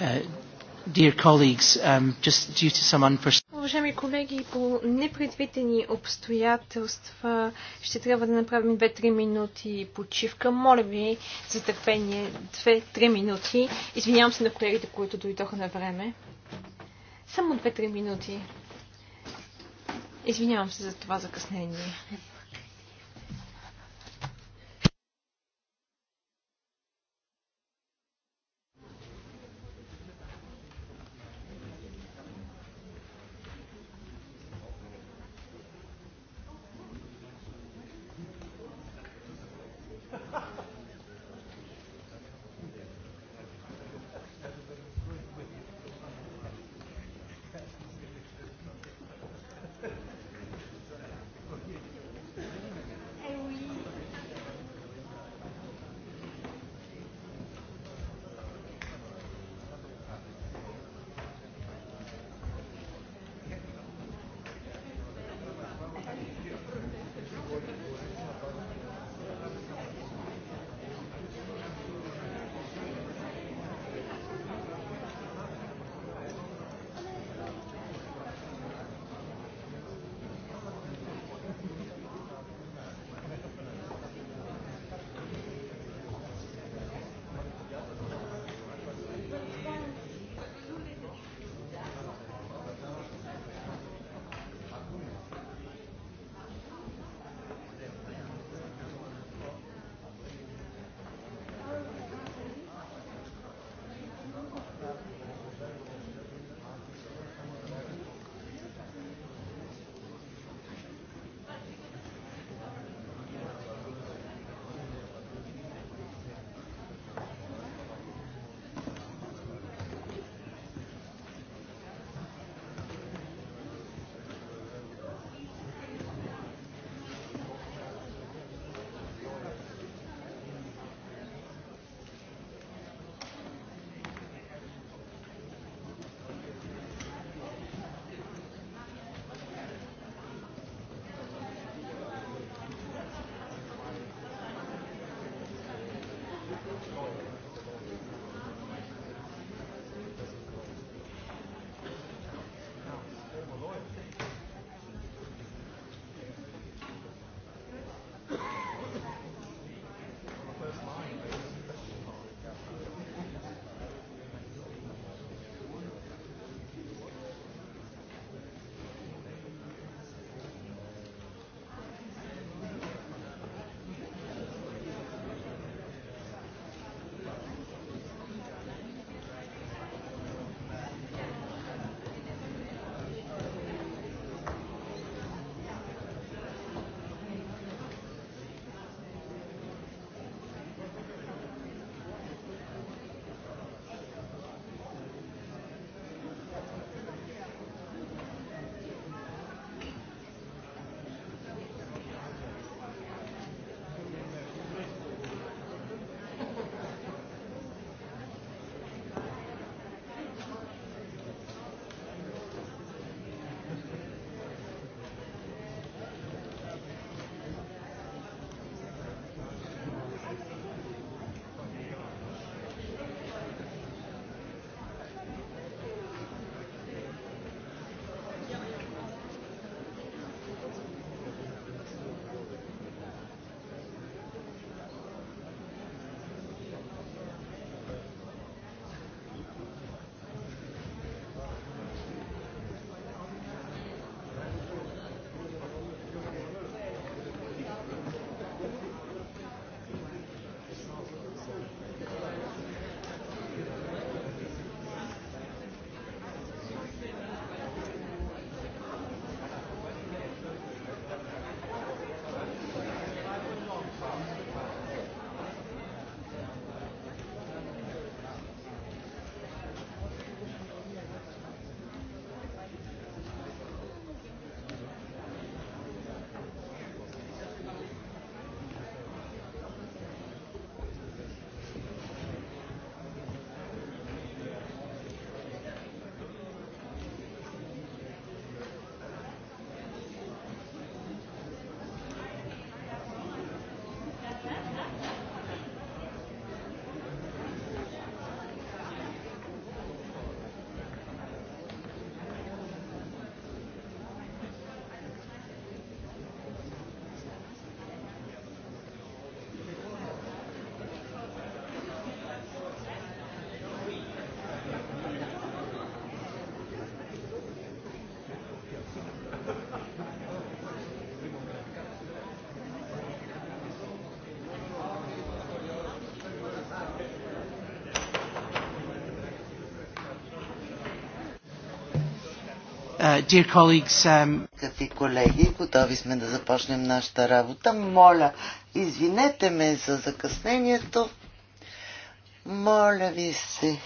Uh, dear colleagues, um, just due to some unforeseen... Уважаеми колеги, по непредвидени обстоятелства ще трябва да направим 2-3 минути почивка. Моля ви за търпение 2-3 минути. Извинявам се на колегите, които дойдоха на време. Само 2-3 минути. Извинявам се за това закъснение. Um, Скъпи колеги, готови сме да започнем нашата работа. Моля, извинете ме за закъснението. Моля ви се,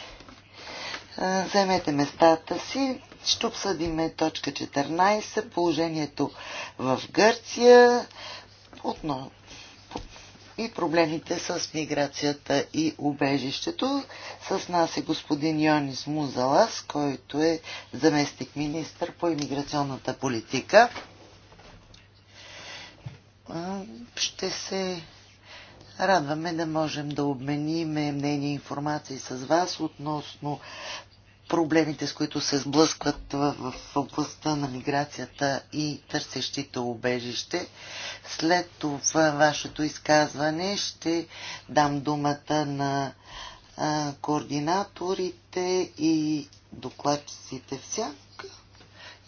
вземете местата си. Ще обсъдиме точка 14, положението в Гърция отново и проблемите с миграцията и убежището. С нас е господин Йонис Музалас, който е заместник министр по иммиграционната политика. Ще се радваме да можем да обменим мнение и информации с вас относно проблемите, с които се сблъскват в, областта на миграцията и търсещите убежище. След това вашето изказване ще дам думата на координаторите и докладчиците всяка.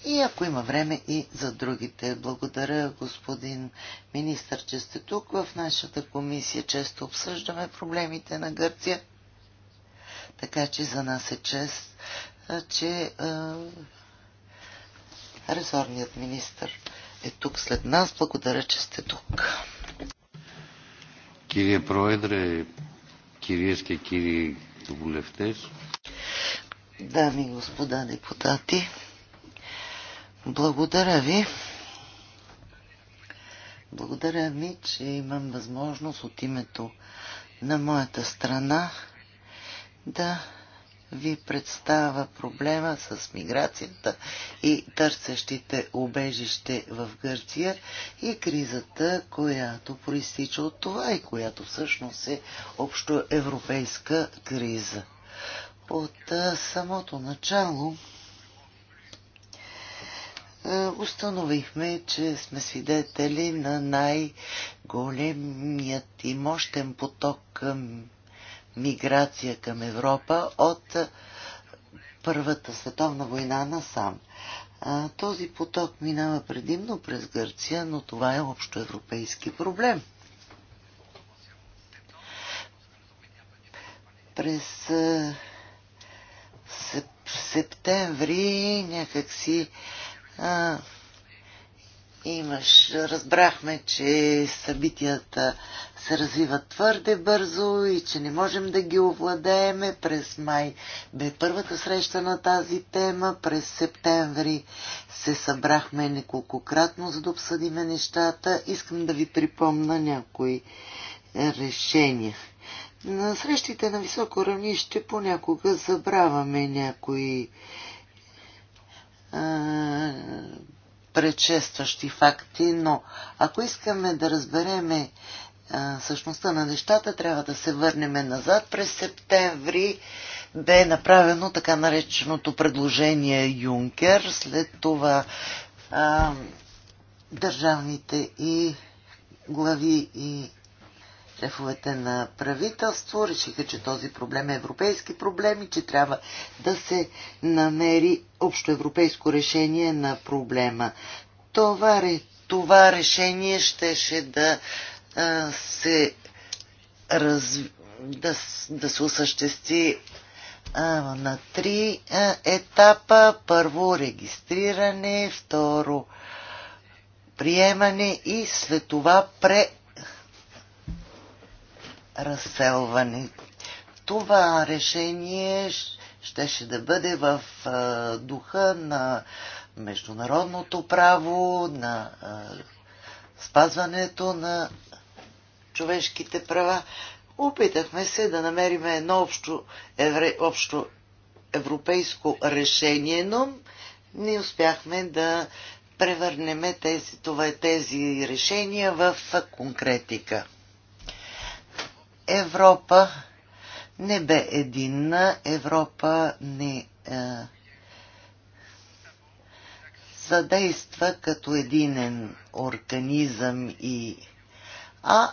И ако има време и за другите. Благодаря, господин министър, че сте тук. В нашата комисия често обсъждаме проблемите на Гърция. Така че за нас е чест, че а, резорният министр е тук след нас. Благодаря, че сте тук. Кирия Проедре, Κυρίες και κύριοι βουλευτές. Дами и господа депутати, благодаря ви. Благодаря ви, че имам възможност от името на моята страна да ви представя проблема с миграцията и търсещите убежище в Гърция и кризата, която проистича от това и която всъщност е общоевропейска криза. От самото начало установихме, че сме свидетели на най-големият и мощен поток миграция към Европа от Първата световна война насам. този поток минава предимно през Гърция, но това е общоевропейски проблем. През септември някакси а, Имаш, разбрахме, че събитията се развиват твърде бързо и че не можем да ги овладееме. През май бе първата среща на тази тема. През септември се събрахме неколкократно, за да обсъдиме нещата. Искам да ви припомна някои е, решения. На срещите на високо равнище понякога забравяме някои е, предшестващи факти, но ако искаме да разбереме същността на нещата, трябва да се върнем назад. През септември бе направено така нареченото предложение Юнкер, след това а, държавните и глави и шефовете на правителство решиха, че този проблем е европейски проблем и че трябва да се намери общоевропейско решение на проблема. Това, това решение щеше да а, се раз, да, да се осъществи а, на три а, етапа. Първо регистриране, второ приемане и след това пре разселване. Това решение щеше да бъде в духа на международното право, на спазването на човешките права. Опитахме се да намерим едно общо, евре, общо европейско решение, но не успяхме да превърнем тези, това, тези решения в конкретика. Европа не бе единна, Европа не е, задейства като единен организъм и а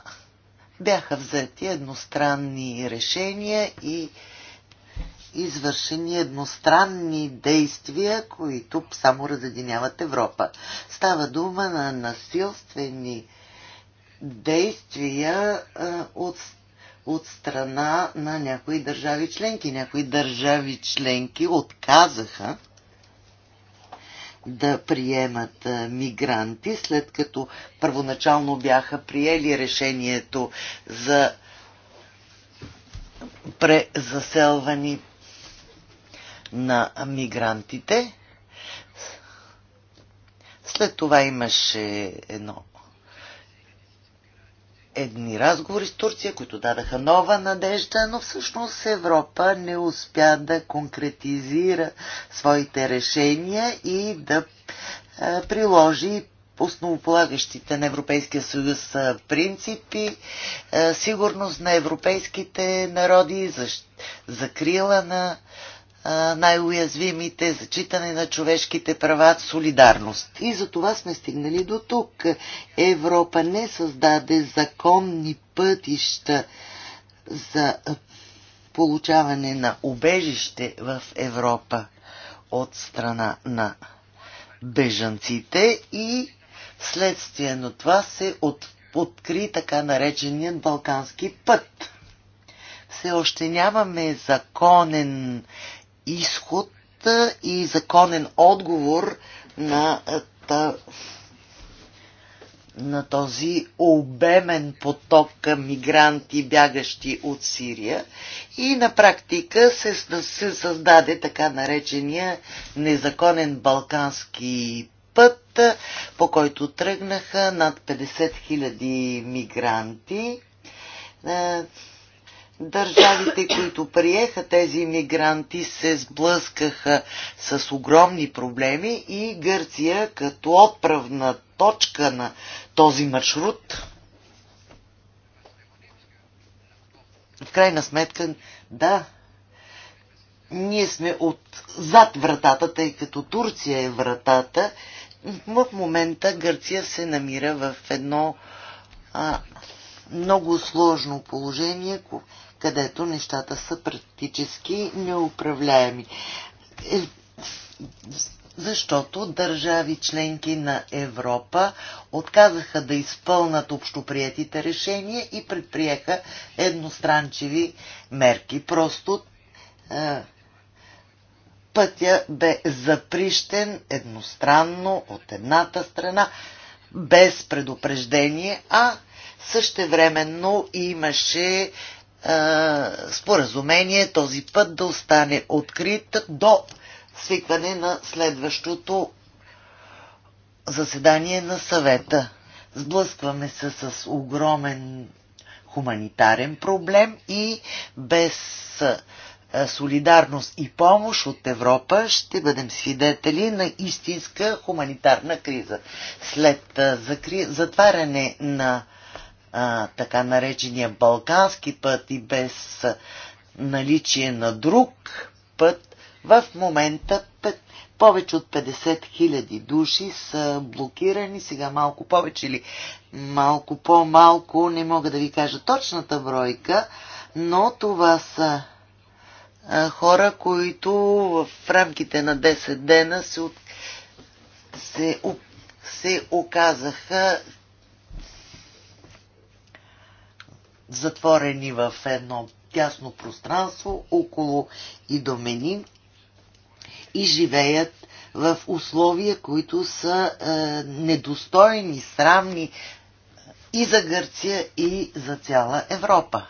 бяха взети едностранни решения и извършени едностранни действия, които само разединяват Европа. Става дума на насилствени действия а, е, от от страна на някои държави членки. Някои държави членки отказаха да приемат мигранти, след като първоначално бяха приели решението за презаселвани на мигрантите. След това имаше едно едни разговори с Турция, които дадаха нова надежда, но всъщност Европа не успя да конкретизира своите решения и да е, приложи основополагащите на Европейския съюз е, принципи, е, сигурност на европейските народи, закрила на най-уязвимите, зачитане на човешките права, солидарност. И за това сме стигнали до тук. Европа не създаде законни пътища за получаване на убежище в Европа от страна на бежанците и следствие на това се от, откри така нареченият Балкански път. Все още нямаме законен изход и законен отговор на, на този обемен поток към мигранти, бягащи от Сирия. И на практика се, се създаде така наречения незаконен балкански път, по който тръгнаха над 50 000 мигранти Държавите, които приеха тези мигранти, се сблъскаха с огромни проблеми и Гърция като отправна точка на този маршрут в крайна сметка, да, ние сме от зад вратата, тъй като Турция е вратата. В момента Гърция се намира в едно а, много сложно положение, където нещата са практически неуправляеми. Е, защото държави членки на Европа отказаха да изпълнат общоприетите решения и предприеха едностранчиви мерки. Просто е, пътя бе заприщен едностранно от едната страна, без предупреждение, а същевременно имаше е, споразумение този път да остане открит до свикване на следващото заседание на съвета. Сблъскваме се с огромен хуманитарен проблем и без е, солидарност и помощ от Европа ще бъдем свидетели на истинска хуманитарна криза. След е, затваряне на а, така наречения Балкански път и без наличие на друг път, в момента повече от 50 000 души са блокирани, сега малко повече или малко по-малко, не мога да ви кажа точната бройка, но това са хора, които в рамките на 10 дена се, се, се оказаха затворени в едно тясно пространство около идомени и живеят в условия, които са е, недостойни, срамни и за Гърция, и за цяла Европа.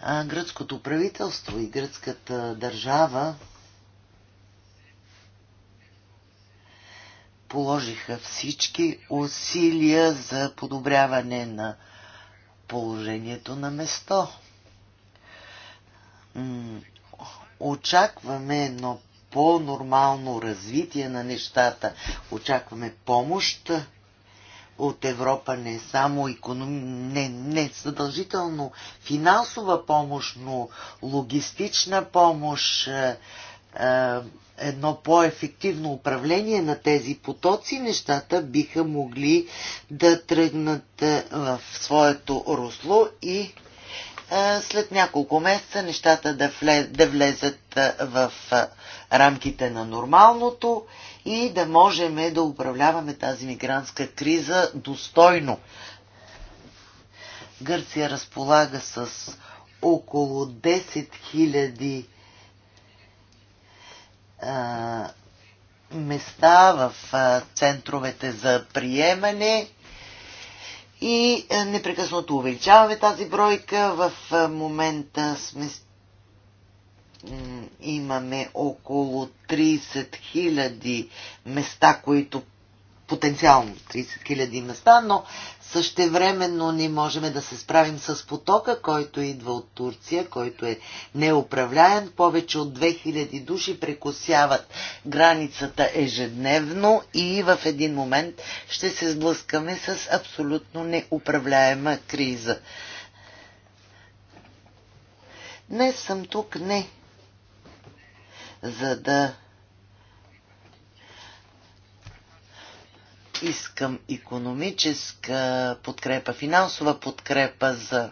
А гръцкото правителство и гръцката държава положиха всички усилия за подобряване на положението на место. Очакваме едно по-нормално развитие на нещата. Очакваме помощ от Европа, не само економ... не, не задължително финансова помощ, но логистична помощ, е, е, едно по-ефективно управление на тези потоци, нещата биха могли да тръгнат е, в своето русло и е, след няколко месеца нещата да, влез, да влезат е, в рамките на нормалното и да можем да управляваме тази мигрантска криза достойно. Гърция разполага с около 10 000 а, места в а, центровете за приемане и а, непрекъснато увеличаваме тази бройка. В а, момента сме имаме около 30 000 места, които потенциално 30 000 места, но същевременно не можем да се справим с потока, който идва от Турция, който е неуправляен. Повече от 2000 души прекусяват границата ежедневно и в един момент ще се сблъскаме с абсолютно неуправляема криза. Днес съм тук не за да искам економическа подкрепа, финансова подкрепа за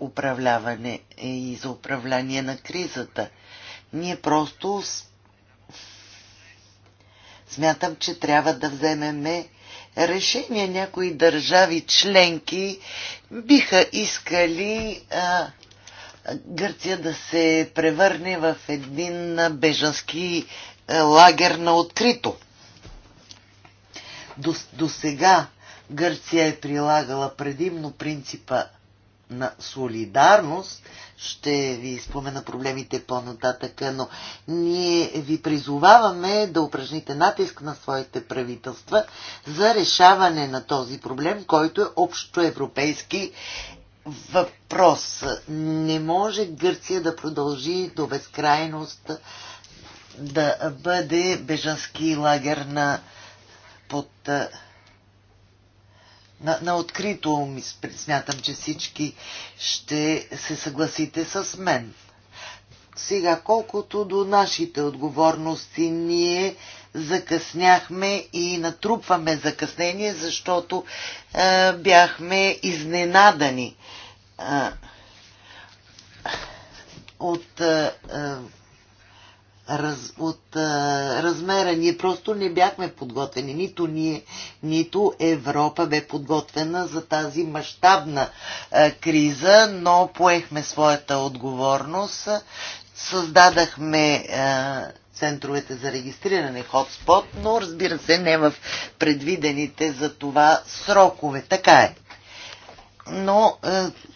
управляване и за управление на кризата. Ние просто смятам, че трябва да вземеме решение. Някои държави членки биха искали а, Гърция да се превърне в един бежански лагер на открито. До, до сега Гърция е прилагала предимно принципа на солидарност. Ще ви спомена проблемите по-нататъка, но ние ви призоваваме да упражните натиск на своите правителства за решаване на този проблем, който е общоевропейски въпрос. Не може Гърция да продължи до безкрайност да бъде бежански лагер на, под, на, на открито. Смятам, че всички ще се съгласите с мен. Сега, колкото до нашите отговорности, ние закъсняхме и натрупваме закъснение, защото е, бяхме изненадани е, от е, раз, от а, размера. Ние просто не бяхме подготвени. Нито ние, нито Европа бе подготвена за тази мащабна криза, но поехме своята отговорност. Създадахме а, центровете за регистриране хотспот, но разбира се не в предвидените за това срокове. Така е. Но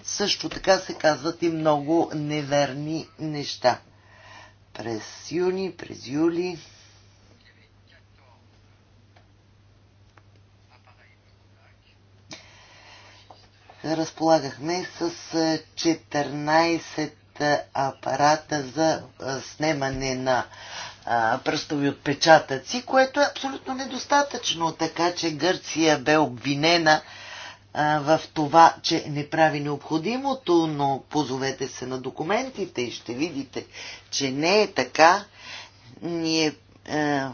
също така се казват и много неверни неща през юни, през юли. разполагахме с 14 е, е, апарата за е, снимане на пръстови отпечатъци, което е абсолютно недостатъчно, така че Гърция бе обвинена в това, че не прави необходимото, но позовете се на документите и ще видите, че не е така. Ние а,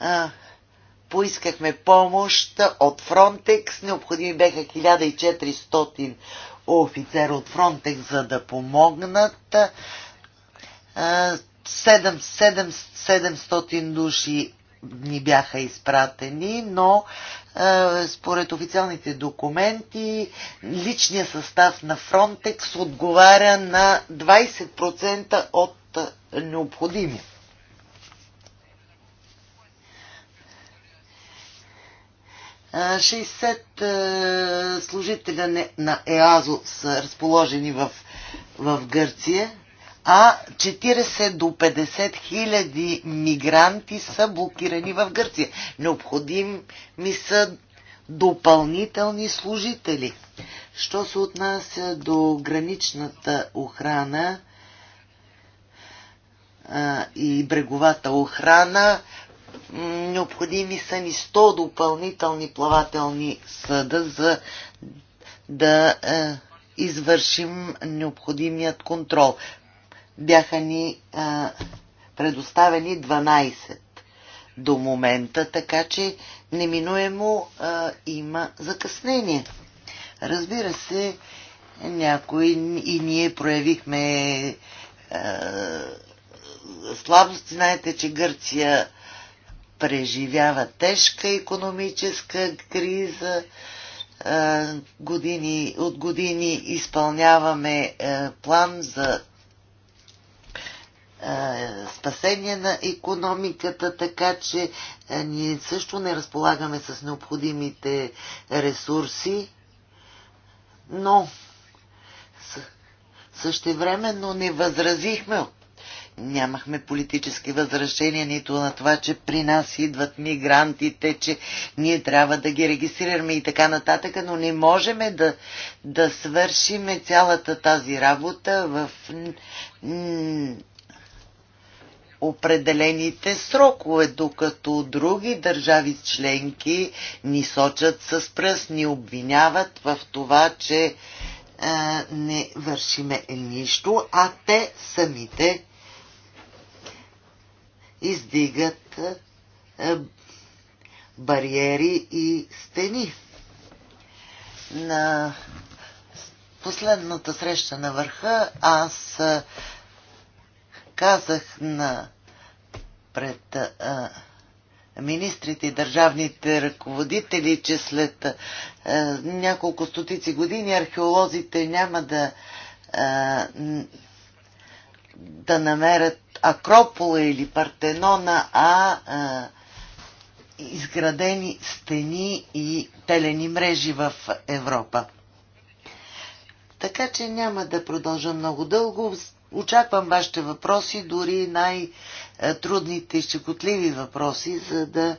а, поискахме помощ от Фронтекс. Необходими беха 1400 офицера от Фронтекс, за да помогнат. А, 7, 7, 700 души ни бяха изпратени, но е, според официалните документи личният състав на Фронтекс отговаря на 20% от необходими. Е, 60 е, е, служителя на ЕАЗО са разположени в, в Гърция а 40 до 50 хиляди мигранти са блокирани в Гърция. Необходим ми са допълнителни служители. Що се отнася до граничната охрана а, и бреговата охрана, необходими са ни 100 допълнителни плавателни съда, за да е, извършим необходимият контрол бяха ни а, предоставени 12 до момента, така че неминуемо а, има закъснение. Разбира се, някои и ние проявихме а, слабост. Знаете, че Гърция преживява тежка економическа криза. А, години, от години изпълняваме а, план за е, спасение на економиката, така че е, ние също не разполагаме с необходимите ресурси, но същевременно не възразихме. Нямахме политически възражения нито на това, че при нас идват мигрантите, че ние трябва да ги регистрираме и така нататък, но не можем да, да свършим цялата тази работа в определените срокове, докато други държави членки ни сочат с пръст, ни обвиняват в това, че а, е, не вършиме нищо, а те самите издигат а, е, е, бариери и стени. На последната среща на върха аз а, казах на пред а, министрите и държавните ръководители, че след а, няколко стотици години археолозите няма да а, да намерят Акропола или Партенона, а, а изградени стени и телени мрежи в Европа. Така че няма да продължа много дълго. Очаквам вашите въпроси, дори най-трудните и щекотливи въпроси, за да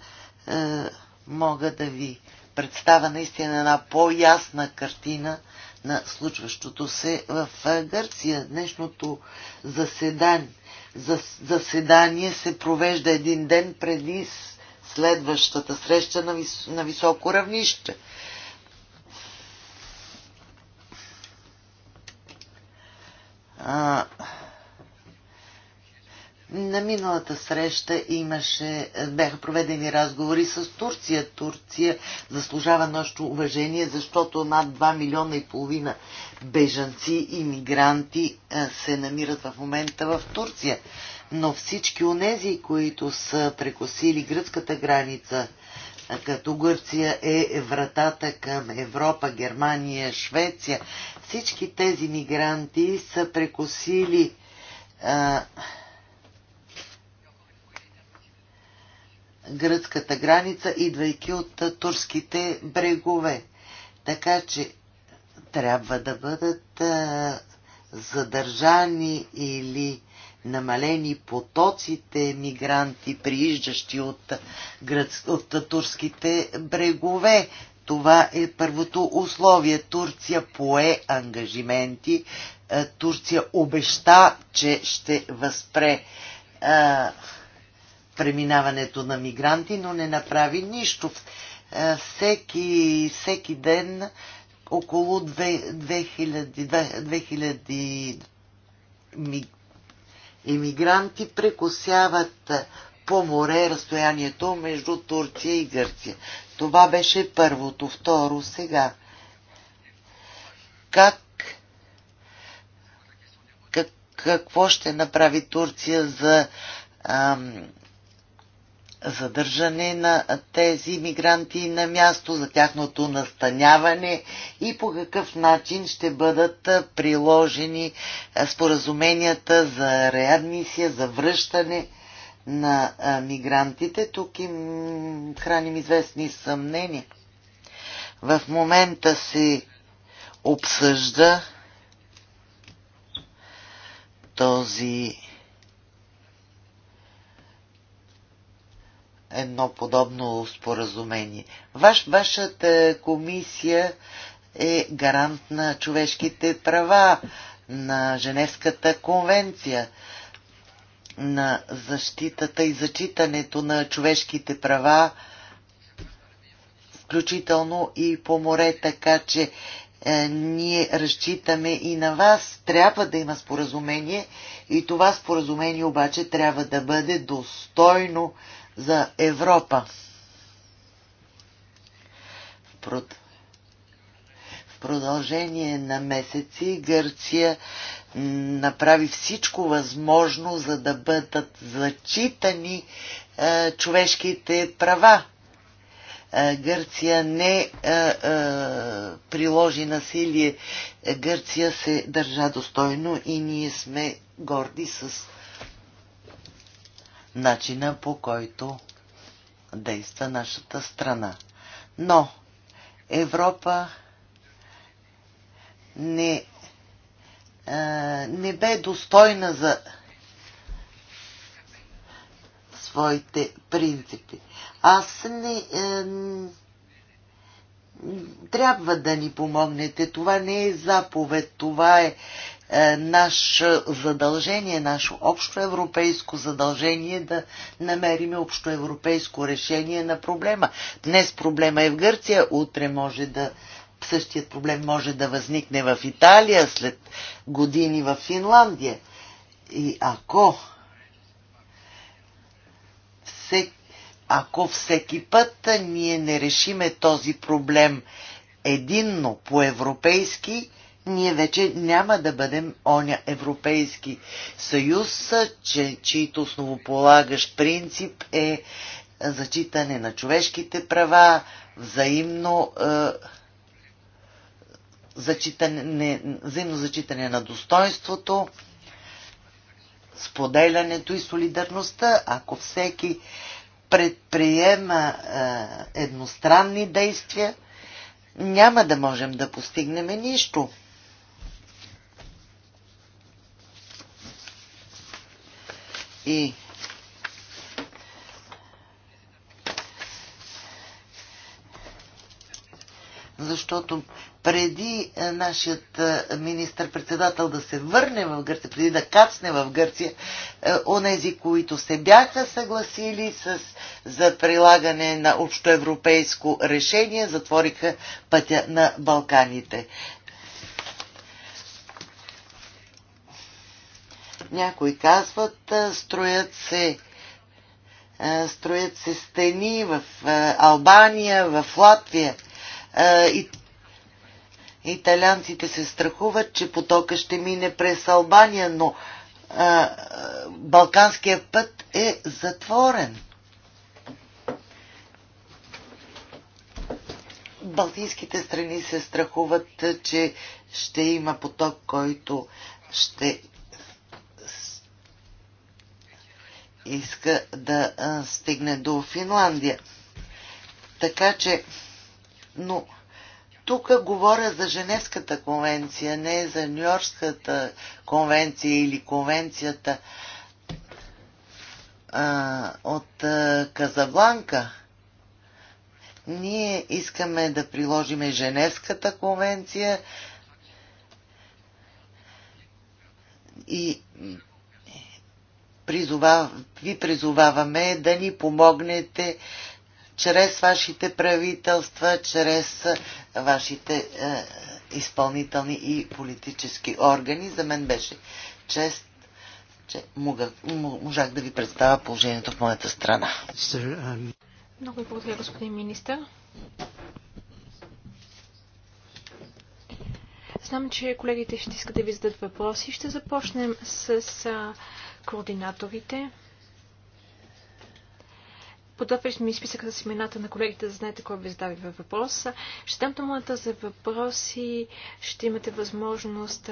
е, мога да ви представя наистина една по-ясна картина на случващото се в е, Гърция. Днешното заседание, зас, заседание се провежда един ден преди следващата среща на, вис, на високо равнище. на миналата среща имаше, бяха проведени разговори с Турция. Турция заслужава нашето уважение, защото над 2 милиона и половина бежанци и мигранти се намират в момента в Турция. Но всички онези, които са прекосили гръцката граница като Гърция е вратата към Европа, Германия, Швеция. Всички тези мигранти са прекосили а, гръцката граница, идвайки от а, турските брегове. Така че трябва да бъдат а, задържани или намалени потоците мигранти, прииждащи от, гръц... от турските брегове. Това е първото условие. Турция пое ангажименти. Е, Турция обеща, че ще възпре а, е, преминаването на мигранти, но не направи нищо. А, е, всеки, всеки ден около 2000, 2000 иммигранти прекусяват по море разстоянието между Турция и Гърция. Това беше първото. Второ, сега. Как, как какво ще направи Турция за ам, задържане на тези мигранти на място, за тяхното настаняване и по какъв начин ще бъдат приложени споразуменията за реадмисия, за връщане на мигрантите. Тук им храним известни съмнения. В момента се обсъжда този едно подобно споразумение. Ваш, вашата комисия е гарант на човешките права, на Женевската конвенция, на защитата и зачитането на човешките права, включително и по море, така че е, ние разчитаме и на вас. Трябва да има споразумение и това споразумение обаче трябва да бъде достойно за Европа. В продължение на месеци Гърция направи всичко възможно, за да бъдат зачитани е, човешките права. Е, Гърция не е, е, приложи насилие. Гърция се държа достойно и ние сме горди с начина по който действа нашата страна. Но Европа не, а, не бе достойна за своите принципи. Аз не. А, трябва да ни помогнете. Това не е заповед, това е е, наше задължение, наше общо европейско задължение да намерим общо европейско решение на проблема. Днес проблема е в Гърция, утре може да същият проблем може да възникне в Италия, след години в Финландия. И ако всеки, ако всеки път ние не решиме този проблем единно по-европейски, ние вече няма да бъдем оня Европейски съюз, че, чието основополагащ принцип е зачитане на човешките права, взаимно, е, зачитане, взаимно зачитане на достоинството, споделянето и солидарността. Ако всеки предприема е, едностранни действия, няма да можем да постигнем нищо. и защото преди е, нашият е, министр-председател да се върне в Гърция, преди да кацне в Гърция, е, онези, които се бяха съгласили с, за прилагане на общоевропейско решение, затвориха пътя на Балканите. Някои казват, строят се строят се стени в Албания, в Латвия. И италианците се страхуват, че потока ще мине през Албания, но балканския Балканският път е затворен. Балтийските страни се страхуват, че ще има поток, който ще иска да а, стигне до Финландия. Така че, но тук говоря за Женевската конвенция, не за Нью-Йоркската конвенция или конвенцията а, от а, Казабланка. Ние искаме да приложиме Женевската конвенция и призова, ви призоваваме да ни помогнете чрез вашите правителства, чрез вашите е, изпълнителни и политически органи. За мен беше чест, че можах да ви представя положението в моята страна. Много ви благодаря, господин министър. Знам, че колегите ще искат да ви зададат въпроси. Ще започнем с координаторите. Подобрих ми списъка с имената на колегите, за да знаете кой ви зададе въпроса. Ще дам думата за въпроси. Ще имате възможност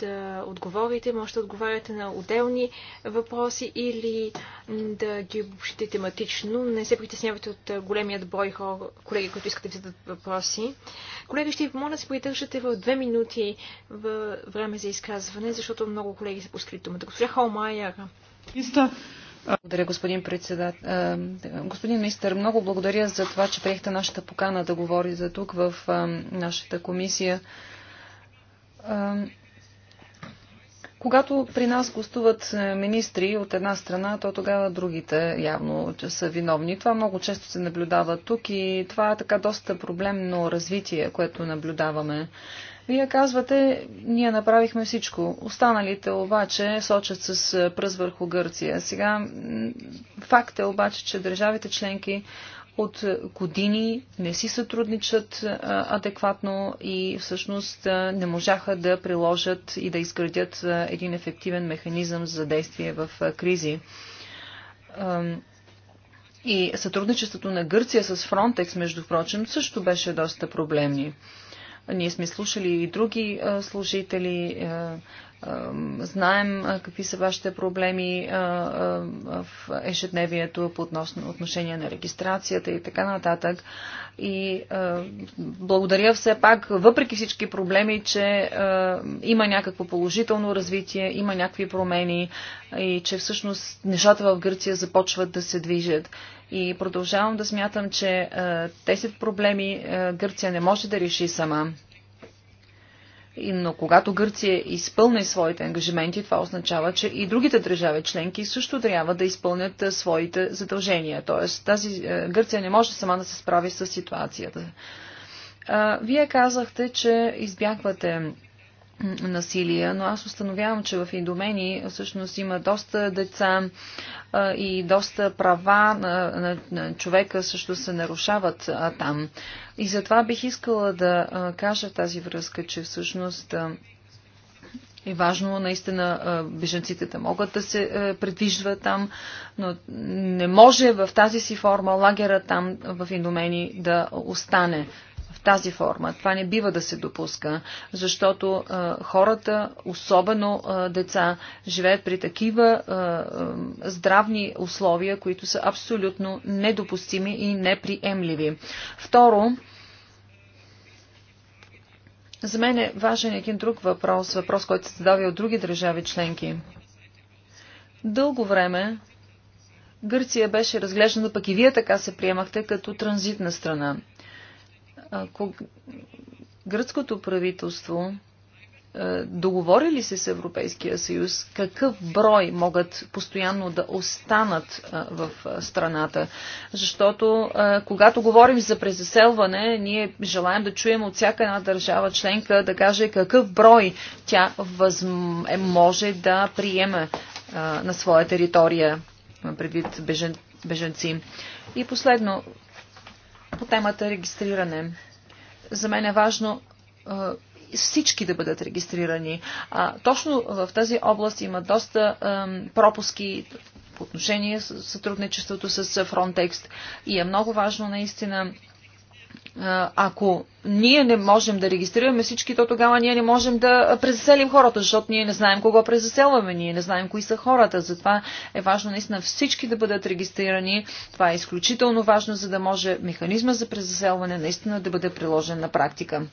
да отговорите, може да отговаряте на отделни въпроси или да ги обобщите тематично. Не се притеснявате от големият брой хора, колеги, които искате да зададат въпроси. Колеги, ще ви помоля да се придържате в две минути в време за изказване, защото много колеги са пускали думата. Госпожа Холмайер. Благодаря, господин председател. Господин министър, много благодаря за това, че приехте нашата покана да говори за тук в нашата комисия когато при нас гостуват е, министри от една страна, то тогава другите явно са виновни. Това много често се наблюдава тук и това е така доста проблемно развитие, което наблюдаваме. Вие казвате, ние направихме всичко. Останалите обаче сочат с е, пръз върху Гърция. Сега факт е обаче, че държавите членки от години не си сътрудничат адекватно и всъщност не можаха да приложат и да изградят един ефективен механизъм за действие в кризи. И сътрудничеството на Гърция с Фронтекс, между прочим, също беше доста проблемни. Ние сме слушали и други служители, знаем какви са вашите проблеми в ежедневието по относно отношение на регистрацията и така нататък. И благодаря все пак, въпреки всички проблеми, че има някакво положително развитие, има някакви промени и че всъщност нещата в Гърция започват да се движат. И продължавам да смятам, че тези проблеми Гърция не може да реши сама. Но когато Гърция изпълни своите ангажименти, това означава, че и другите държави членки също трябва да изпълнят своите задължения. Тоест, тази Гърция не може сама да се справи с ситуацията. Вие казахте, че избягвате насилие, но аз установявам, че в Индомени всъщност има доста деца а, и доста права на, на, на човека също се нарушават а, там. И затова бих искала да а, кажа тази връзка, че всъщност е важно наистина беженците да могат да се предвиждат там, но не може в тази си форма лагера там в Индомени да остане тази форма. Това не бива да се допуска, защото а, хората, особено а, деца, живеят при такива а, а, здравни условия, които са абсолютно недопустими и неприемливи. Второ, за мен е важен един друг въпрос, въпрос, който се задава и от други държави членки. Дълго време Гърция беше разглеждана, пък и вие така се приемахте като транзитна страна. Ако гръцкото правителство договори ли се с Европейския съюз, какъв брой могат постоянно да останат в страната. Защото когато говорим за презаселване, ние желаем да чуем от всяка една държава членка да каже какъв брой тя е, може да приеме на своя територия предвид бежен... беженци. И последно, по темата регистриране. За мен е важно всички да бъдат регистрирани. А, точно в тази област има доста ам, пропуски по отношение с сътрудничеството с Frontex и е много важно наистина ако ние не можем да регистрираме всички, то тогава ние не можем да презаселим хората, защото ние не знаем кого презаселваме, ние не знаем кои са хората. Затова е важно наистина всички да бъдат регистрирани. Това е изключително важно, за да може механизма за презаселване наистина да бъде приложен на практика.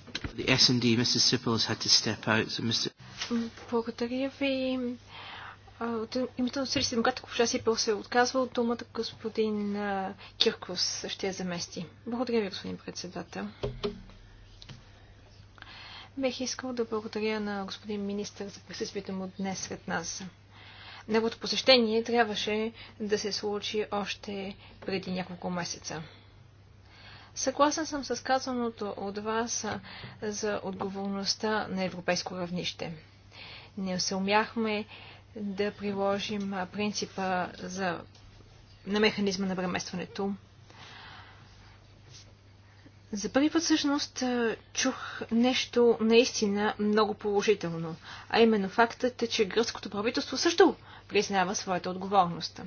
Благодаря ви. От името на Сирийски Демократа, госпожа Сипел се е отказва от думата господин Киркус Ще я замести. Благодаря ви, господин председател. Бех искал да благодаря на господин министър за присъствието му днес сред нас. Неговото посещение трябваше да се случи още преди няколко месеца. Съгласен съм с казаното от вас за отговорността на европейско равнище. Не се умяхме да приложим принципа за, на механизма на преместването. За първи път всъщност чух нещо наистина много положително, а именно фактът е, че гръцкото правителство също признава своята отговорност.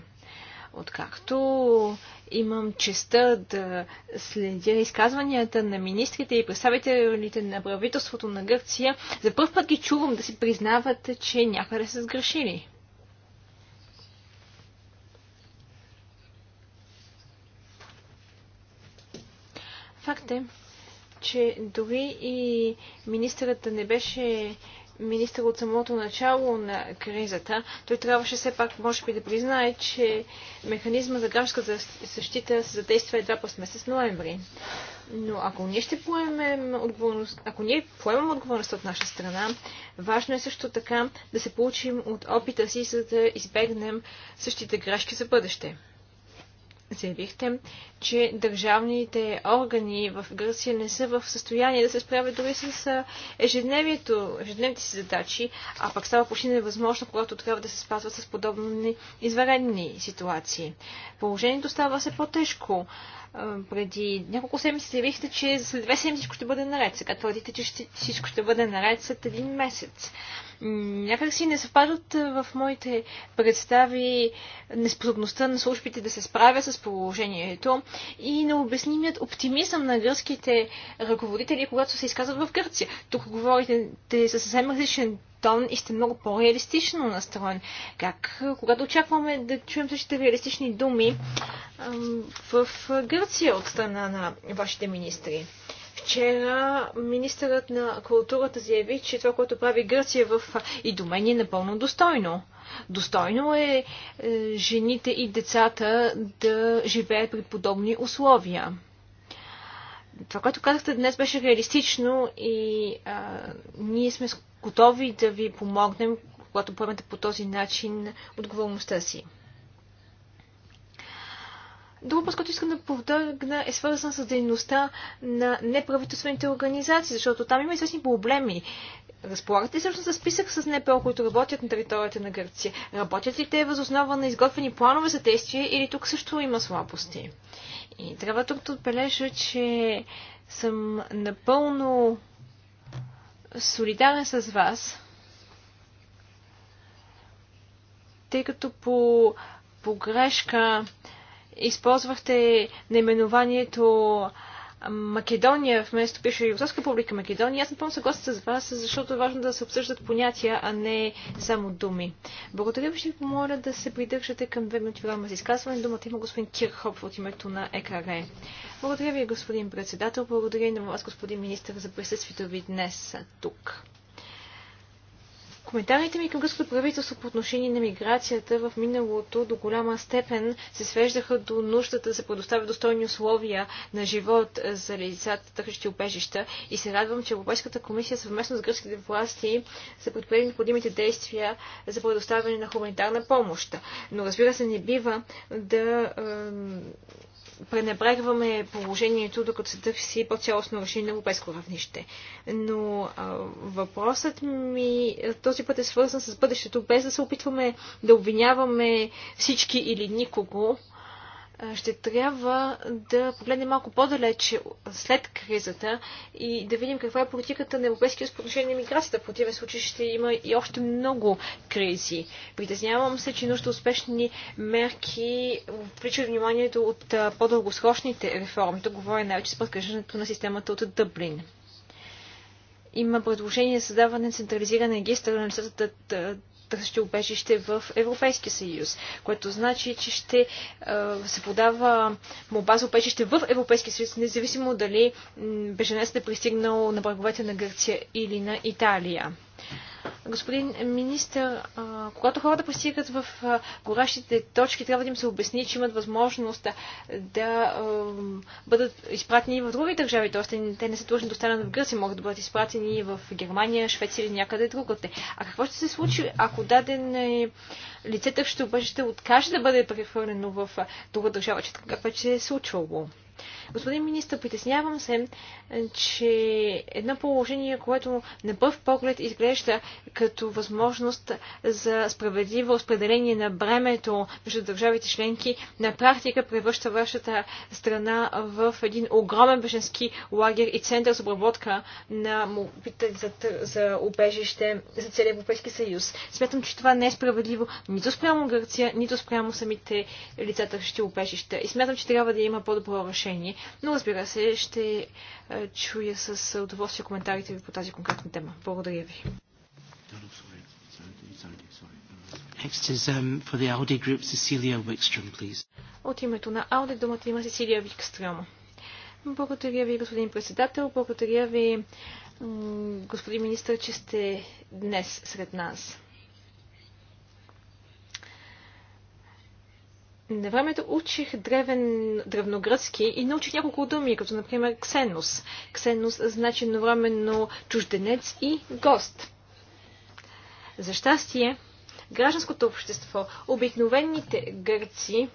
Откакто имам честа да следя изказванията на министрите и представителите на правителството на Гърция, за първ път ги чувам да си признават, че някъде са сгрешили. Факт е, че дори и министърът не беше министър от самото начало на кризата, той трябваше все пак, може би, да признае, че механизма за гражданска защита се задейства едва през месец ноември. Но ако ние ще поемем отговорност, ако ние поемем отговорността от наша страна, важно е също така да се получим от опита си, за да избегнем същите грешки за бъдеще заявихте, че държавните органи в Гърция не са в състояние да се справят дори с ежедневието, ежедневните си задачи, а пък става почти невъзможно, когато трябва да се спазват с подобни изваредни ситуации. Положението става все по-тежко. Преди няколко седмици заявихте, че след две седмици всичко ще бъде наред. Сега твърдите, че всичко ще бъде наред след един месец някак си не съвпадат в моите представи неспособността на службите да се справя с положението и необяснимият оптимизъм на гръцките ръководители, когато се изказват в Гърция. Тук говорите със съвсем различен тон и сте много по-реалистично настроен. Как, когато очакваме да чуем същите реалистични думи в Гърция от страна на вашите министри? Вчера министърът на културата заяви, че това, което прави Гърция в Идомен е напълно достойно. Достойно е, е жените и децата да живеят при подобни условия. Това, което казахте днес, беше реалистично и а, ние сме готови да ви помогнем, когато поемете по този начин отговорността си. Друг въпрос, който искам да повдъргна, е свързан с дейността на неправителствените организации, защото там има известни проблеми. Разполагате всъщност за списък с НПО, които работят на територията на Гърция. Работят ли те възоснова на изготвени планове за действие или тук също има слабости? И трябва тук да отбележа, че съм напълно солидарен с вас, тъй като по погрешка използвахте наименованието Македония вместо пише Югославска република Македония. Аз напълно съгласна с вас, защото е важно да се обсъждат понятия, а не само думи. Благодаря ви, ще ви помоля да се придържате към две минути време за изказване. Думата има господин Кирхоп от името на ЕКР. Благодаря ви, господин председател. Благодаря и на вас, господин министър, за присъствието ви днес тук. Коментарите ми към гръцкото правителство по отношение на миграцията в миналото до голяма степен се свеждаха до нуждата да се предоставят достойни условия на живот за лицата, търсещи убежища. и се радвам, че Европейската комисия съвместно с гръцките власти са предприели необходимите действия за предоставяне на хуманитарна помощ. Но разбира се, не бива да пренебрегваме положението, докато се търси по-цялостно решение на европейско равнище. Но а, въпросът ми този път е свързан с бъдещето, без да се опитваме да обвиняваме всички или никого, ще трябва да погледнем малко по-далече след кризата и да видим каква е политиката на Европейския съюз по отношение на миграцията. В противен случай ще има и още много кризи. Притеснявам се, че нужда успешни мерки отвличат вниманието от по-дългосрочните реформи. Тук говоря най-вече с подкреждането на системата от Дъблин. Има предложение за създаване на централизиран регистр на лицата търсещи убежище в Европейския съюз, което значи, че ще се подава молба за убежище в Европейския съюз, независимо дали беженецът е пристигнал на бреговете на Гърция или на Италия. Господин министр, когато хората пристигат в горащите точки, трябва да им се обясни, че имат възможност да бъдат изпратени и в други държави, Тоест, те не са длъжни да останат в Гърция, могат да бъдат изпратени и в Германия, Швеция или някъде другаде. А какво ще се случи, ако даден е, лицето тъкщо ще откаже да бъде прехвърлено в друга държава, че така вече се е случвало? Господин министр, притеснявам се, че едно положение, което на пръв поглед изглежда като възможност за справедливо разпределение на бремето между държавите членки, на практика превръща вашата страна в един огромен беженски лагер и център за обработка на молбите за, за убежище за целия Европейски съюз. Смятам, че това не е справедливо нито спрямо Гърция, нито спрямо самите лицата ще убежища. И смятам, че трябва да има по-добро решение решение, но разбира се, ще е, чуя с е, удоволствие коментарите ви по тази конкретна тема. Благодаря ви. Next is um, for the Audi Group, Cecilia Wickstrom, please. От името на Ауди думата има Сесилия Викстрема. Благодаря ви, господин председател. Благодаря ви, господин министр, че сте днес сред нас. На времето учих древен, древногръцки и научих няколко думи, като например ксенос. Ксенос значи едновременно чужденец и гост. За щастие, гражданското общество, обикновените гърци,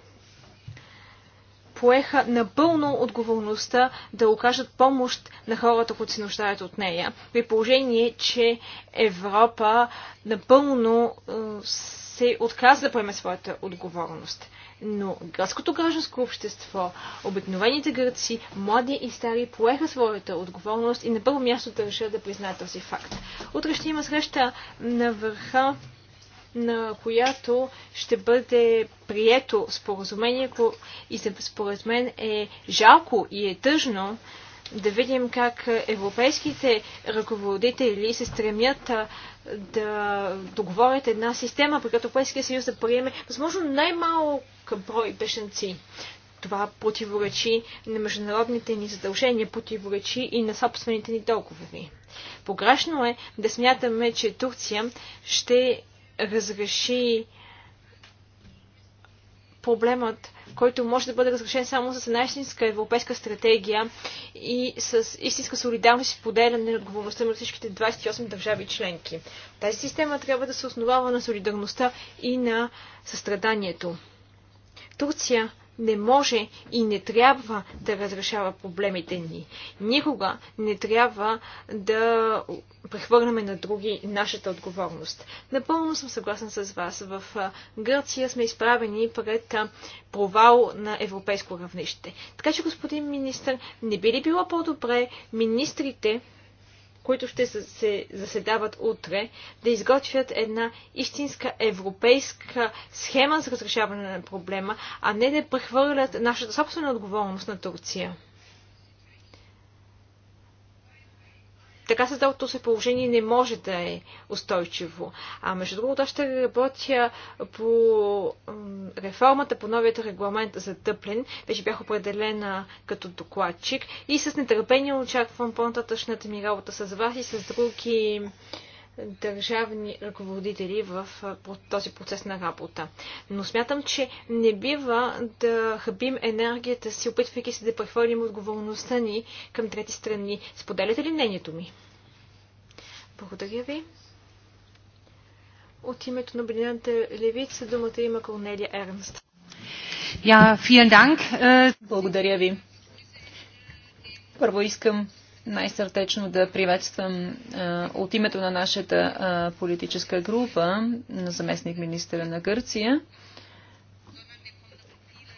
поеха напълно отговорността да окажат помощ на хората, които се нуждаят от нея, при положение, че Европа напълно е, се отказа да поеме своята отговорност но гръцкото гражданско общество, обикновените гръци, млади и стари, поеха своята отговорност и на първо място държа да признаят този факт. Утре ще има среща на върха на която ще бъде прието споразумение и според мен е жалко и е тъжно, да видим как европейските ръководители се стремят да договорят една система, при която Европейския съюз да приеме възможно най-малък брой бешенци. Това противоречи на международните ни задължения, противоречи и на собствените ни договори. Погрешно е да смятаме, че Турция ще разреши проблемът, който може да бъде разрешен само с една истинска европейска стратегия и с истинска солидарност и поделяне на отговорността на всичките 28 държави членки. Тази система трябва да се основава на солидарността и на състраданието. Турция не може и не трябва да разрешава проблемите ни. Никога не трябва да прехвърляме на други нашата отговорност. Напълно съм съгласен с вас. В Гърция сме изправени пред провал на европейско равнище. Така че, господин министр, не би ли било по-добре министрите които ще се заседават утре, да изготвят една истинска европейска схема за разрешаване на проблема, а не да прехвърлят нашата собствена отговорност на Турция. така създалото се положение не може да е устойчиво. А между другото, аз ще работя по реформата, по новият регламент за тъплен. Вече бях определена като докладчик и с нетърпение очаквам по-нататъчната ми работа с вас и с други държавни ръководители в този процес на работа. Но смятам, че не бива да хабим енергията си, опитвайки се да прехвърлим отговорността ни към трети страни. Споделяте ли мнението ми? Благодаря ви. От името на Бринената левица думата има Корнелия Ернст. Äh, Благодаря ви. Първо искам най-сърдечно да приветствам а, от името на нашата а, политическа група на заместник министра на Гърция.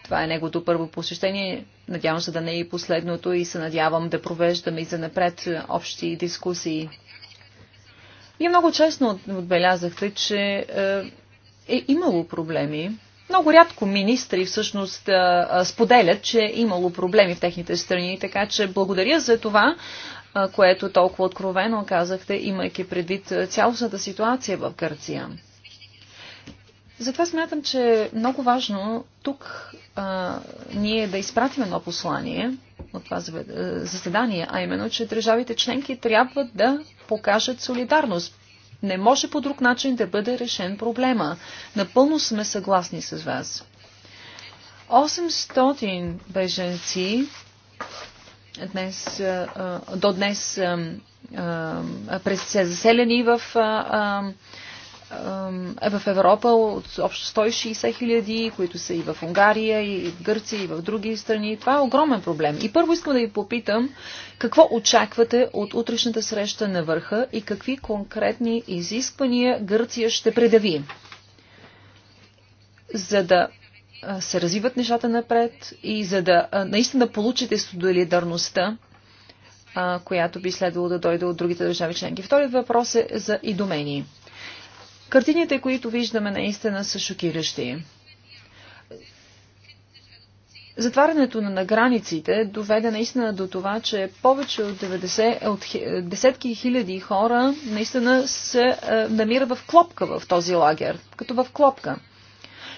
Това е негото първо посещение. Надявам се да не е и последното и се надявам да провеждаме и за напред общи дискусии. Вие много честно отбелязахте, че е, е имало проблеми много рядко министри всъщност споделят, че е имало проблеми в техните страни, така че благодаря за това, което толкова откровено казахте, имайки предвид цялостната ситуация в Гърция. Затова смятам, че е много важно тук а, ние да изпратим едно послание от това заседание, а именно, че държавите членки трябва да покажат солидарност не може по друг начин да бъде решен проблема. Напълно сме съгласни с вас. 800 беженци днес, до днес през, се заселени в е в Европа от общо 160 хиляди, които са и в Унгария, и в Гърция, и в други страни. Това е огромен проблем. И първо искам да ви попитам какво очаквате от утрешната среща на върха и какви конкретни изисквания Гърция ще предави, за да се развиват нещата напред и за да наистина получите солидарността, която би следвало да дойде от другите държави членки. Вторият въпрос е за идомени. Картините, които виждаме наистина са шокиращи. Затварянето на границите доведе наистина до това, че повече от, 90, от десетки хиляди хора наистина се е, намират в клопка в този лагер, като в клопка.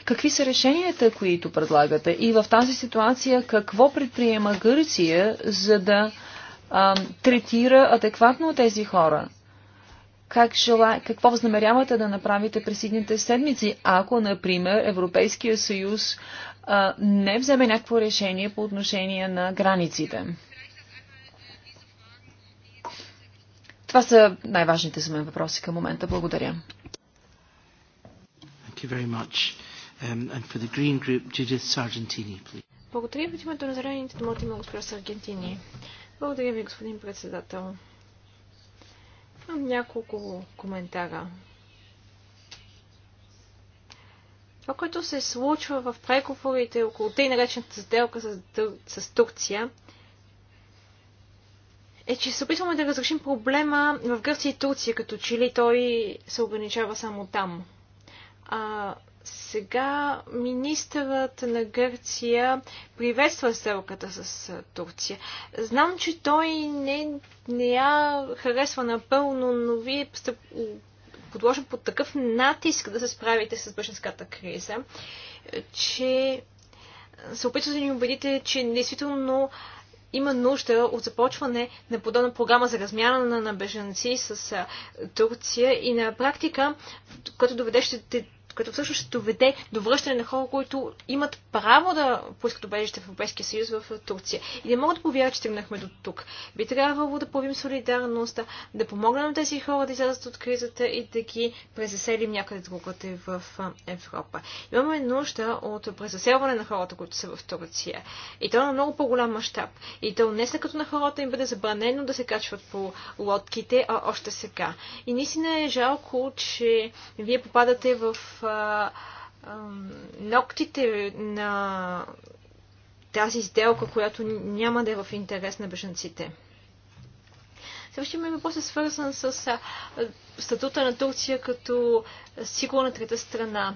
Какви са решенията, които предлагате и в тази ситуация какво предприема Гърция, за да е, третира адекватно тези хора? как жела, какво възнамерявате да направите през идните седмици, ако, например, Европейския съюз а, не вземе някакво решение по отношение на границите? Това са най-важните за мен въпроси към момента. Благодаря. Um, Благодаря ви от името на зелените Саргентини. Благодаря ви, господин председател. Имам няколко коментара. Това, което се случва в преговорите около тъй наречената сделка с, с Турция, е, че се опитваме да разрешим проблема в Гърция и Турция, като че ли той се ограничава само там. А сега министърът на Гърция приветства сделката с Турция. Знам, че той не, не я харесва напълно, но вие сте подложен под такъв натиск да се справите с бъженската криза, че се опитвате да ни убедите, че действително има нужда от започване на подобна програма за размяна на, беженци с Турция и на практика, като доведеше което всъщност ще доведе до връщане на хора, които имат право да поискат обежище в Европейския съюз в Турция. И не мога да повярвам, че стигнахме до тук. Би трябвало да повим солидарността, да помогнем на тези хора да излязат от кризата и да ги презаселим някъде другаде в Европа. Имаме нужда от презаселване на хората, които са в Турция. И то е на много по-голям мащаб. И то не са като на хората им бъде забранено да се качват по лодките, а още сега. И наистина е жалко, че вие попадате в ногтите на тази сделка, която няма да е в интерес на бежанците. Също ми въпрос е свързан с статута на Турция като сигурна трета страна.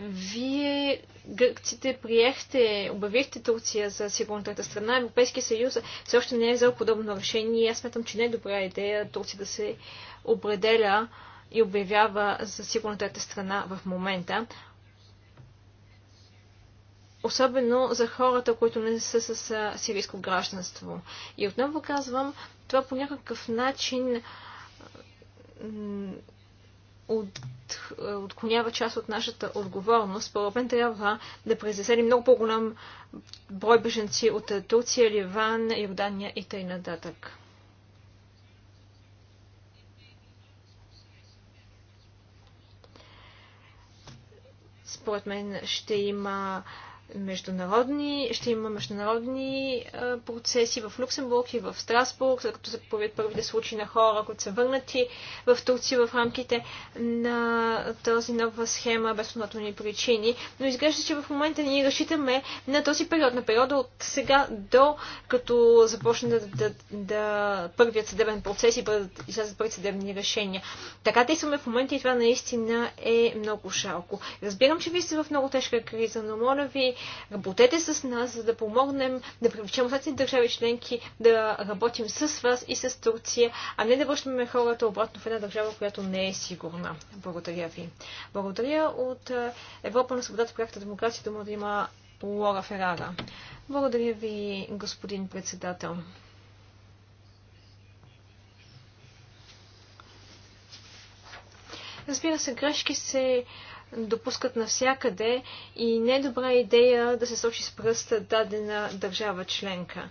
Вие, гърците, приехте, обявихте Турция за сигурна трета страна. Европейския съюз все още не е взел подобно решение. Аз смятам, че не е добра идея Турция да се определя и обявява за сигурната ета страна в момента. Особено за хората, които не са с сирийско гражданство. И отново казвам, това по някакъв начин от, отклонява част от нашата отговорност. Според мен трябва да презаселим много по-голям брой беженци от Турция, Ливан, Йордания и т.н. според мен ще има международни, ще има международни а, процеси в Люксембург и в Страсбург, след като се първите случаи на хора, които са върнати в Турция в рамките на този нова схема без основателни причини. Но изглежда, че в момента ние разчитаме на този период, на периода от сега до като започне да, да, да първият съдебен процес и бъдат излязат първи съдебни решения. Така действаме в момента и това наистина е много жалко. Разбирам, че вие сте в много тежка криза, но моля ви, Работете с нас, за да помогнем да привлечем останалите държави членки да работим с вас и с Турция, а не да връщаме хората обратно в една държава, която не е сигурна. Благодаря ви. Благодаря от е, Европа на свободата, проекта демокрация, дума да има Лора Ферара. Благодаря ви, господин председател. Разбира се, грешки се допускат навсякъде и не е добра идея да се сочи с пръста, дадена държава членка.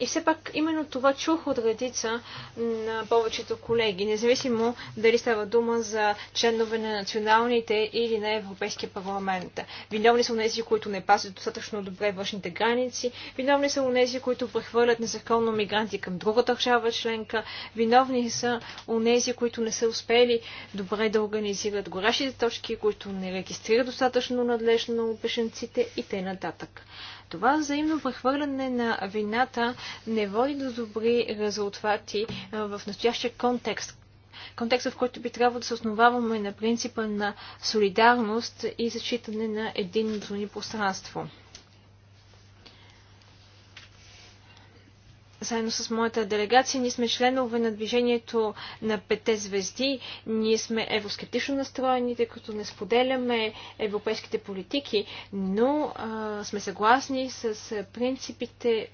И все пак именно това чух от редица на повечето колеги, независимо дали става дума за членове на националните или на Европейския парламент. Виновни са унези, които не пазят достатъчно добре външните граници, виновни са унези, които прехвърлят незаконно мигранти към друга държава членка, виновни са унези, които не са успели добре да организират горящите точки, които не регистрират достатъчно надлежно бешенците и т.н. Това взаимно прехвърляне на вината не води до добри резултати в настоящия контекст, контекста, в който би трябвало да се основаваме на принципа на солидарност и зачитане на единното ни пространство. заедно с моята делегация. Ние сме членове на движението на Пете звезди. Ние сме евроскептично настроени, тъй като не споделяме европейските политики, но а, сме съгласни с принципите,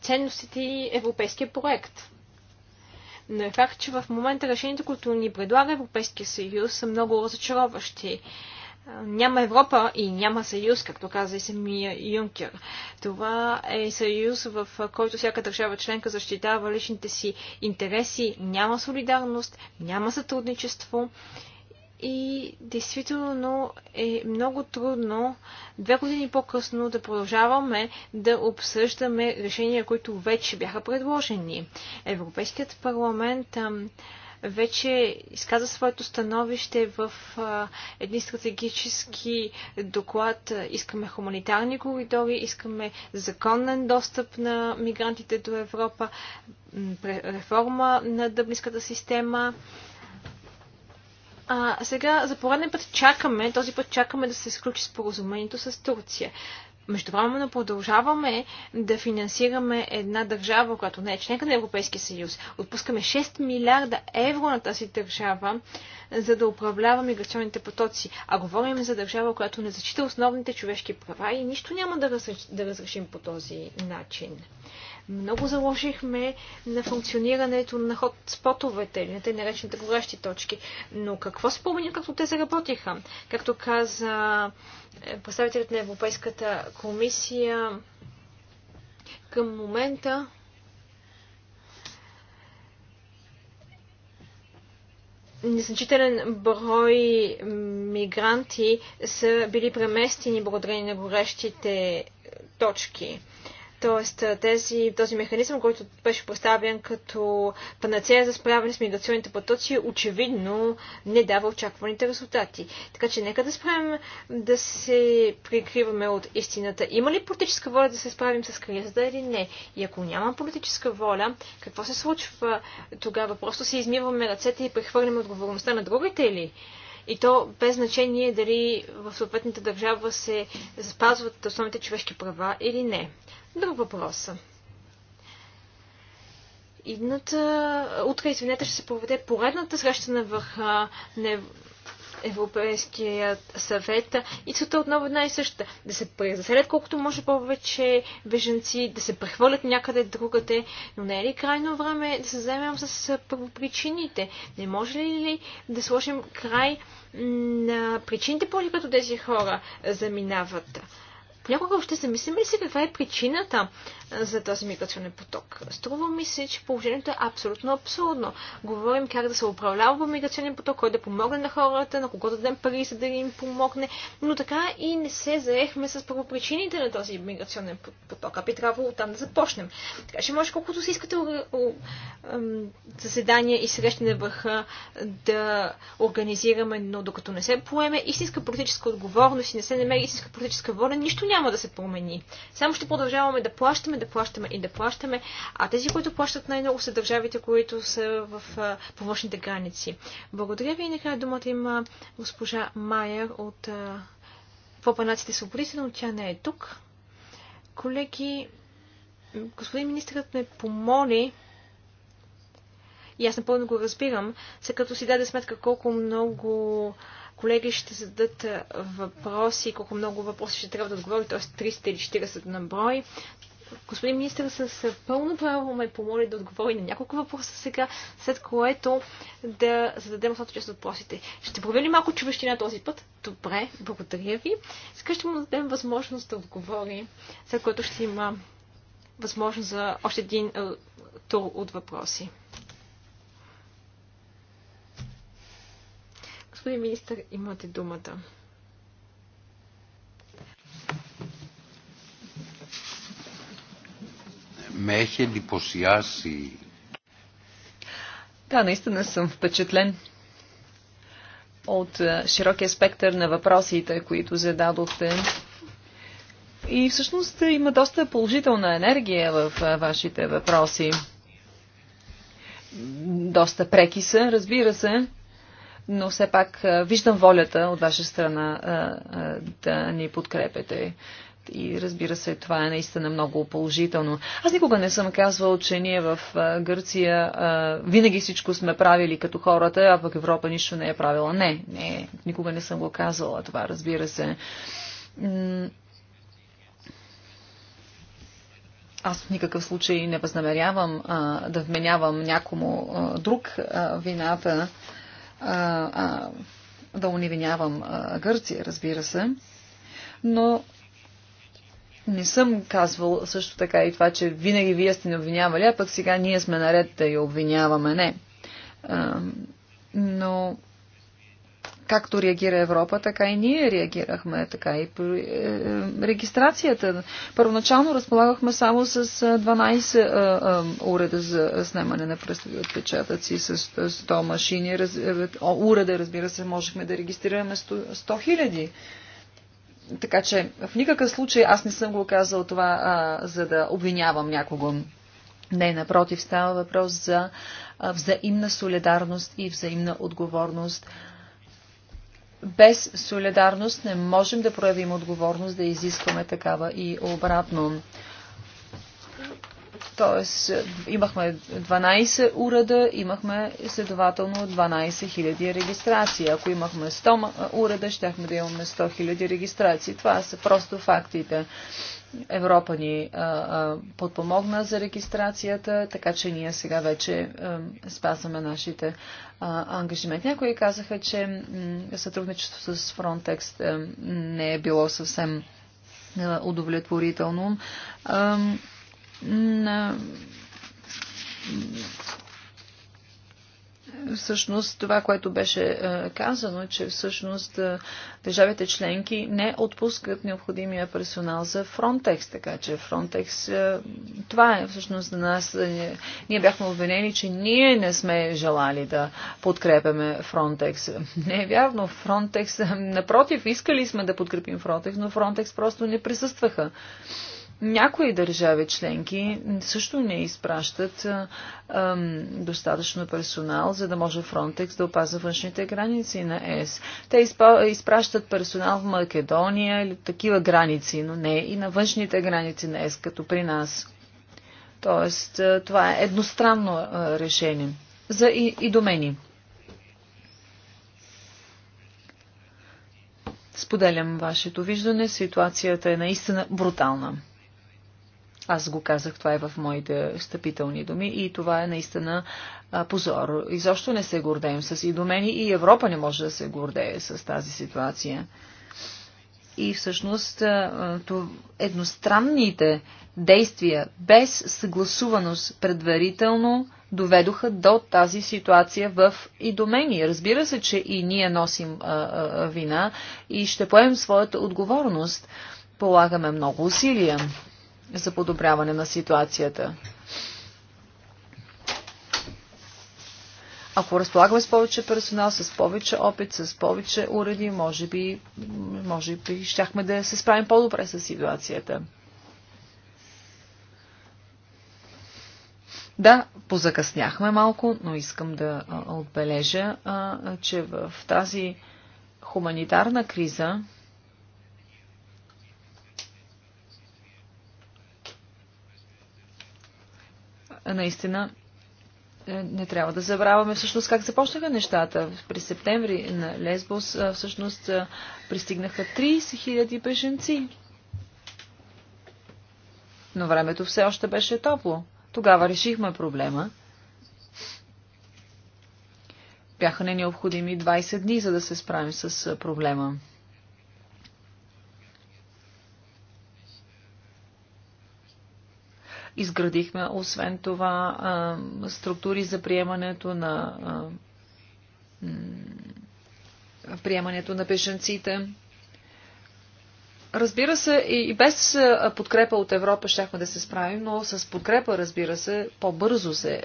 ценностите и европейския проект. Но е факт, че в момента решението, което ни предлага Европейския съюз, са много разочароващи няма Европа и няма съюз, както каза и самия Юнкер. Това е съюз, в който всяка държава членка защитава личните си интереси, няма солидарност, няма сътрудничество и действително е много трудно две години по-късно да продължаваме да обсъждаме решения, които вече бяха предложени. Европейският парламент вече изказа своето становище в а, един стратегически доклад. Искаме хуманитарни коридори, искаме законен достъп на мигрантите до Европа, реформа на дъблинската система. А сега за пореден път чакаме, този път чакаме да се сключи споразумението с Турция. Междувременно продължаваме да финансираме една държава, която не е членка на Европейския съюз. Отпускаме 6 милиарда евро на тази държава, за да управлява миграционните потоци. А говорим за държава, която не зачита основните човешки права и нищо няма да, да разрешим по този начин. Много заложихме на функционирането на спотовете, на те наречените горещи точки. Но какво се помня, както те заработиха? Както каза е, представителят на Европейската комисия, към момента незначителен брой мигранти са били преместени благодарение на горещите точки. Тоест, тези, този механизъм, който беше поставен като панацея за справяне с миграционните потоци, очевидно не дава очакваните резултати. Така че нека да спрем да се прикриваме от истината. Има ли политическа воля да се справим с кризата или не? И ако няма политическа воля, какво се случва тогава? Просто се измиваме ръцете и прехвърляме отговорността на другите или? И то без значение дали в съответната държава се спазват основните човешки права или не друг въпрос. Идната, утре, извинете, ще се проведе поредната среща на върха на Европейският съвет и целта е отново една и съща. Да се презаселят колкото може повече беженци, да се прехвърлят някъде другаде, но не е ли крайно време да се вземем с първопричините? Не може ли да сложим край на причините, поради като тези хора заминават? Понякога още се мислим ли си каква е причината за този миграционен поток. Струва ми се, че положението е абсолютно абсурдно. Говорим как да се управлява миграционен поток, кой да помогне на хората, на кого да дадем пари, за да им помогне, но така и не се заехме с първопричините на този миграционен поток, а би трябвало там да започнем. Така че може колкото си искате заседания и срещи на върха да организираме, но докато не се поеме истинска политическа отговорност и не се намери истинска политическа воля, нищо няма да се промени. Само ще продължаваме да плащаме, да плащаме и да плащаме, а тези, които плащат най-много са държавите, които са в помощните граници. Благодаря ви и накрая думата има госпожа Майер от Попанаците Свободите, но тя не е тук. Колеги, господин министърът ме помоли и аз напълно го разбирам, след като си даде сметка колко много колеги ще зададат въпроси, колко много въпроси ще трябва да отговори, т.е. 300 или 40 на брой. Господин министр с пълно право ме помоли да отговори на няколко въпроса сега, след което да зададем основната част от въпросите. Ще проявим малко на този път? Добре, благодаря ви. Сега ще му дадем възможност да отговори, след което ще има възможност за още един е, тур от въпроси. Господин министр, имате думата. ме έχει εντυπωσιάσει. Да, наистина съм впечатлен от е, широкия спектър на въпросите, които зададохте. И всъщност има доста положителна енергия в е, вашите въпроси. Доста преки са, разбира се, но все пак е, виждам волята от ваша страна да ни подкрепете. И разбира се, това е наистина много положително. Аз никога не съм казвал, че ние в Гърция винаги всичко сме правили като хората, а пък Европа нищо не е правила. Не, не, никога не съм го казвала това, разбира се. Аз в никакъв случай не възнамерявам да вменявам някому друг вината, да унивинявам Гърция, разбира се. Но не съм казвал също така и това, че винаги вие сте не обвинявали, а пък сега ние сме наред да я обвиняваме. Не. А, но както реагира Европа, така и ние реагирахме, така и при е, регистрацията. Първоначално разполагахме само с 12 уреда за снимане на пръстови отпечатъци, с 100 машини, е, уреда, разбира се, можехме да регистрираме 100 хиляди. Така че в никакъв случай аз не съм го казал това, а, за да обвинявам някого. Не, напротив, става въпрос за а, взаимна солидарност и взаимна отговорност. Без солидарност не можем да проявим отговорност да изискваме такава и обратно. Тоест, имахме 12 уреда, имахме следователно 12 000 регистрации. Ако имахме 100 уреда, щяхме да имаме 100 000 регистрации. Това са просто фактите. Европа ни а, а, подпомогна за регистрацията, така че ние сега вече а, спазваме нашите а, ангажименти. Някои казаха, че сътрудничеството с Frontex а, не е било съвсем а, удовлетворително. А, на всъщност това, което беше е, казано, че всъщност е, държавите членки не отпускат необходимия персонал за Фронтекс, така че Фронтекс, това е всъщност за нас, е, ние бяхме обвинени, че ние не сме желали да подкрепяме Фронтекс. Не е вярно, Фронтекс, напротив, искали сме да подкрепим Фронтекс, но Фронтекс просто не присъстваха. Някои държави членки също не изпращат ам, достатъчно персонал, за да може Фронтекс да опазва външните граници на ЕС. Те изпращат персонал в Македония или такива граници, но не и на външните граници на ЕС, като при нас. Тоест, това е едностранно решение за и, и домени. Споделям вашето виждане. Ситуацията е наистина брутална. Аз го казах, това е в моите встъпителни думи и това е наистина а, позор. Изобщо не се гордеем с идомени и Европа не може да се гордее с тази ситуация. И всъщност едностранните действия без съгласуваност предварително доведоха до тази ситуация в идомени. Разбира се, че и ние носим а, а, вина и ще поемем своята отговорност. Полагаме много усилия за подобряване на ситуацията. Ако разполагаме с повече персонал, с повече опит, с повече уреди, може би, може би щяхме да се справим по-добре с ситуацията. Да, позакъсняхме малко, но искам да отбележа, че в тази хуманитарна криза наистина е, не трябва да забравяме всъщност как започнаха нещата. През септември на Лесбос е, всъщност е, пристигнаха 30 000 беженци. Но времето все още беше топло. Тогава решихме проблема. Бяха не необходими 20 дни, за да се справим с проблема. Изградихме освен това структури за приемането на приемането на бежанците. Разбира се, и, без подкрепа от Европа щяхме да се справим, но с подкрепа, разбира се, по-бързо се,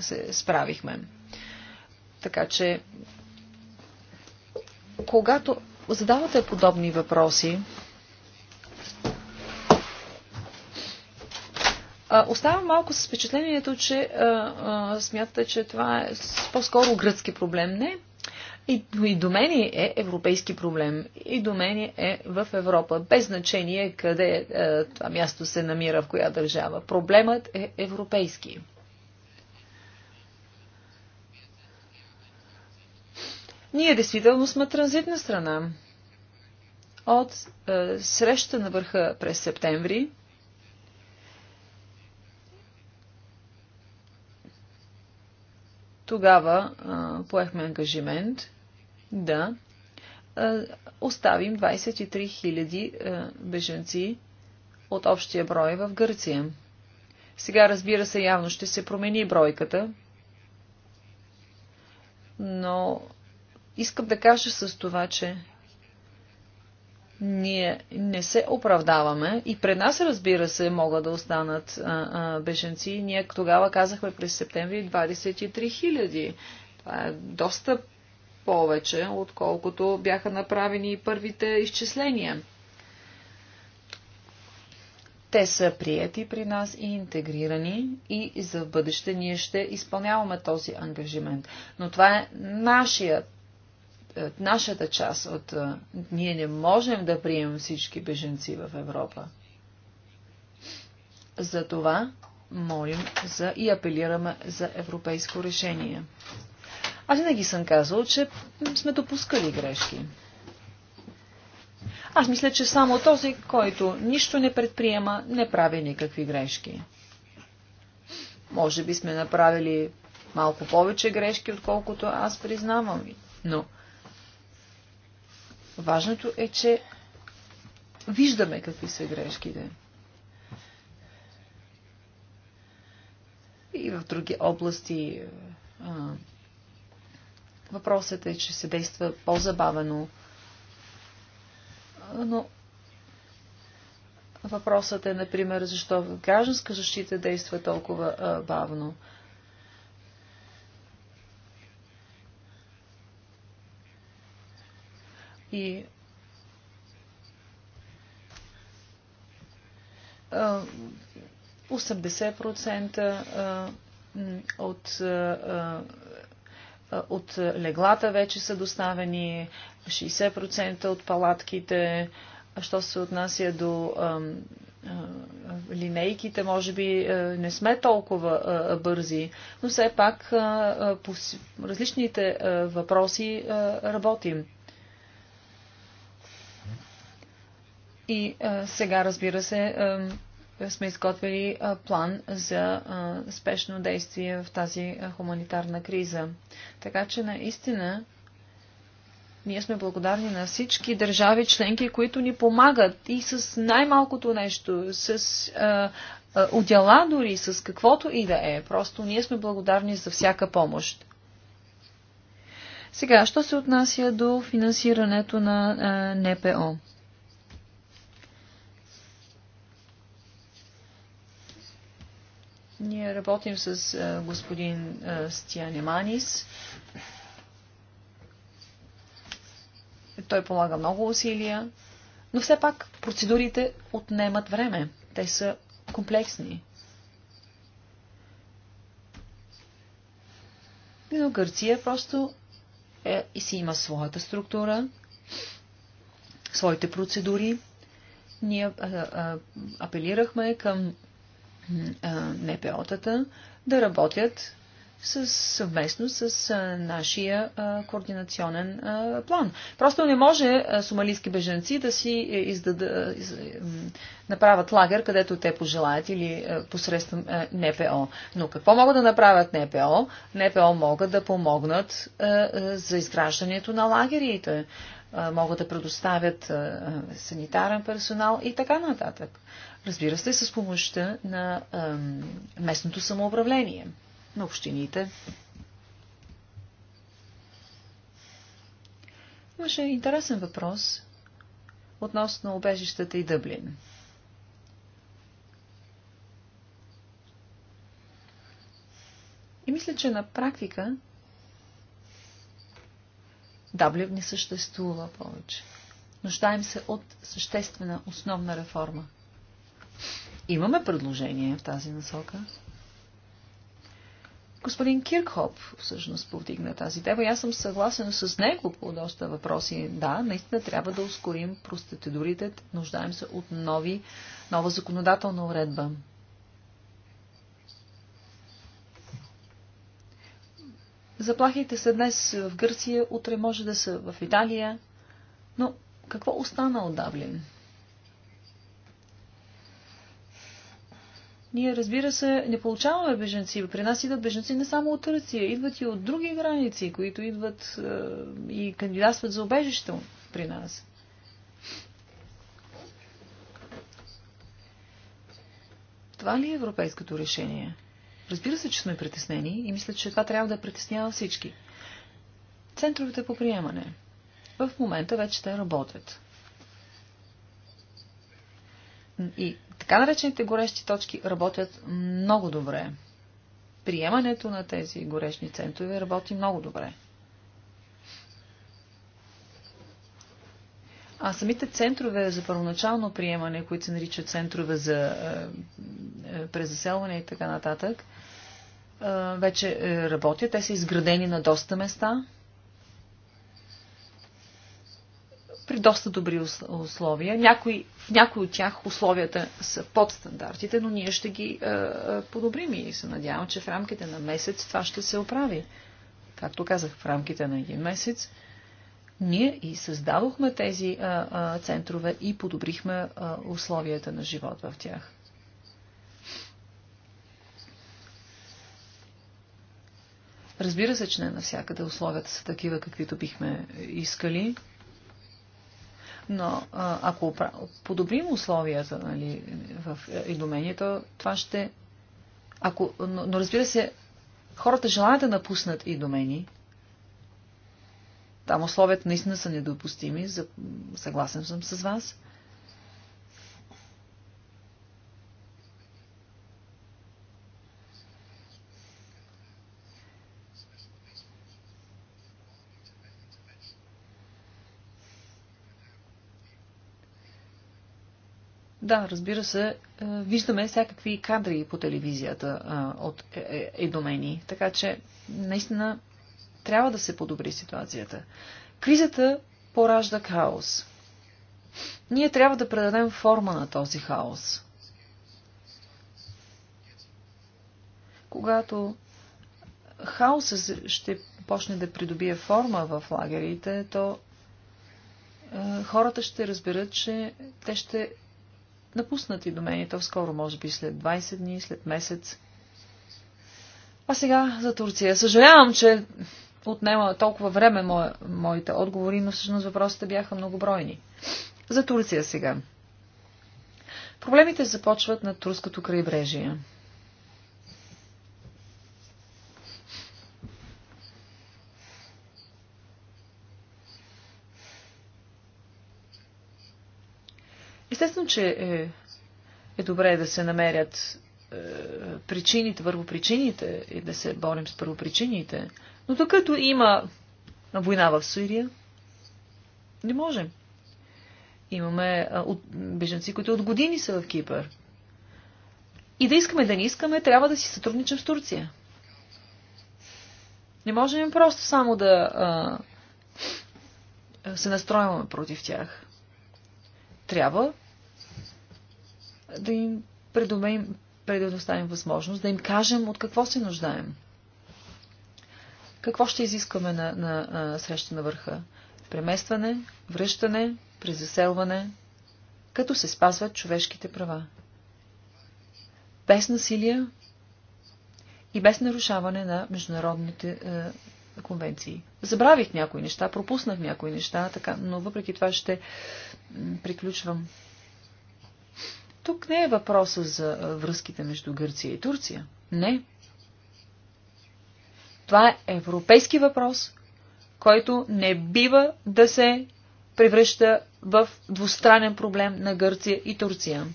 се справихме. Така че, когато задавате подобни въпроси, Оставам малко с впечатлението, че смятате, че това е по-скоро гръцки проблем. Не, и, и до мен е европейски проблем. И до мен е в Европа. Без значение къде е, това място се намира, в коя държава. Проблемът е европейски. Ние действително сме транзитна страна. От е, среща на върха през септември Тогава а, поехме ангажимент да а, оставим 23 000 беженци от общия брой в Гърция. Сега, разбира се, явно ще се промени бройката, но искам да кажа с това, че ние не се оправдаваме и пред нас, разбира се, могат да останат а, а, беженци. Ние тогава казахме през септември 23 000. Това е доста повече, отколкото бяха направени първите изчисления. Те са прияти при нас и интегрирани и за бъдеще ние ще изпълняваме този ангажимент. Но това е нашият. Е, нашата част от... Е, ние не можем да приемем всички беженци в Европа. Затова молим за и апелираме за европейско решение. Аз винаги съм казал, че сме допускали грешки. Аз мисля, че само този, който нищо не предприема, не прави никакви грешки. Може би сме направили малко повече грешки, отколкото аз признавам. Но Важното е, че виждаме какви са грешките. И в други области а, въпросът е, че се действа по-забавено. Но въпросът е, например, защо гражданска защита действа толкова а, бавно. А, И а, 80% от, от леглата вече са доставени, 60% от палатките. Що се отнася до линейките, може би не сме толкова бързи, но все пак по различните въпроси работим. И а, сега, разбира се, а, сме изготвили а, план за а, спешно действие в тази а, хуманитарна криза. Така че наистина ние сме благодарни на всички държави членки, които ни помагат и с най-малкото нещо, с а, а, отдела дори, с каквото и да е. Просто ние сме благодарни за всяка помощ. Сега, що се отнася до финансирането на а, НПО? Ние работим с господин Стиане Манис. Той полага много усилия, но все пак процедурите отнемат време. Те са комплексни. Но Гърция просто е, и си има своята структура, своите процедури. Ние а, а, апелирахме към НПО-тата да работят с, съвместно с а, нашия а, координационен а, план. Просто не може а, сомалийски беженци да си е, из, е, направят лагер, където те пожелаят или а, посредством а, НПО. Но какво могат да направят НПО? НПО могат да помогнат а, а, за изграждането на лагерите, а, могат да предоставят а, санитарен персонал и така нататък. Разбира се, с помощта на ем, местното самоуправление, на общините. Имаше интересен въпрос относно обежищата и Дъблин. И мисля, че на практика Дъблин не съществува повече. Нуждаем се от съществена основна реформа – Имаме предложение в тази насока. Господин Киркхоп всъщност повдигна тази тема и аз съм съгласен с него по доста въпроси. Да, наистина трябва да ускорим процедурите. нуждаем се от нови, нова законодателна уредба. Заплахите са днес в Гърция, утре може да са в Италия, но какво остана от Даблин? Ние, разбира се, не получаваме беженци. При нас идват беженци не само от Турция, идват и от други граници, които идват е, и кандидатстват за обежище при нас. Това ли е европейското решение? Разбира се, че сме притеснени и мисля, че това трябва да притеснява всички. Центровете по приемане. В момента вече те работят. И така наречените горещи точки работят много добре. Приемането на тези горещи центрове работи много добре. А самите центрове за първоначално приемане, които се наричат центрове за е, е, презаселване и така нататък, е, вече е, работят. Те са изградени на доста места. при доста добри условия. Някои, в някои от тях условията са под стандартите, но ние ще ги е, е, подобрим и се надявам, че в рамките на месец това ще се оправи. Както казах, в рамките на един месец ние и създадохме тези е, е, центрове и подобрихме е, условията на живот в тях. Разбира се, че не навсякъде условията са такива, каквито бихме искали. Но ако подобрим условията нали, в Идомения, това ще... Ако... Но, но разбира се, хората желаят да напуснат Идомени. Там условията наистина са недопустими. За... Съгласен съм с вас. Да, разбира се, е, виждаме всякакви кадри по телевизията е, от едомени, е, така че наистина трябва да се подобри ситуацията. Кризата поражда хаос. Ние трябва да предадем форма на този хаос. Когато хаосът ще почне да придобие форма в лагерите, то хората ще разберат, че те ще напуснат и домените скоро, може би след 20 дни, след месец. А сега за Турция. Съжалявам, че отнема толкова време мо... моите отговори, но всъщност въпросите бяха многобройни. За Турция сега. Проблемите започват на турското крайбрежие. Естествено, че е, е добре да се намерят е, причините върху причините и да се борим с първопричините, но докато има война в Сирия, не можем. Имаме а, от, беженци, които от години са в Кипър. И да искаме да не искаме, трябва да си сътрудничим с Турция. Не можем просто само да а, се настроиваме против тях. Трябва да им предумеем, предоставим възможност, да им кажем от какво се нуждаем. Какво ще изискваме на, на, на среща на върха? Преместване, връщане, презаселване, като се спазват човешките права. Без насилие и без нарушаване на международните е, конвенции. Забравих някои неща, пропуснах някои неща, така, но въпреки това ще приключвам. Тук не е въпроса за връзките между Гърция и Турция. Не. Това е европейски въпрос, който не бива да се превръща в двустранен проблем на Гърция и Турция.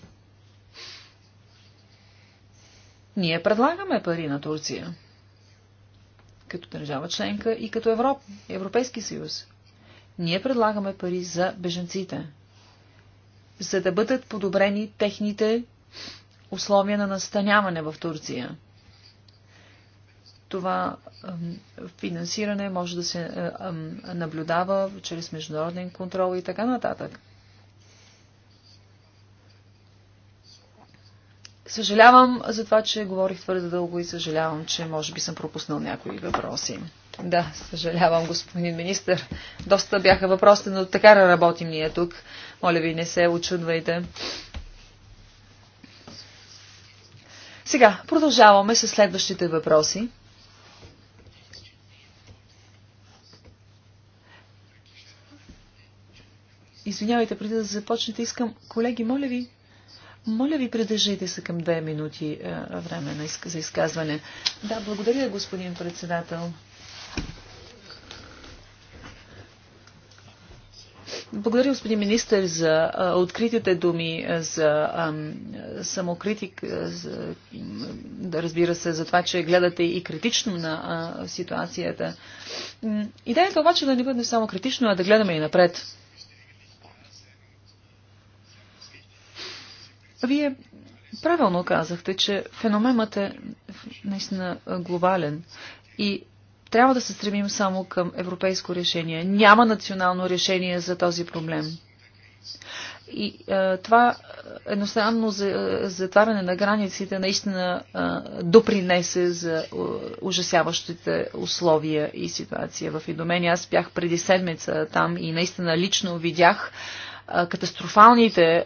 Ние предлагаме пари на Турция като държава членка и като Европ, Европейски съюз. Ние предлагаме пари за беженците за да бъдат подобрени техните условия на настаняване в Турция. Това финансиране може да се е, наблюдава чрез международен контрол и така нататък. Съжалявам за това, че говорих твърде дълго и съжалявам, че може би съм пропуснал някои въпроси. Да, съжалявам, господин министр. Доста бяха въпросите, но така работим ние тук. Моля ви, не се очудвайте. Сега, продължаваме с следващите въпроси. Извинявайте, преди да започнете, искам... Колеги, моля ви, моля ви, придържайте се към две минути е, време на, за изказване. Да, благодаря, господин председател. Благодаря, господин министр, за а, откритите думи, за а, самокритик, за, да разбира се, за това, че гледате и критично на а, ситуацията. Идеята обаче да не бъде само критично, а да гледаме и напред. Вие правилно казахте, че феноменът е наистина глобален и трябва да се стремим само към европейско решение. Няма национално решение за този проблем. И е, това е, едностранно за, е, затваряне на границите наистина е, допринесе за е, ужасяващите условия и ситуация в Идомени. Аз бях преди седмица там и наистина лично видях е, катастрофалните е,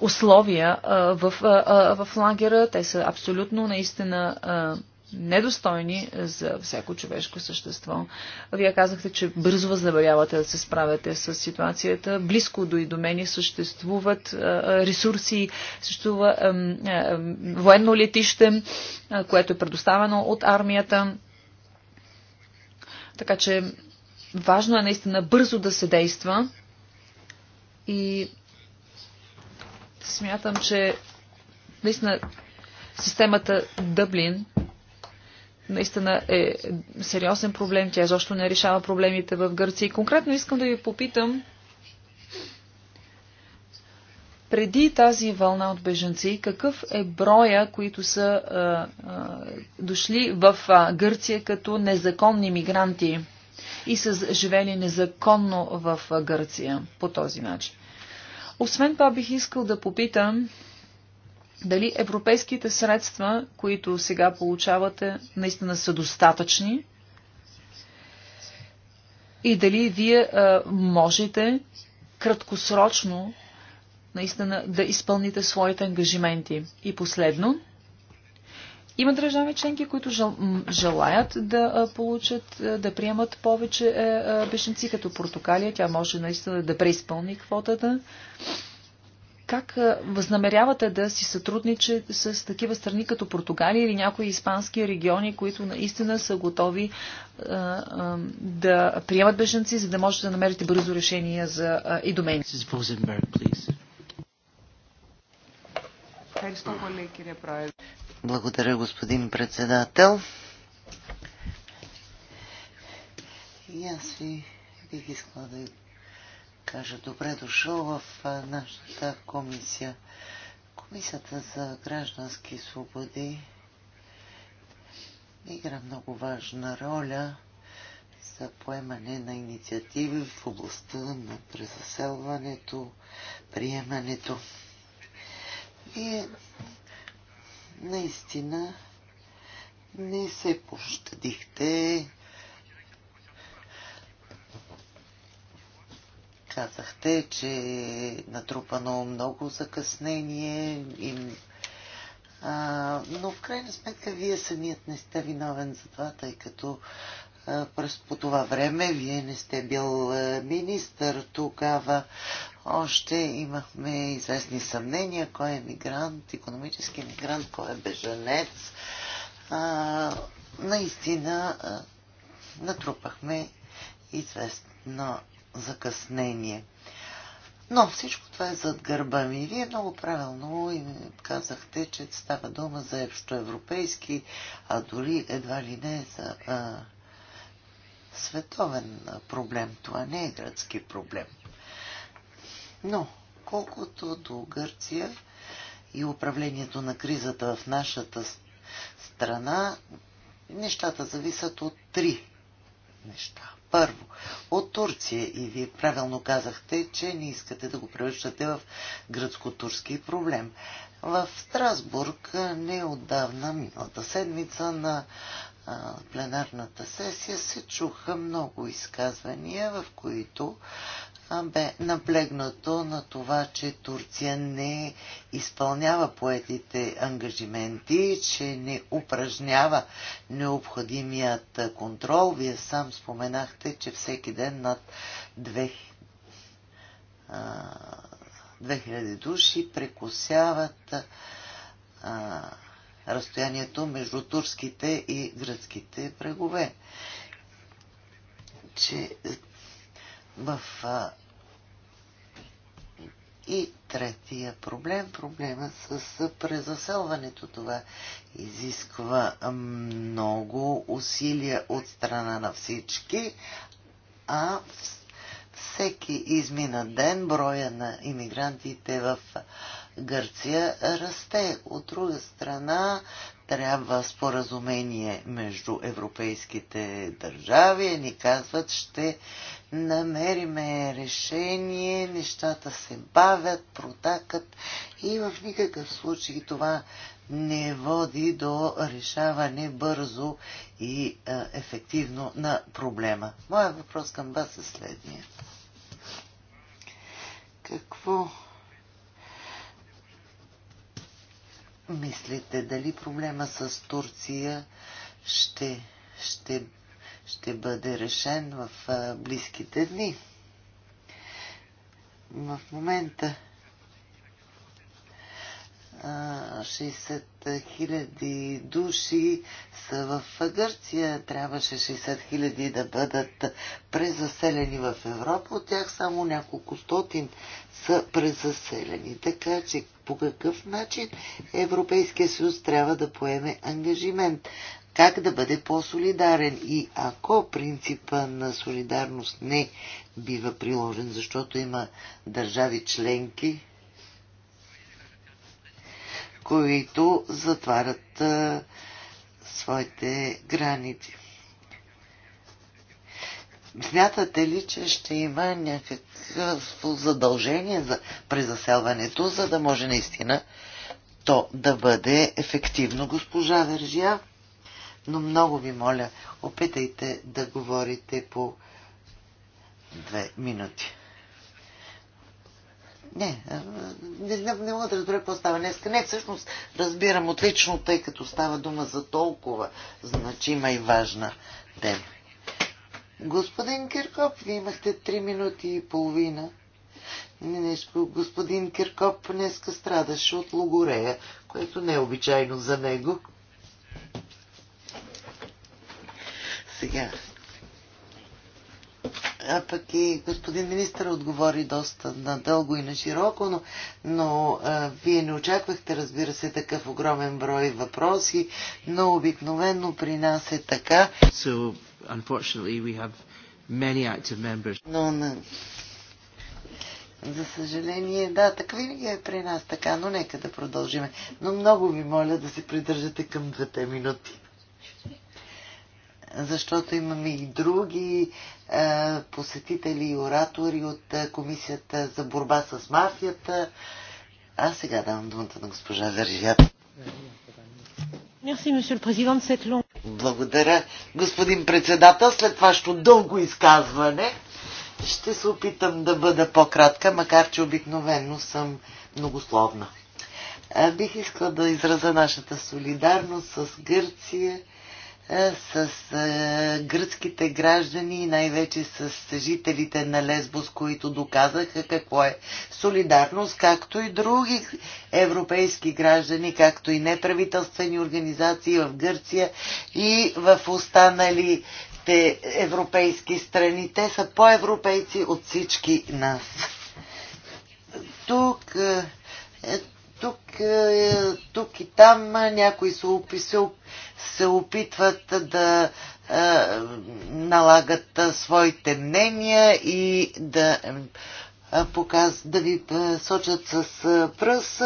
условия е, в, е, е в лагера. Те са абсолютно наистина. Е, недостойни за всяко човешко същество. Вие казахте, че бързо възнамерявате да се справяте с ситуацията. Близко до и до мен съществуват ресурси, съществува военно летище, което е предоставено от армията. Така че важно е наистина бързо да се действа и смятам, че наистина системата Дъблин наистина е сериозен проблем. Тя изобщо не решава проблемите в Гърция. И конкретно искам да ви попитам, преди тази вълна от беженци, какъв е броя, които са а, а, дошли в а, Гърция като незаконни мигранти и са живели незаконно в а, Гърция по този начин? Освен това бих искал да попитам, дали европейските средства, които сега получавате, наистина са достатъчни и дали вие а, можете краткосрочно наистина да изпълните своите ангажименти. И последно, има държави членки, които жел, желаят да получат, да приемат повече е, беженци, като Португалия. Тя може наистина да преизпълни квотата. Да как възнамерявате да си сътрудничите с такива страни като Португалия или някои испански региони, които наистина са готови да приемат беженци, за да можете да намерите бързо решение за а, и домени? Благодаря, господин председател. И аз ви бих искала да кажа добре дошъл в нашата комисия. Комисията за граждански свободи игра много важна роля за поемане на инициативи в областта на презаселването, приемането. Вие наистина не се пощадихте Казахте, че е натрупано много закъснение, и, а, но в крайна сметка вие самият не сте виновен за това, тъй като а, през по това време вие не сте бил а, министър. Тогава още имахме известни съмнения, кой е мигрант, економически мигрант, кой е беженец. А, наистина а, натрупахме известно закъснение. Но всичко това е зад гърба ми. Вие много правилно казахте, че става дума за европейски, а дори едва ли не за а, световен проблем. Това не е градски проблем. Но, колкото до Гърция и управлението на кризата в нашата страна, нещата зависят от три неща – първо от Турция и вие правилно казахте, че не искате да го превръщате в гръцко-турски проблем. В Страсбург не отдавна, миналата седмица на а, пленарната сесия се чуха много изказвания, в които бе наблегнато на това, че Турция не изпълнява поетите ангажименти, че не упражнява необходимият контрол. Вие сам споменахте, че всеки ден над 2000 души прекусяват разстоянието между турските и гръцките брегове. Че в и третия проблем, проблема с презаселването. Това изисква много усилия от страна на всички, а всеки измина ден броя на иммигрантите в Гърция расте. От друга страна, трябва споразумение между европейските държави. Ни казват, ще намериме решение, нещата се бавят, протакат и в никакъв случай това не води до решаване бързо и а, е, ефективно на проблема. Моя въпрос към вас е следния. Какво мислите? Дали проблема с Турция ще, ще, ще бъде решен в близките дни? В момента 60 хиляди души са в Гърция. Трябваше 60 хиляди да бъдат презаселени в Европа. От тях само няколко стотин са презаселени. Така че по какъв начин Европейския съюз трябва да поеме ангажимент, как да бъде по-солидарен и ако принципа на солидарност не бива приложен, защото има държави членки, които затварят а, своите граници. Смятате ли, че ще има някакво задължение за презаселването, за да може наистина то да бъде ефективно, госпожа Вержия? Но много ви моля, опитайте да говорите по две минути. Не, не, не, не мога да разбера какво става днес. Не, всъщност разбирам отлично, тъй като става дума за толкова значима и важна тема. Господин Киркоп, вие имахте три минути и половина. Нещо, господин Киркоп днеска страдаше от логорея, което не е обичайно за него. Сега. А пък и господин министър отговори доста надълго и на широко, но, но а, вие не очаквахте, разбира се, такъв огромен брой въпроси, но обикновено при нас е така. So unfortunately, we have many active members. Но, no, no. за съжаление, да, така винаги е при нас така, но нека да продължиме. Но много ви моля да се придържате към двете минути. Защото имаме и други е, посетители и оратори от е, Комисията за борба с мафията. А сега давам думата на госпожа Вержията. Merci, Monsieur президент, благодаря, господин председател. След вашето дълго изказване ще се опитам да бъда по-кратка, макар че обикновено съм многословна. Бих искала да изразя нашата солидарност с Гърция е, с е, гръцките граждани и най-вече с жителите на Лесбос, които доказаха какво е солидарност, както и други европейски граждани, както и неправителствени организации в Гърция и в останалите европейски страни. Те са по-европейци от всички нас. Тук е, тук, е, тук и там някои се, опи, се, се опитват да а, е, налагат своите мнения и да, а, е, показ, да ви сочат с пръс.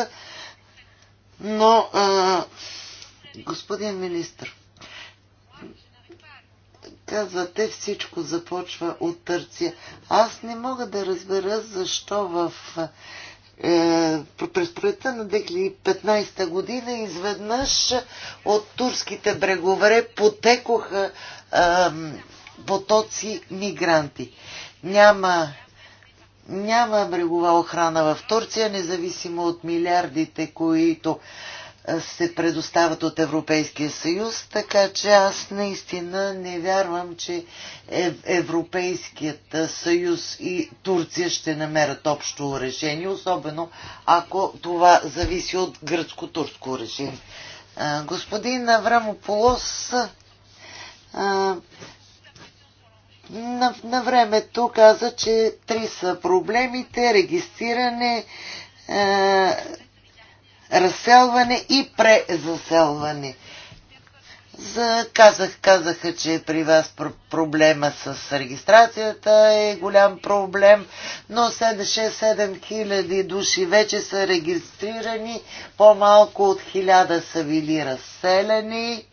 Но, а, господин министр, казвате всичко започва от Търция. Аз не мога да разбера защо в е, през пролетта на 2015 година изведнъж от турските брегове потекоха потоци мигранти. Няма, няма брегова охрана в Турция, независимо от милиардите, които се предоставят от Европейския съюз, така че аз наистина не вярвам, че Европейският съюз и Турция ще намерят общо решение, особено ако това зависи от гръцко-турско решение. Господин Аврамополос на, на времето каза, че три са проблемите регистриране, разселване и презаселване. За, казах, казаха, че при вас пр проблема с регистрацията е голям проблем, но 6-7 хиляди души вече са регистрирани, по-малко от хиляда са били разселени.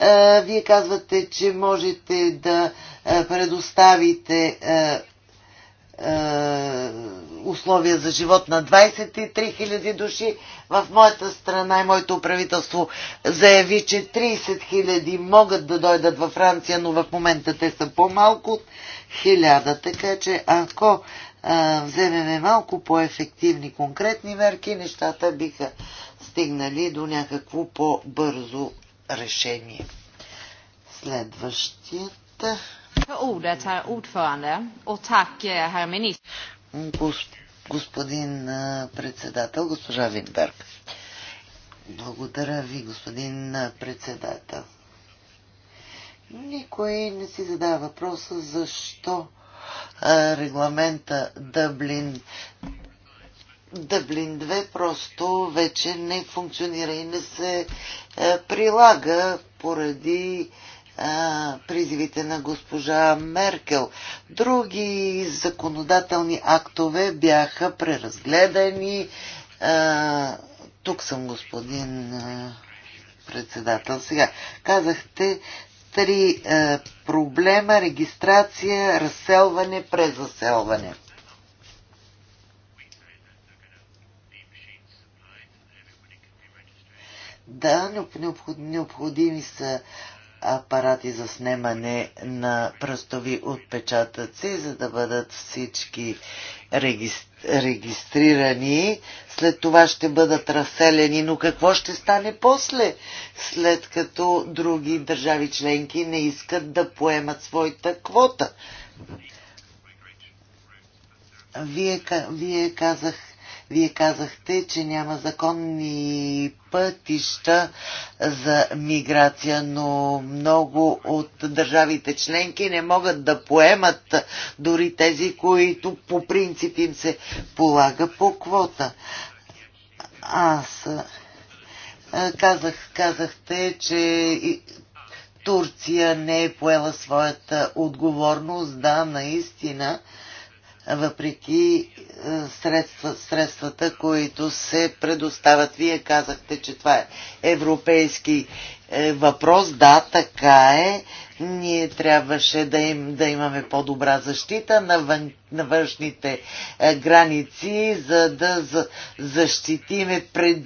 Е, вие казвате, че можете да е, предоставите е, е, условия за живот на 23 000 души. В моята страна и моето правителство заяви, че 30 000 могат да дойдат във Франция, но в момента те са по-малко от 1000. Така че ако а, е, вземеме малко по-ефективни конкретни мерки, нещата биха стигнали до някакво по-бързо решение. Следващият. Eh, господин eh, председател, госпожа Винберг. Благодаря ви, господин eh, председател. Никой не си задава въпроса защо регламента Дъблин Дъблин 2 просто вече не функционира и не се прилага поради призивите на госпожа Меркел. Други законодателни актове бяха преразгледани. А, тук съм господин а, председател. Сега, казахте три а, проблема регистрация, разселване, презаселване. Да, необходими са апарати за снимане на пръстови отпечатъци, за да бъдат всички регистрирани. След това ще бъдат разселени, но какво ще стане после, след като други държави членки не искат да поемат своята квота? Вие, вие казах, вие казахте, че няма законни пътища за миграция, но много от държавите членки не могат да поемат дори тези, които по принцип им се полага по квота. Аз казах, казахте, че Турция не е поела своята отговорност. Да, наистина въпреки е, средства, средствата, които се предоставят. Вие казахте, че това е европейски е, въпрос. Да, така е. Ние трябваше да, им, да имаме по-добра защита на, вън, на външните е, граници, за да за, защитиме пред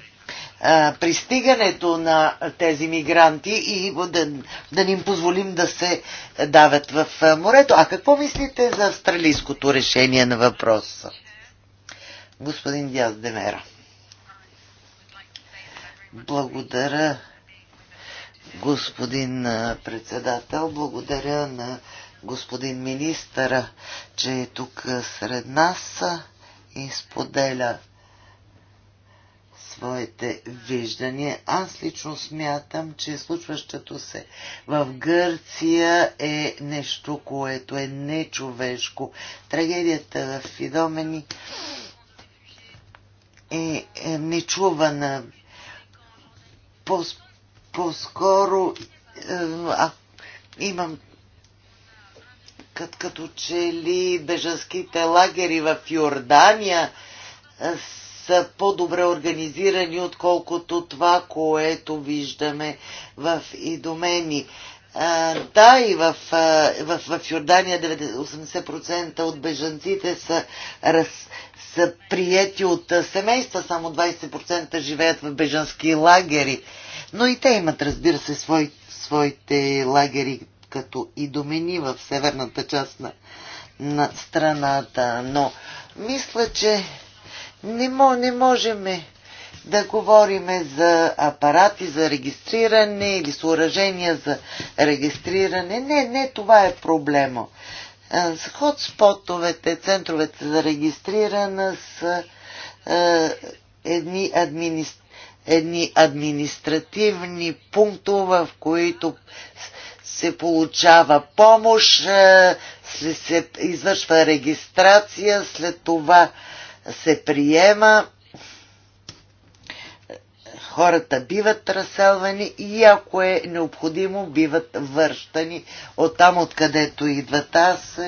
пристигането на тези мигранти и да, да им позволим да се дават в морето. А какво мислите за австралийското решение на въпроса? Господин Диас Демера. Благодаря, господин председател. Благодаря на господин министъра, че е тук сред нас и споделя своите виждания. Аз лично смятам, че случващото се в Гърция е нещо, което е нечовешко. Трагедията в фидомени е, е нечувана. По, по-скоро е, а, имам като че ли бежанските лагери в Йордания са по-добре организирани, отколкото това, което виждаме в Идомени. А, да, и в, в, в Йордания 80% от бежанците са, раз, са приети от семейства, само 20% живеят в бежански лагери. Но и те имат, разбира се, свой, своите лагери, като и домени в северната част на, на страната. Но мисля, че не, не можем да говорим за апарати за регистриране или съоръжения за регистриране. Не, не, това е проблема. Ходспотовете, центровете за регистриране са е, едни, админи... едни административни пунктове, в които се получава помощ, се, се извършва регистрация, след това е, се приема, хората биват разселвани и ако е необходимо, биват връщани от там, откъдето идват. Аз,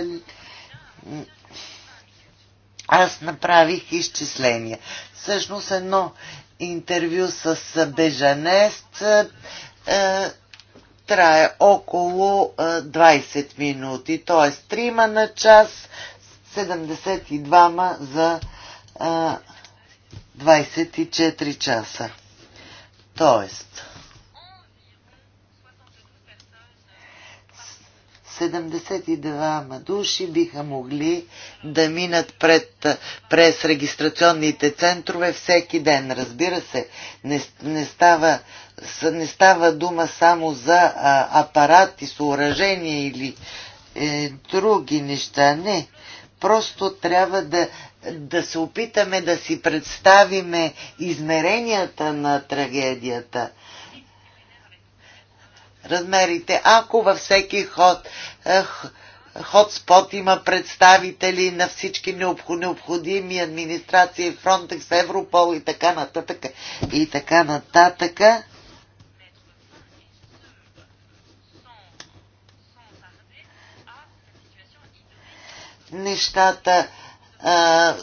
аз направих изчисления. Всъщност едно интервю с бежанест е, трае около 20 е, минути, т.е. 3 на час, 72 за 24 часа. Тоест, 72 души биха могли да минат пред, през регистрационните центрове всеки ден. Разбира се, не, не, става, не става дума само за а, апарати, съоръжения или е, други неща. Не. Просто трябва да да се опитаме да си представиме измеренията на трагедията, размерите, ако във всеки ход е, ходспот има представители на всички необходими администрации, Фронтекс, Европол и така нататък. И така нататък. Нещата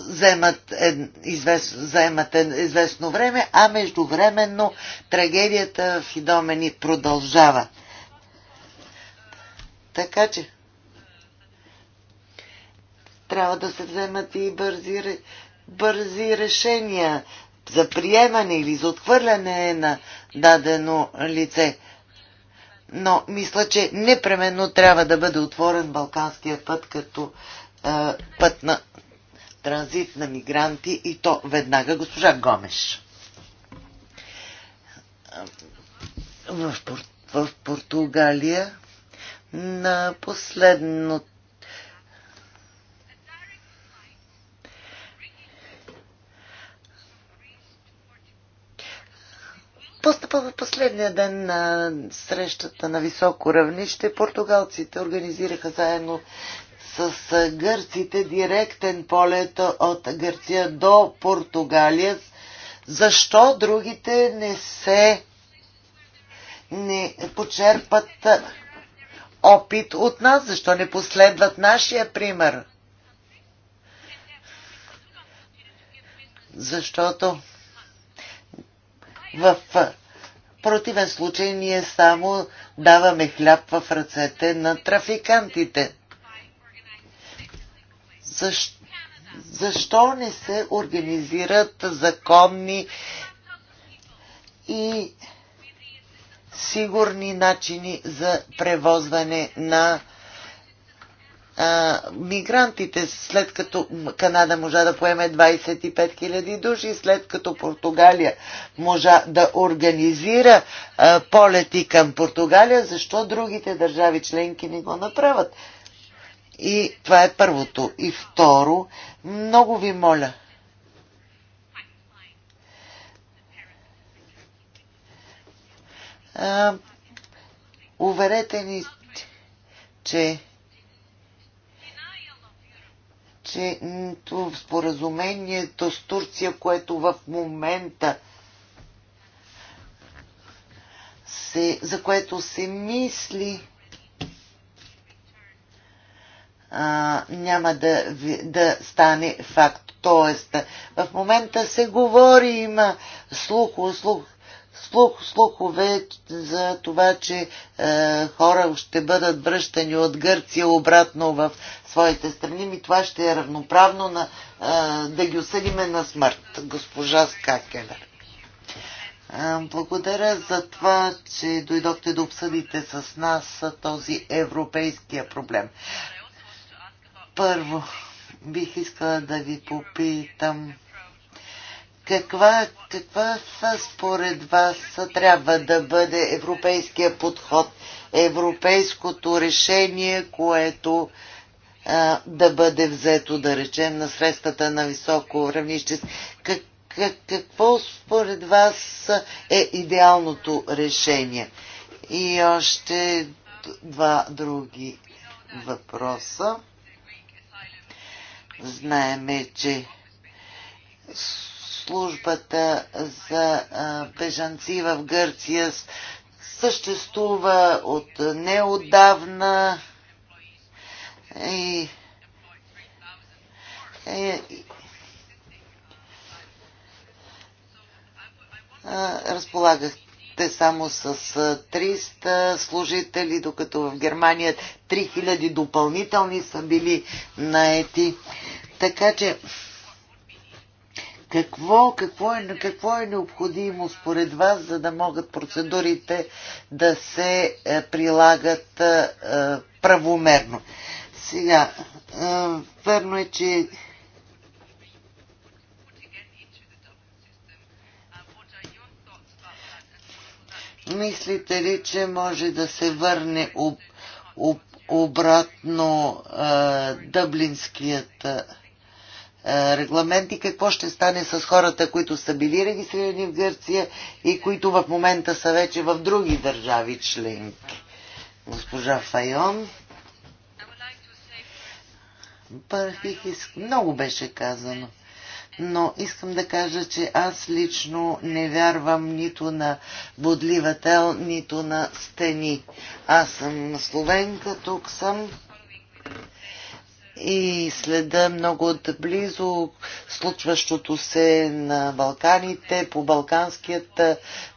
вземат, е, извест, вземат известно време, а междувременно трагедията в Идомени продължава. Така че трябва да се вземат и бързи, бързи решения за приемане или за отхвърляне на дадено лице. Но мисля, че непременно трябва да бъде отворен Балканския път като е, път на транзит на мигранти и то веднага. Госпожа Гомеш. В, Пор... в Португалия на последното Постъпа в последния ден на срещата на високо равнище. Португалците организираха заедно с гърците директен полет от Гърция до Португалия. Защо другите не се не почерпат опит от нас? Защо не последват нашия пример? Защото в противен случай ние само даваме хляб в ръцете на трафикантите защо, защо не се организират законни и сигурни начини за превозване на а, мигрантите, след като Канада можа да поеме 25 000 души, след като Португалия можа да организира а, полети към Португалия, защо другите държави членки не го направят? И това е първото. И второ, много ви моля, а, уверете ни, че че споразумението с Турция, което в момента се, за което се мисли, а, няма да, да стане факт. Тоест, в момента се говори, има слух, слух, слух, слухове за това, че е, хора ще бъдат връщани от Гърция обратно в своите страни. Ми това ще е равноправно на, е, да ги осъдиме на смърт, госпожа Скакелер. Благодаря за това, че дойдохте да обсъдите с нас този европейския проблем. Първо, бих искала да ви попитам каква, каква са, според вас трябва да бъде европейския подход, европейското решение, което а, да бъде взето, да речем, на средствата на високо равнище. Как, как, какво според вас е идеалното решение? И още два други въпроса. Знаеме, че службата за бежанци в Гърция съществува от неодавна и, е, разполагах разполагате само с 300 служители, докато в Германия 3000 допълнителни са били наети. Така че какво, какво, е, какво е необходимо според вас, за да могат процедурите да се е, прилагат е, е, правомерно? Сега, верно е, че Мислите ли, че може да се върне об, об, обратно а, дъблинският а, регламент и какво ще стане с хората, които са били регистрирани в Гърция и които в момента са вече в други държави членки? Госпожа Файон. Бърхих, много беше казано но искам да кажа, че аз лично не вярвам нито на бодлива тел, нито на стени. Аз съм словенка, тук съм и следа много отблизо случващото се на Балканите, по Балканският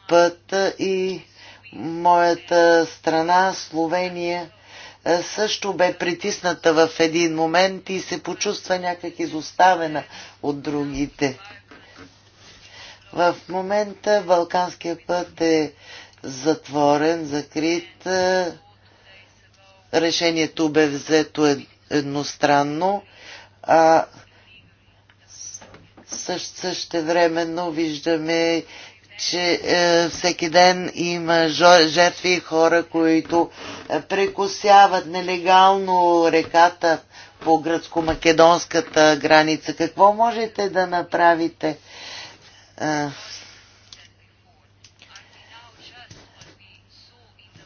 път и моята страна, Словения, е, също бе притисната в един момент и се почувства някак изоставена от другите. В момента Балканския път е затворен, закрит. Е, решението бе взето едностранно, а също същевременно виждаме че е, всеки ден има жертви и хора, които е, прекусяват нелегално реката по гръцко-македонската граница. Какво можете да направите? Е,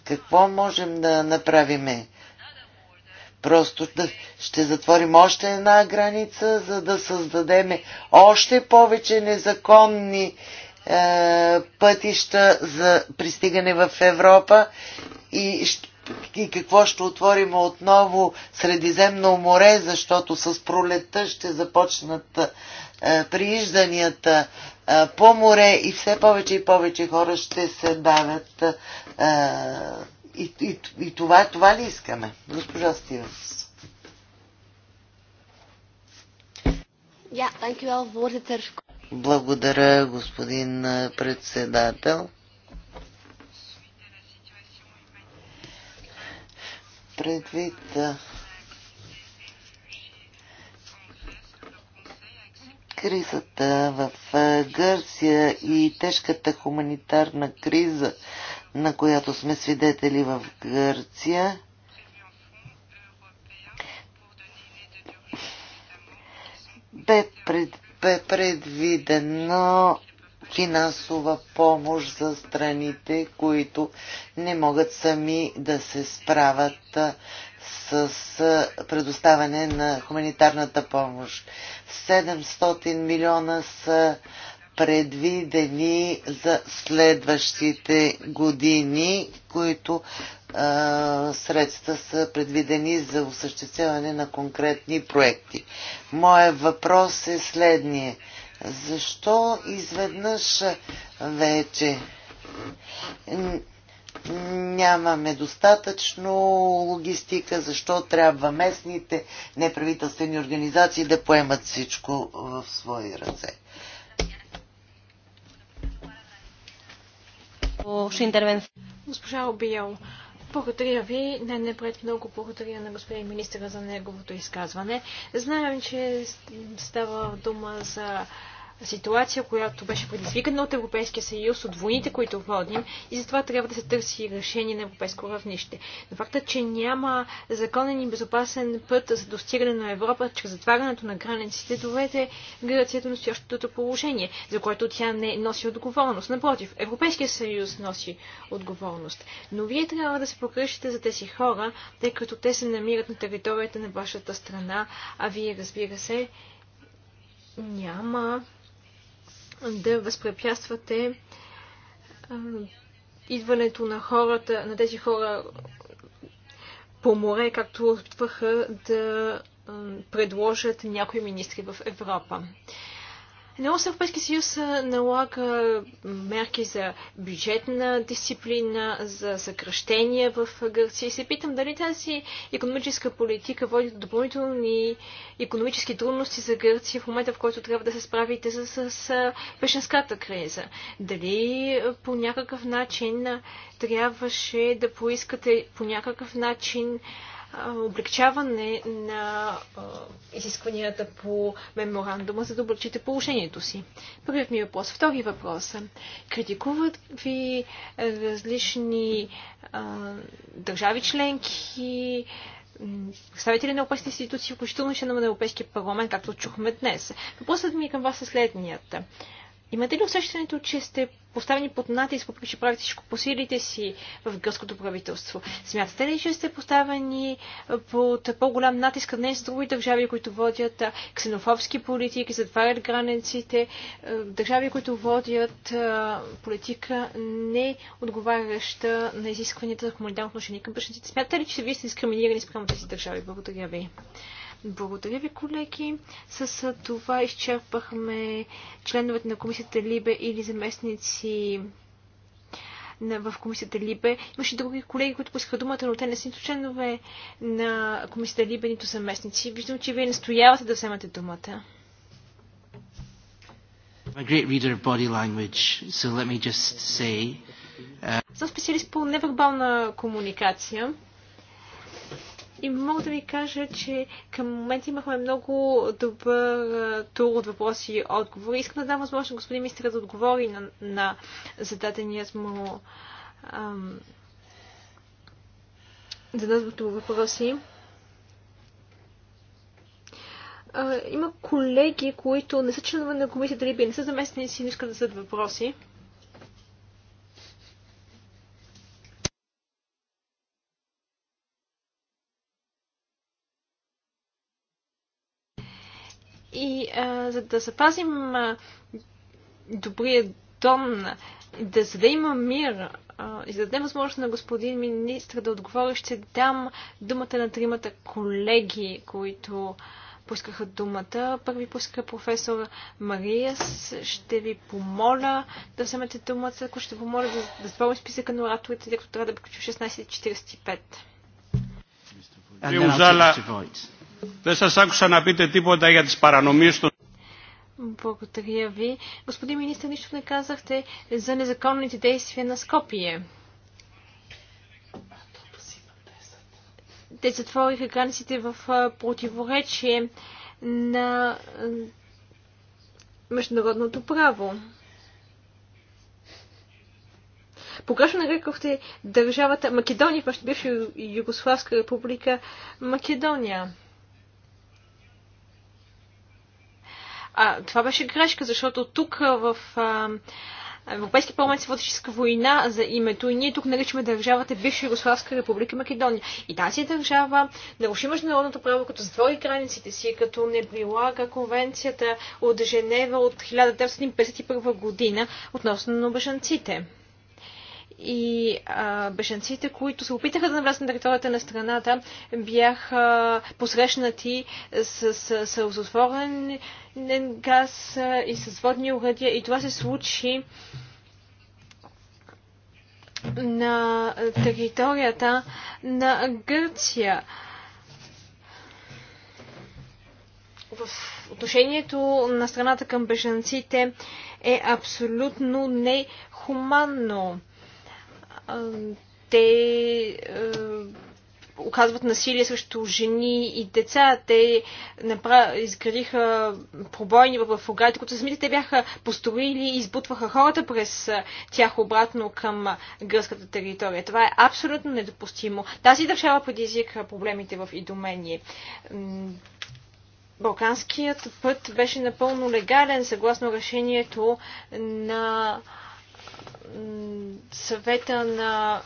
какво можем да направим? Просто да, ще затворим още една граница, за да създадем още повече незаконни е, пътища за пристигане в Европа и, и какво ще отворим отново Средиземно море, защото с пролетта ще започнат е, приижданията е, по море и все повече и повече хора ще се давят. И, и, и това, това ли искаме? Госпожа Стивенс. Ja, dankjewel, voorzitter. Благодаря, господин председател. Предвид кризата в Гърция и тежката хуманитарна криза, на която сме свидетели в Гърция, бе предвид бе предвидено финансова помощ за страните, които не могат сами да се справят с предоставяне на хуманитарната помощ. 700 милиона са предвидени за следващите години, които а, средства са предвидени за осъществяване на конкретни проекти. Моят въпрос е следния. Защо изведнъж вече нямаме достатъчно логистика, защо трябва местните неправителствени организации да поемат всичко в свои ръце. по интервенция. Госпожа Обиел, благодаря ви. Не, не пред много благодаря на господин министра за неговото изказване. Знаем, че става дума за ситуация, която беше предизвикана от Европейския съюз, от войните, които водим и затова трябва да се търси решение на европейско равнище. Но факта, че няма законен и безопасен път за достигане на Европа чрез затварянето на границите, доведе Гърция до настоящото положение, за което тя не носи отговорност. Напротив, Европейския съюз носи отговорност. Но вие трябва да се покръщате за тези хора, тъй като те се намират на територията на вашата страна, а вие, разбира се, няма да възпрепятствате идването на хората, на тези хора по море, както опитваха да предложат някои министри в Европа. Много Европейския съюз налага мерки за бюджетна дисциплина, за съкръщения в Гърция и се питам дали тази економическа политика води до допълнителни економически трудности за Гърция в момента, в който трябва да се справите с, с, пешенската криза. Дали по някакъв начин трябваше да поискате по някакъв начин облегчаване на изискванията по меморандума, за да облегчите положението си? Първият ми въпрос. Втори въпрос. Критикуват ви различни а, държави членки, представители на опасни институции, включително и на Европейския парламент, както чухме днес. Въпросът ми към вас е следният. Имате ли усещането, че сте поставени под натиск, въпреки че правите всичко по силите си в гръцкото правителство? Смятате ли, че сте поставени под по-голям натиск днес с други държави, които водят ксенофобски политики, затварят границите, държави, които водят политика не отговаряща на изискванията за хуманитарно отношение към бежанците? Смятате ли, че вие сте дискриминирани спрямо тези държави? Благодаря ви. Благодаря ви, колеги. С това изчерпахме членовете на комисията Либе или заместници в комисията Либе. Имаше други колеги, които поискаха думата, но те не са нито членове на комисията Либе, нито заместници. Виждам, че вие настоявате да вземате думата. Uh, Съм специалист по невербална комуникация. И мога да ви кажа, че към момента имахме много добър тур от въпроси и отговори. Искам да дам възможност господин министър да отговори на, на зададения му ам, зададените въпроси. А, има колеги, които не са членове на комисията Либия, не са заместници, не искат да зададат въпроси. И а, за да запазим а, добрия дом, да, за да има мир а, и за да дадем възможност на господин министр да отговори, ще дам думата на тримата колеги, които пускаха думата. Първи пуска професор Мария. Ще ви помоля да вземете думата, ако ще помоля да, да спомня списъка на ораторите, тъй като трябва да приключи 16.45. Δεν σας άκουσα να πείτε τίποτα για τις παρανομίες των... Благодаря ви. Господин министр, нищо не казахте за незаконните действия на Скопие. Те затвориха границите в противоречие на международното право. Погрешно нарекохте държавата Македония, бивша Югославска република Македония. А, това беше грешка, защото тук в а, Европейски парламент се водеше война за името и ние тук наричаме държавата бивша Югославска република Македония. И тази държава наруши международното право, като затвори границите си, като не прилага конвенцията от Женева от 1951 година относно на бежанците и а, бежанците, които се опитаха да навлязат на територията на страната, бяха посрещнати с, с, с отворен газ и с водни уръдия. И това се случи на територията на Гърция. В отношението на страната към бежанците е абсолютно нехуманно те е, оказват насилие срещу жени и деца. Те напра... изградиха пробойни в оградите, които самите те бяха построили и избутваха хората през е, тях обратно към гръцката територия. Това е абсолютно недопустимо. Тази държава предизвика проблемите в Идомение. Балканският път беше напълно легален, съгласно решението на съвета на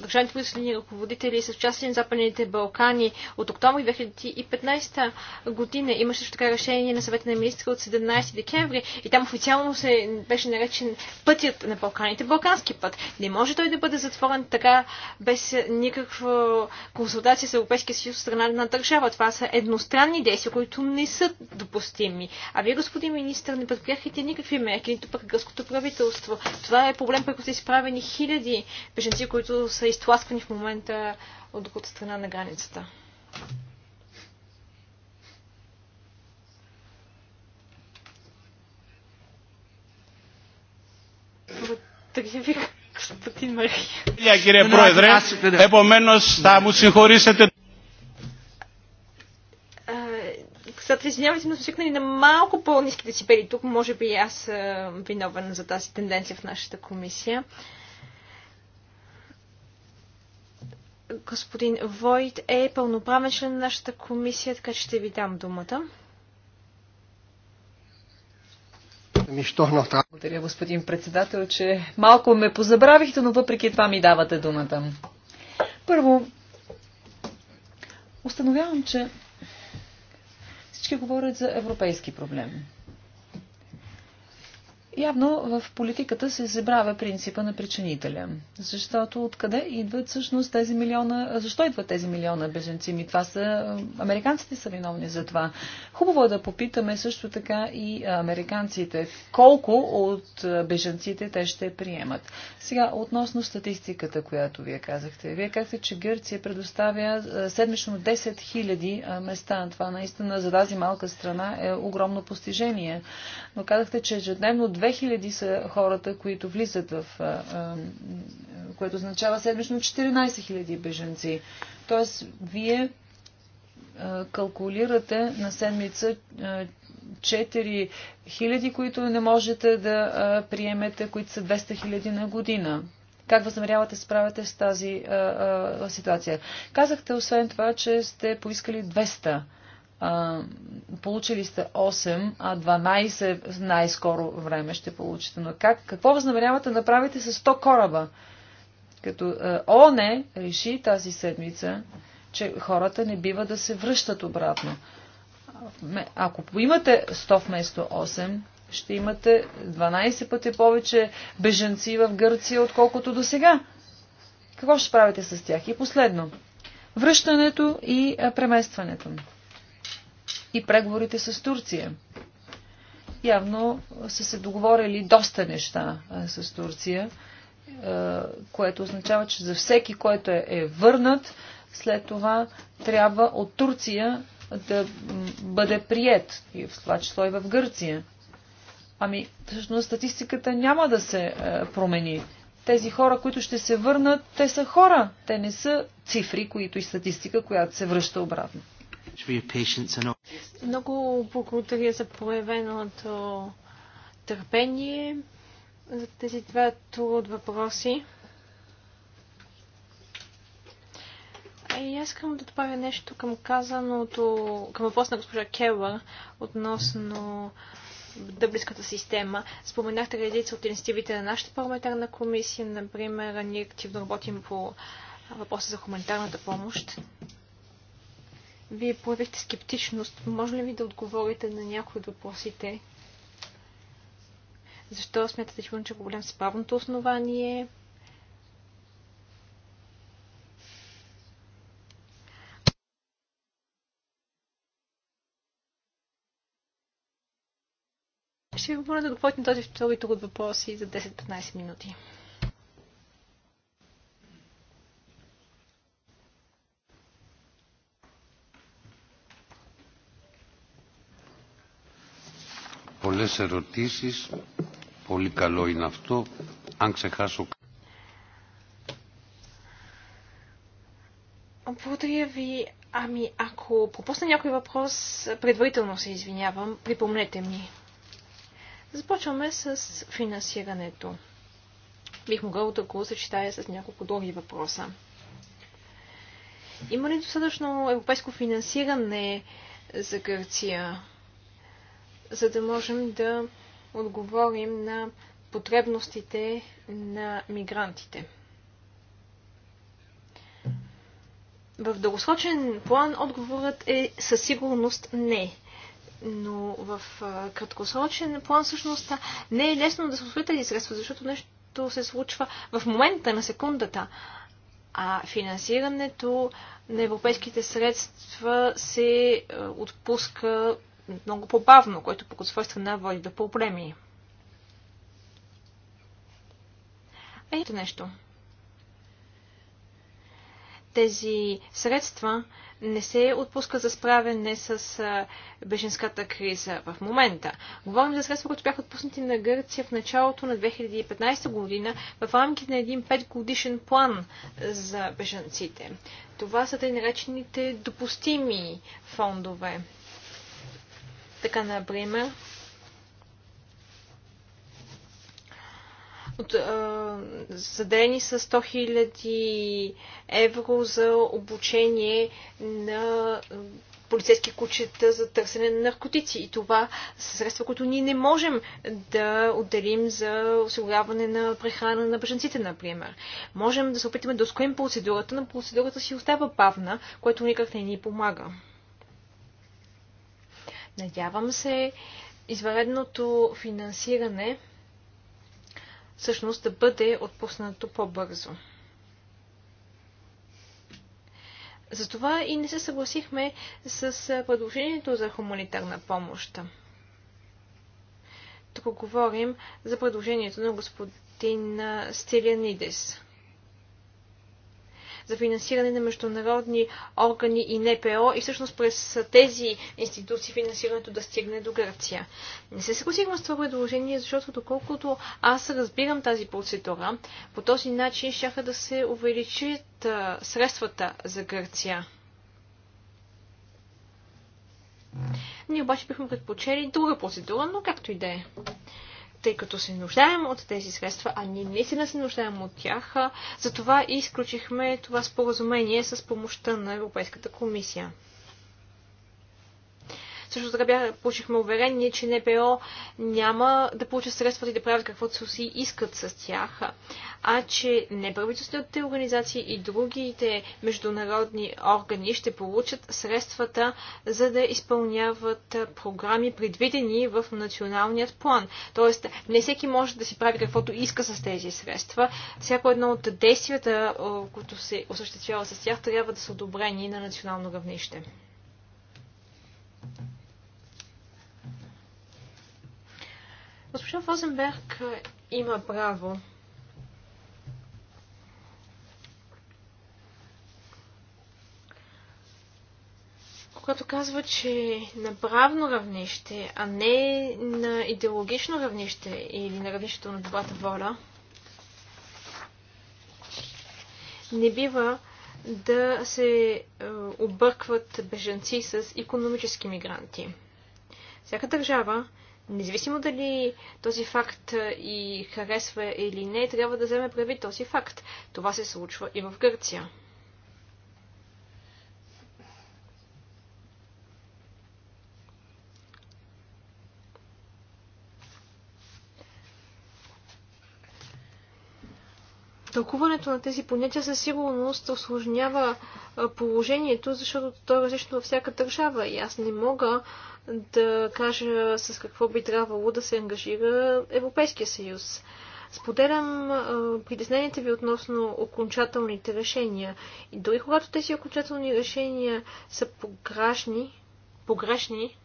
държавните мислени ръководители с участие на Западните Балкани от октомври 2015 година. Имаше също така решение на съвета на министра от 17 декември и там официално се беше наречен пътят на Балканите, балкански път. Не може той да бъде затворен така без никаква консултация с Европейския съюз страна на държава. Това са едностранни действия, които не са допустими. А вие, господин министр, не предприехте никакви мерки, нито пък гръцкото правителство. Това е проблем, при който са изправени хиляди беженци, които са изтласквани в момента от другата страна на границата. Κύριε Πρόεδρε, επομένως θα μου συγχωρήσετε Съответно, сме свикнали на малко по-низките си Тук може би аз съм виновен за тази тенденция в нашата комисия. Господин Войт е пълноправен член на нашата комисия, така че ще ви дам думата. Ами, Благодаря, господин председател, че малко ме позабравихте, но въпреки това ми давате думата. Първо, установявам, че всички говорят за европейски проблеми. Явно в политиката се забравя принципа на причинителя. Защото откъде идват всъщност тези милиона... Защо идват тези милиона беженци? Ми това са... Американците са виновни за това. Хубаво е да попитаме също така и американците. Колко от беженците те ще приемат? Сега, относно статистиката, която вие казахте. Вие казахте, че Гърция предоставя седмично 10 000 места. Това наистина за тази малка страна е огромно постижение. Но казахте, че ежедневно 2000 са хората, които влизат в... което означава седмично 14 000 беженци. Тоест, вие калкулирате на седмица 4 000, които не можете да приемете, които са 200 000 на година. Как възмерявате, се справяте с тази а, а, ситуация? Казахте, освен това, че сте поискали 200 получили сте 8, а 12 най-скоро време ще получите. Но как, какво възнамерявате да направите с 100 кораба? Като е, ОНЕ реши тази седмица, че хората не бива да се връщат обратно. Ако имате 100 вместо 8, ще имате 12 пъти повече беженци в Гърция, отколкото до сега. Какво ще правите с тях? И последно. Връщането и е, преместването и преговорите с Турция. Явно са се договорили доста неща с Турция, което означава, че за всеки, който е, е върнат, след това трябва от Турция да бъде прият, и в това число и в Гърция. Ами, всъщност статистиката няма да се промени. Тези хора, които ще се върнат, те са хора. Те не са цифри, които и статистика, която се връща обратно. Много благодаря за проявеното търпение за тези два тура от въпроси. И аз искам да добавя нещо към казаното, към въпрос на госпожа Келър относно дъблиската система. Споменахте редица от инициативите на нашата парламентарна комисия, например, ние активно работим по въпроса за хуманитарната помощ. Вие появихте скептичност. Може ли ви да отговорите на някои от въпросите? Защо смятате, че имаше проблем с правното основание? Ще ви помоля да отговорите на този втори от въпроси за 10-15 минути. πολλές ερωτήσεις. Πολύ καλό είναι αυτό. Αν ξεχάσω... Благодаря ви. Ами, ако пропусна някой въпрос, предварително се извинявам. Припомнете ми. Започваме с финансирането. Бих могъл да го съчетая с няколко други въпроса. Има ли достатъчно европейско финансиране за Гърция? за да можем да отговорим на потребностите на мигрантите. В дългосрочен план отговорът е със сигурност не. Но в краткосрочен план всъщност не е лесно да се освоят тези средства, защото нещо се случва в момента на секундата. А финансирането на европейските средства се отпуска много по-бавно, което по своя страна води до проблеми. А Ето нещо. Тези средства не се отпускат за справяне с беженската криза в момента. Говорим за средства, които бяха отпуснати на Гърция в началото на 2015 година в рамките на един 5 годишен план за беженците. Това са тъй наречените допустими фондове. Така, например, от, са 100 000 евро за обучение на полицейски кучета за търсене на наркотици. И това са средства, които ние не можем да отделим за осигуряване на прехрана на бъженците, например. Можем да се опитаме да ускорим процедурата, но процедурата си остава бавна, което никак не ни помага. Надявам се извънредното финансиране всъщност да бъде отпуснато по-бързо. Затова и не се съгласихме с предложението за хуманитарна помощ. Тук говорим за предложението на господин Стилянидис за финансиране на международни органи и НПО и всъщност през тези институции финансирането да стигне до Гърция. Не се съгласихме с това предложение, защото доколкото аз разбирам тази процедура, по този начин ще да се увеличат средствата за Гърция. Ние обаче бихме предпочели друга процедура, но както и да е тъй като се нуждаем от тези средства, а ние наистина се нуждаем от тях, затова и изключихме това споразумение с помощта на Европейската комисия. Също така получихме уверение, че НПО няма да получат средствата и да правят каквото си искат с тях, а че неправителствените организации и другите международни органи ще получат средствата, за да изпълняват програми, предвидени в националният план. Тоест, не всеки може да си прави каквото иска с тези средства. Всяко едно от действията, които се осъществява с тях, трябва да са одобрени на национално равнище. Госпожа Фозенберг е, има право. Когато казва, че на правно равнище, а не на идеологично равнище или на равнището на добрата воля, не бива да се е, объркват бежанци с економически мигранти. Всяка държава Независимо дали този факт и харесва или не, трябва да вземе прави този факт. Това се случва и в Гърция. Тълкуването на тези понятия със сигурност осложнява положението, защото то е различно във всяка държава и аз не мога да кажа с какво би трябвало да се ангажира Европейския съюз. Споделям притесненията ви относно окончателните решения. И дори когато тези окончателни решения са погрешни, погрешни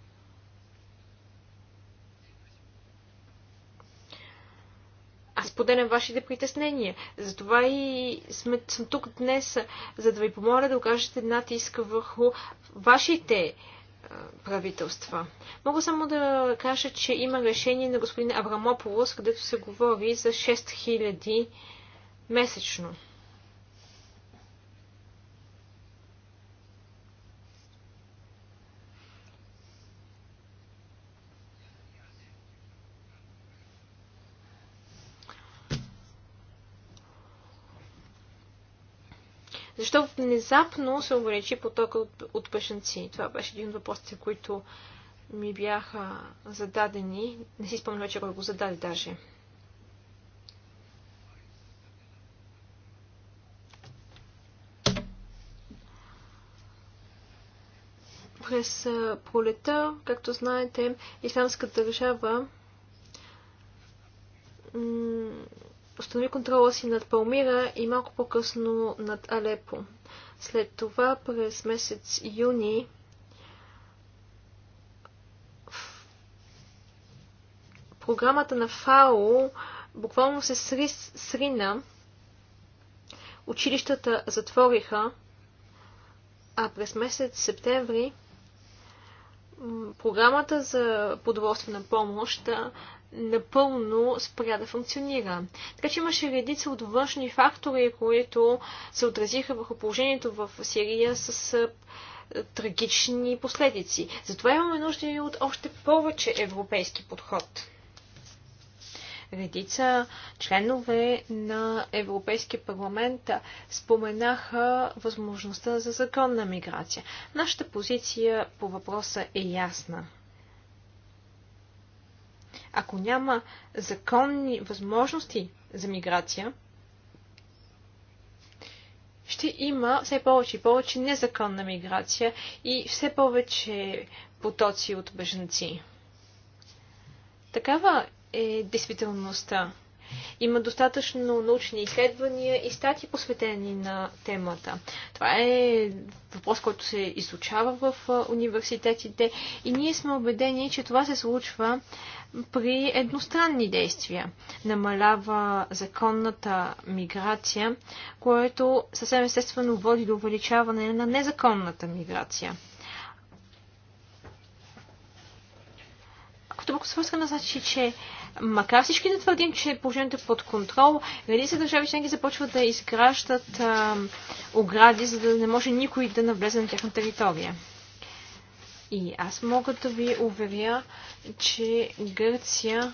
аз поделям вашите притеснения. Затова и сме, съм тук днес, за да ви помоля да окажете натиск върху вашите правителства. Мога само да кажа, че има решение на господин Абрамополос, където се говори за 6000 месечно. защо внезапно се увеличи потока от, от бешенци. Това беше един от въпросите, които ми бяха зададени. Не си спомням вече кой го зададе даже. През пролета, както знаете, Исламска държава Установи контрола си над Палмира и малко по-късно над Алепо. След това през месец юни програмата на ФАО буквално се сри, срина, училищата затвориха, а през месец септември програмата за продоволствена помощ напълно спря да функционира. Така че имаше редица от външни фактори, които се отразиха върху положението в Сирия с трагични последици. Затова имаме нужда и от още повече европейски подход редица членове на Европейския парламент споменаха възможността за законна миграция. Нашата позиция по въпроса е ясна. Ако няма законни възможности за миграция, ще има все повече и повече незаконна миграция и все повече потоци от бежанци. Такава е действителността. Има достатъчно научни изследвания и стати посветени на темата. Това е въпрос, който се изучава в университетите и ние сме убедени, че това се случва при едностранни действия. Намалява законната миграция, което съвсем естествено води до увеличаване на незаконната миграция. Доколкото е пък свързана значи, че макар всички да твърдим, че положението е под контрол, редица държави членки започват да изграждат а, огради, за да не може никой да навлезе на тяхна територия. И аз мога да ви уверя, че Гърция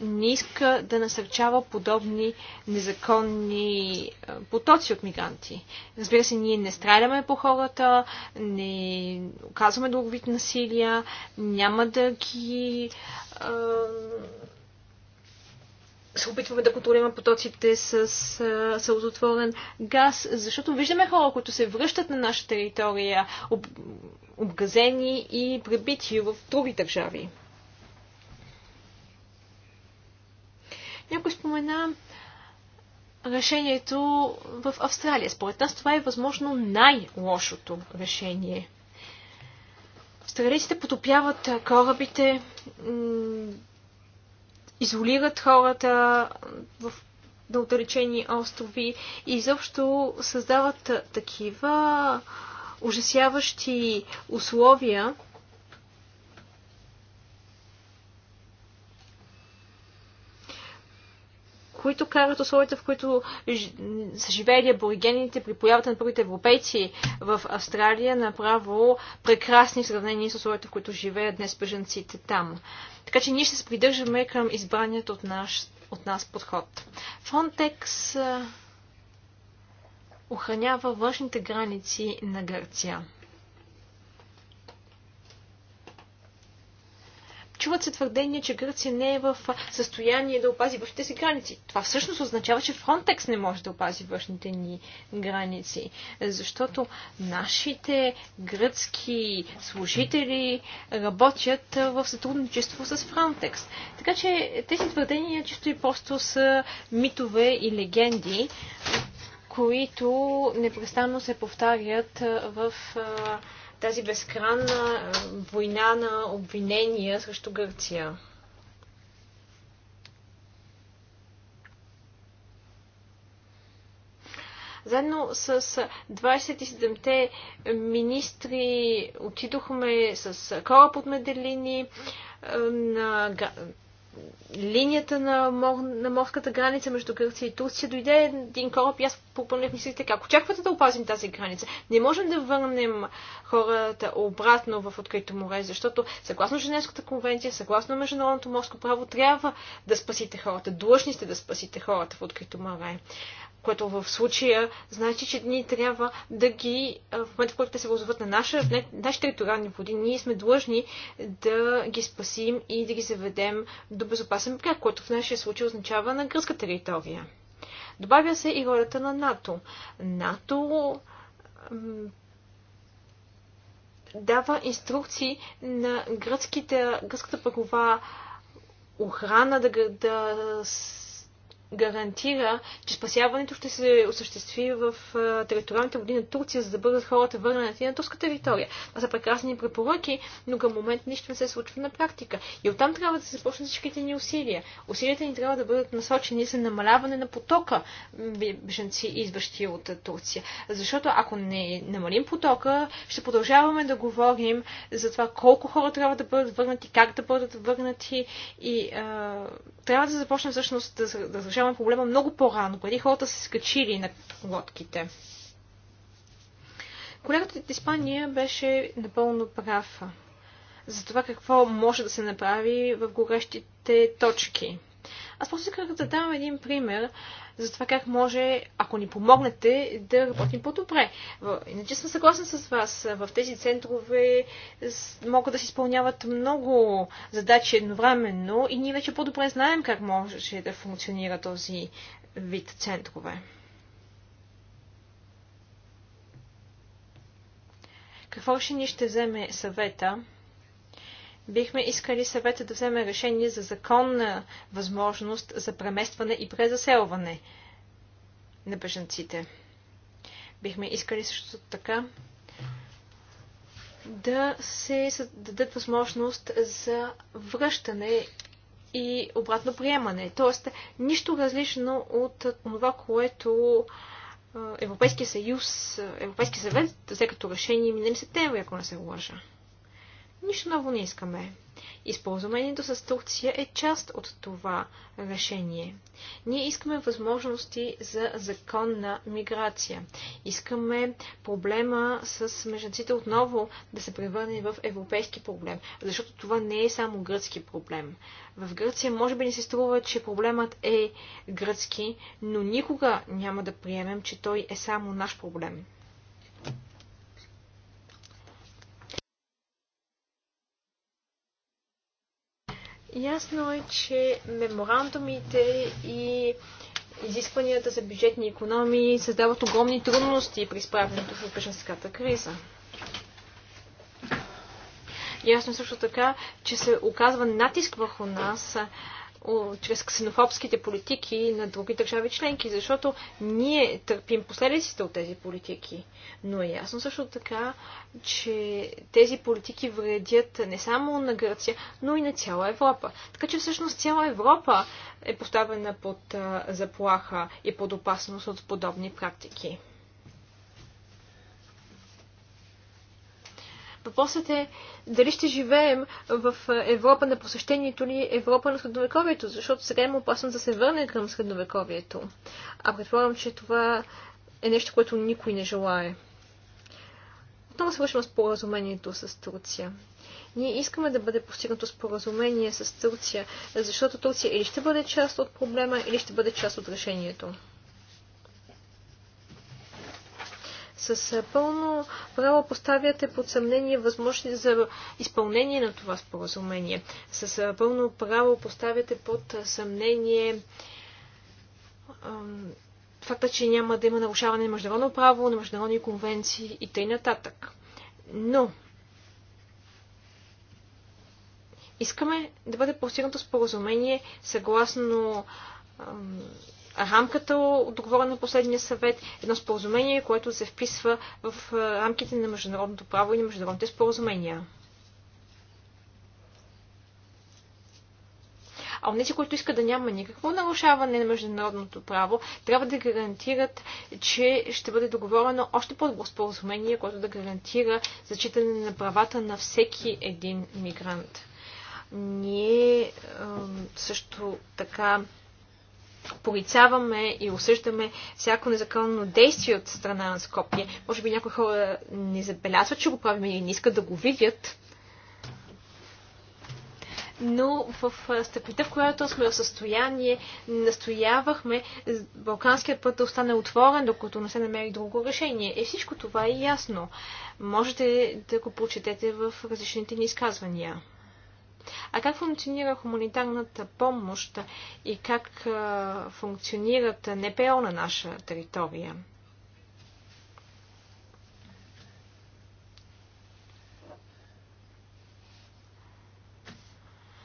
не иска да насърчава подобни незаконни потоци от мигранти. Разбира се, ние не стреляме по хората, не оказваме друг вид насилия, няма да ги се опитваме да контролираме потоците с сълзотворен газ, защото виждаме хора, които се връщат на наша територия, об, обгазени и пребити в други държави. Някой спомена решението в Австралия. Според нас това е възможно най-лошото решение. Австралийците потопяват корабите, изолират хората в на отдалечени острови и изобщо създават такива ужасяващи условия, които карат условията, в които са живеели аборигените при появата на първите европейци в Австралия, направо прекрасни в сравнение с условията, в които живеят днес беженците там. Така че ние ще се придържаме към избраният от, наш, от нас подход. Фронтекс охранява външните граници на Гърция. Чуват се твърдения, че Гърция не е в състояние да опази външните си граници. Това всъщност означава, че Фронтекс не може да опази външните ни граници. Защото нашите гръцки служители работят в сътрудничество с Фронтекс. Така че тези твърдения чисто и просто са митове и легенди, които непрестанно се повтарят в тази безкранна е, война на обвинения срещу Гърция. Заедно с 27-те министри отидохме с кораб от Меделини е, на линията на, мор, на морската граница между Гърция и Турция дойде един кораб и аз попълнях мислите как очаквате да опазим тази граница. Не можем да върнем хората обратно в открито море, защото съгласно Женевската конвенция, съгласно международното морско право, трябва да спасите хората. Длъжни сте да спасите хората в открито море което в случая значи, че ние трябва да ги, в момента в който те се възоват на наша, на нашите териториални води, ние сме длъжни да ги спасим и да ги заведем до безопасен бряг, което в нашия случай означава на гръцка територия. Добавя се и ролята на НАТО. НАТО дава инструкции на гръцките, гръцката пъгова охрана да, да гарантира, че спасяването ще се осъществи в териториалната година Турция, за да бъдат хората върнати на турска територия. Това са прекрасни препоръки, но към момент нищо не се случва на практика. И оттам трябва да се започнат всичките ни усилия. Усилията ни трябва да бъдат насочени за намаляване на потока беженци, избащи от Турция. Защото ако не намалим потока, ще продължаваме да говорим за това колко хора трябва да бъдат върнати, как да бъдат върнати и а, трябва да започнем всъщност да, да решаваме проблема много по-рано, преди хората са скачили на лодките. Колегата от Испания беше напълно прав за това какво може да се направи в горещите точки. Аз просто исках да дам един пример за това как може, ако ни помогнете, да работим по-добре. Иначе съм съгласна с вас. В тези центрове могат да се изпълняват много задачи едновременно и ние вече по-добре знаем как може да функционира този вид центрове. Какво ще ни ще вземе съвета? бихме искали съвета да вземе решение за законна възможност за преместване и презаселване на бежанците. Бихме искали също така да се дадат възможност за връщане и обратно приемане. Тоест, нищо различно от това, което Европейския съюз, Европейския съвет взе като решение минали септември, ако не се лъжа. Нищо ново не искаме. И с Турция е част от това решение. Ние искаме възможности за законна миграция. Искаме проблема с межанците отново да се превърне в европейски проблем, защото това не е само гръцки проблем. В Гръция може би ни се струва, че проблемът е гръцки, но никога няма да приемем, че той е само наш проблем. Ясно е, че меморандумите и изискванията за бюджетни економии създават огромни трудности при справянето с беженската криза. Ясно е също така, че се оказва натиск върху нас чрез ксенофобските политики на други държави членки, защото ние търпим последиците от тези политики. Но е ясно също така, че тези политики вредят не само на Гърция, но и на цяла Европа. Така че всъщност цяла Европа е поставена под заплаха и под опасност от подобни практики. Въпросът е дали ще живеем в Европа на посещението или Европа на средновековието, защото сега има опасност да се върне към средновековието. А предполагам, че това е нещо, което никой не желае. Отново с споразумението с Турция. Ние искаме да бъде постигнато споразумение с Турция, защото Турция или ще бъде част от проблема, или ще бъде част от решението. с е, пълно право поставяте под съмнение възможности за изпълнение на това споразумение. С е, пълно право поставяте под съмнение факта, че няма да има нарушаване на международно право, на международни конвенции и т.н. Но искаме да бъде постигнато споразумение съгласно рамката, договорена на последния съвет, едно споразумение, което се вписва в рамките на международното право и на международните споразумения. А онези, които искат да няма никакво нарушаване на международното право, трябва да гарантират, че ще бъде договорено още по-добро споразумение, което да гарантира зачитане на правата на всеки един мигрант. Ние също така порицаваме и осъждаме всяко незаконно действие от страна на Скопие. Може би някои хора не забелязват, че го правим или не искат да го видят. Но в степента, в която сме в състояние, настоявахме Балканският път да остане отворен, докато не се намери друго решение. Е, всичко това е ясно. Можете да го прочетете в различните ни изказвания. А как функционира хуманитарната помощ и как функционират НПО на наша територия?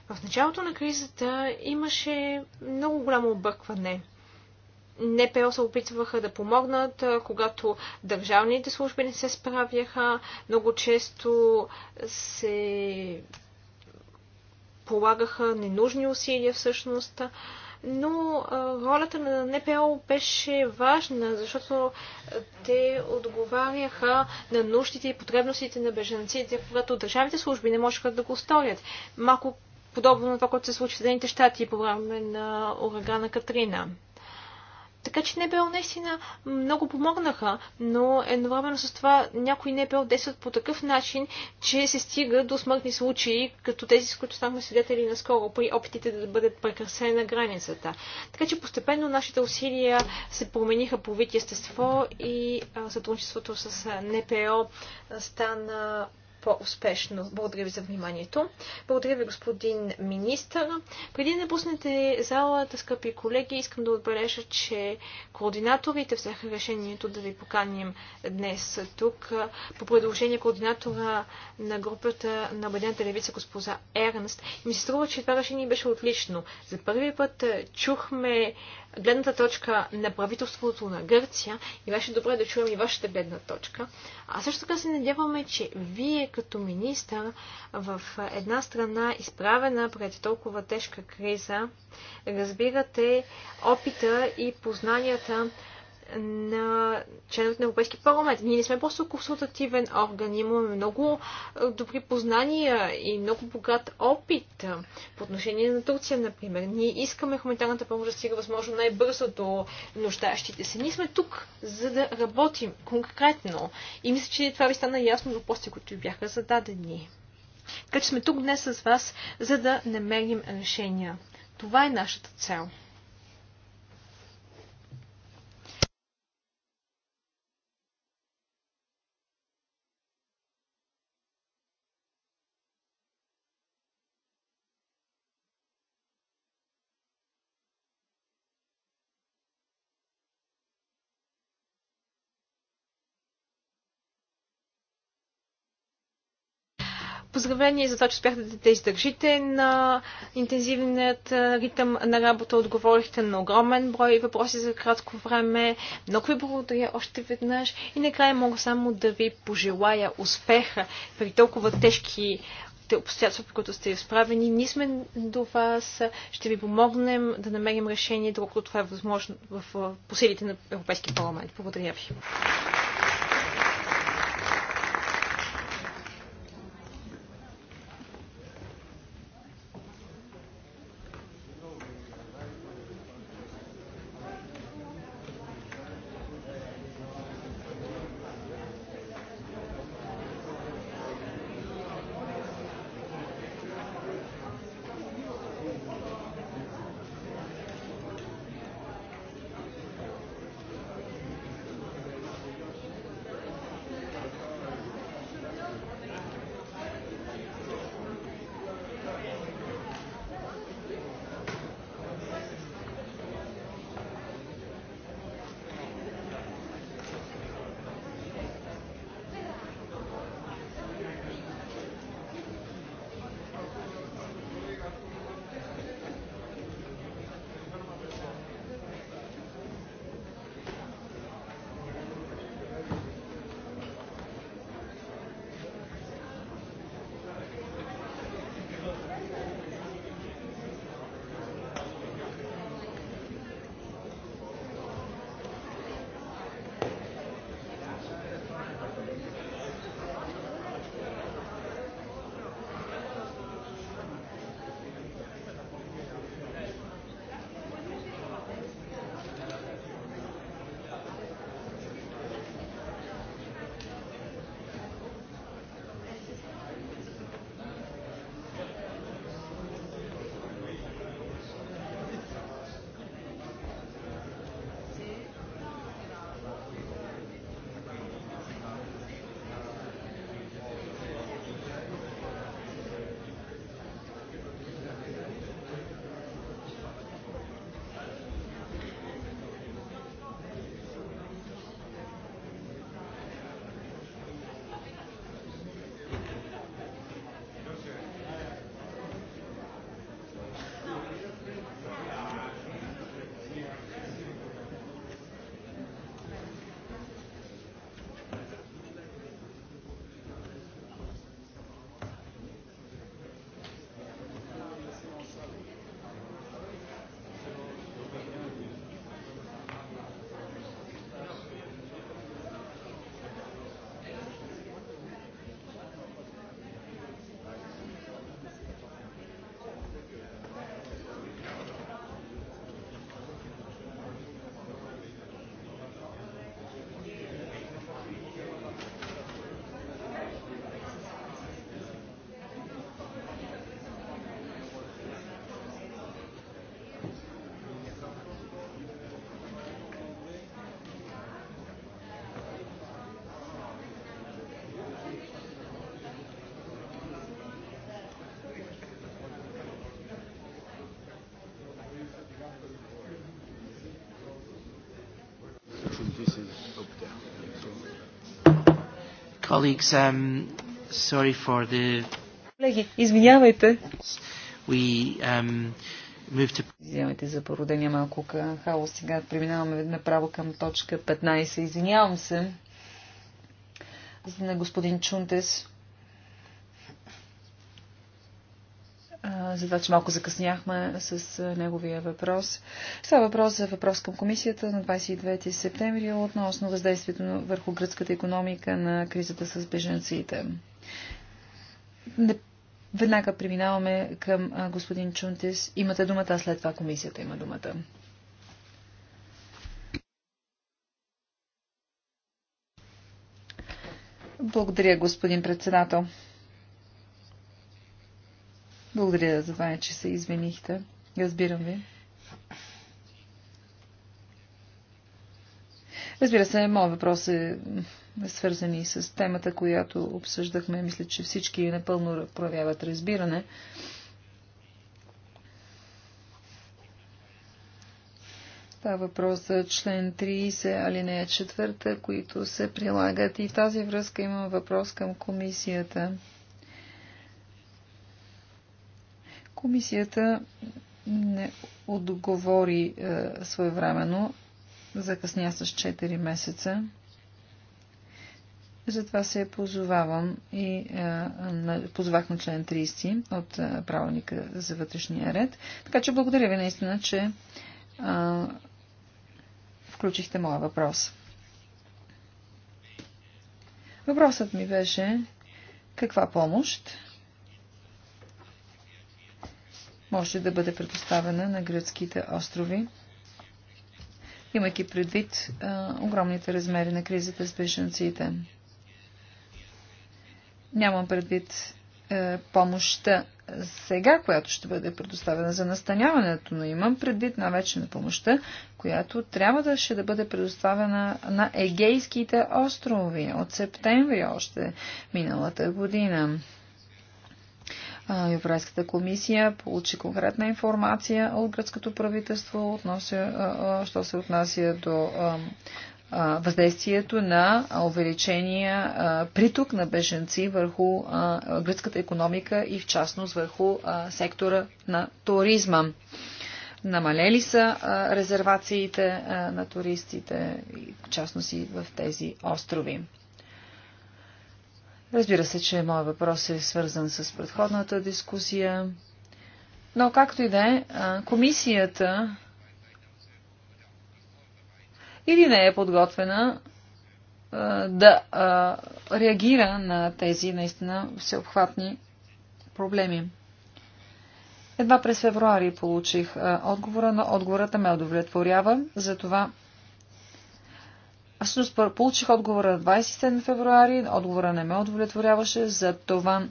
В началото на кризата имаше много голямо объркване. НПО се опитваха да помогнат, когато държавните служби не се справяха. Много често се полагаха ненужни усилия всъщност. Но ролята на НПО беше важна, защото те отговаряха на нуждите и потребностите на беженците, когато държавните служби не можеха да го сторят. Малко подобно на това, което се случи в Съединените щати по време на урагана Катрина. Така че НПО наистина много помогнаха, но едновременно с това някои НПО действат по такъв начин, че се стига до смъртни случаи, като тези, с които станахме свидетели наскоро при опитите да бъде на границата. Така че постепенно нашите усилия се промениха по вид естество и сътрудничеството с НПО стана по-успешно. Благодаря ви за вниманието. Благодаря ви, господин министър. Преди да напуснете залата, скъпи колеги, искам да отбележа, че координаторите взеха решението да ви поканим днес тук. По предложение координатора на групата на Обедената левица, госпожа Ернст, ми се струва, че това решение беше отлично. За първи път е, чухме гледната точка на правителството на Гърция и беше добре да чуем и вашата гледна точка. А също така се надяваме, че вие като министър в една страна, изправена пред толкова тежка криза, разбирате опита и познанията на членовете на Европейски парламент. Ние не сме просто консултативен орган, имаме много е, добри познания и много богат опит по отношение на Турция, например. Ние искаме хуманитарната помощ да стига възможно най-бързо до нуждащите се. Ние сме тук, за да работим конкретно. И мисля, че това ви стана ясно за въпросите, които ви бяха зададени. Така че сме тук днес с вас, за да намерим решения. Това е нашата цел. Поздравление за това, че успяхте да те издържите на интензивният ритъм на работа. Отговорихте на огромен брой въпроси за кратко време. Много ви благодаря още веднъж и накрая мога само да ви пожелая успеха при толкова тежки те обстоятелства, при които сте изправени. Ние сме до вас, ще ви помогнем да намерим решение, докато това е възможно в посилите на Европейския парламент. Благодаря ви. Colleagues, um, sorry for the... Колеги, извинявайте. We, um, move to... Извинявайте за породения малко хаос. Сега преминаваме направо към точка 15. Извинявам се на господин Чунтес. за това, че малко закъсняхме с неговия въпрос. Става въпрос за въпрос към комисията на 29 септември относно въздействието върху гръцката економика на кризата с беженците. Веднага преминаваме към господин Чунтис. Имате думата, а след това комисията има думата. Благодаря, господин председател. Благодаря за това, че се извинихте. Разбирам ви. Разбира се, моят въпрос е свързан и с темата, която обсъждахме. Мисля, че всички напълно проявяват разбиране. Това въпрос за член 30, алинея 4, които се прилагат. И в тази връзка имам въпрос към комисията. Комисията не отговори е, своевременно, закъсня с 4 месеца. Затова се позовавам и е, на, позовах на член 30 от е, правилника за вътрешния ред. Така че благодаря ви наистина, че е, включихте моя въпрос. Въпросът ми беше каква помощ може да бъде предоставена на гръцките острови, имайки предвид а, огромните размери на кризата с бежанците. Нямам предвид а, помощта сега, която ще бъде предоставена за настаняването, но имам предвид най-вече на помощта, която трябва да ще да бъде предоставена на Егейските острови от септември още миналата година. Европейската комисия получи конкретна информация от гръцкото правителство, относя, що се отнася до въздействието на увеличения приток на беженци върху гръцката економика и в частност върху сектора на туризма. Намалели са резервациите на туристите, в частност и в тези острови. Разбира се, че моят въпрос е свързан с предходната дискусия. Но както и да е, комисията или не е подготвена да реагира на тези наистина всеобхватни проблеми. Едва през февруари получих отговора, но отговорът ме удовлетворява, затова Всъщност получих отговора на 27 февруари, отговора не ме удовлетворяваше, за това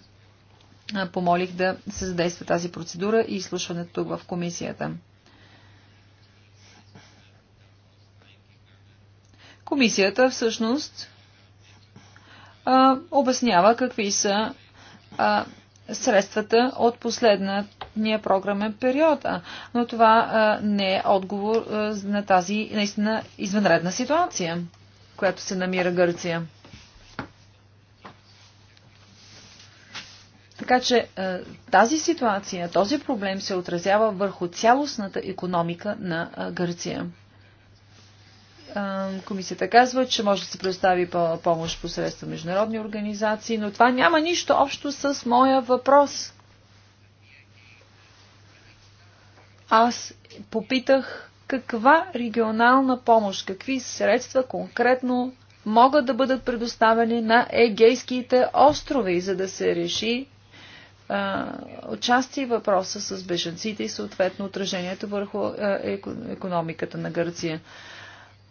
помолих да се задейства тази процедура и изслушването тук в комисията. Комисията всъщност а, обяснява какви са а, средствата от последната дния програмен период. Но това не е отговор на тази наистина извънредна ситуация, която се намира Гърция. Така че тази ситуация, този проблем се отразява върху цялостната економика на Гърция. Комисията казва, че може да се предостави помощ посредством международни организации, но това няма нищо общо с моя въпрос. аз попитах каква регионална помощ, какви средства конкретно могат да бъдат предоставени на егейските острови, за да се реши а, отчасти въпроса с беженците и съответно отражението върху а, економиката на Гърция.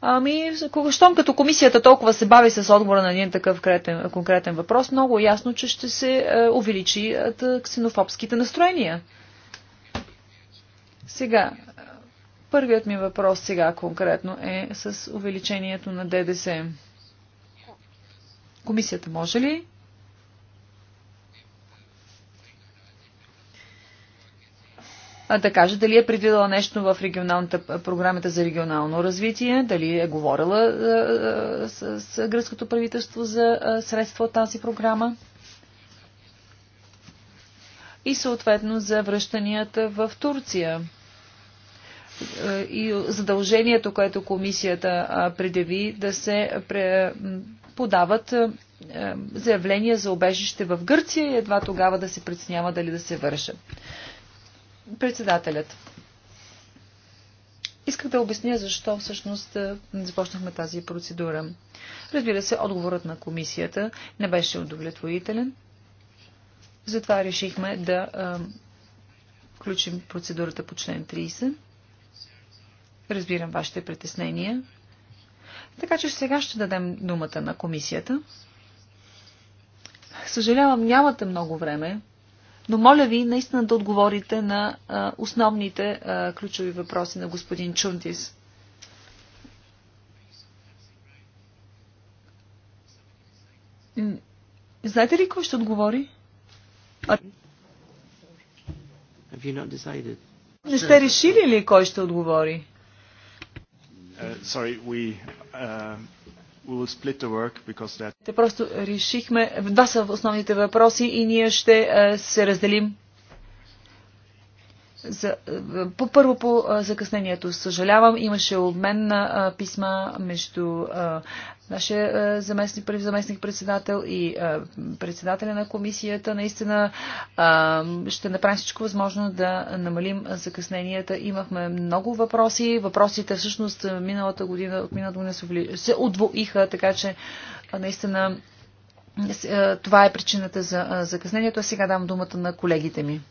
Ами, щом като комисията толкова се бави с отговора на един такъв кретен, конкретен въпрос, много ясно, че ще се увеличи ксенофобските настроения. Сега, първият ми въпрос сега конкретно е с увеличението на ДДС. Комисията може ли да каже дали е предвидела нещо в регионалната програмата за регионално развитие, дали е говорила с, с гръцкото правителство за средства от тази програма и съответно за връщанията в Турция. Е, и задължението, което комисията предяви да се подават е, е, заявления за обежище в Гърция и едва тогава да се преценява дали да се върша. Председателят. Исках да обясня защо всъщност започнахме тази процедура. Разбира се, отговорът на комисията не беше удовлетворителен. Затова решихме да включим процедурата по член 30 Разбирам вашите притеснения. Така че сега ще дадем думата на комисията. Съжалявам, нямате много време, но моля ви наистина да отговорите на а, основните а, ключови въпроси на господин Чунтис. Знаете ли кой ще отговори? Не сте решили ли кой ще отговори? Uh, sorry, we, uh, we will split the work because that... Те просто решихме, два са основните въпроси и ние ще uh, се разделим за, по първо по закъснението. Съжалявам, имаше обмен на писма между нашия заместник, заместник председател и председателя на комисията. Наистина ще направим всичко възможно да намалим закъсненията. Имахме много въпроси. Въпросите всъщност миналата година, от миналата година се удвоиха, така че наистина това е причината за закъснението. А сега дам думата на колегите ми.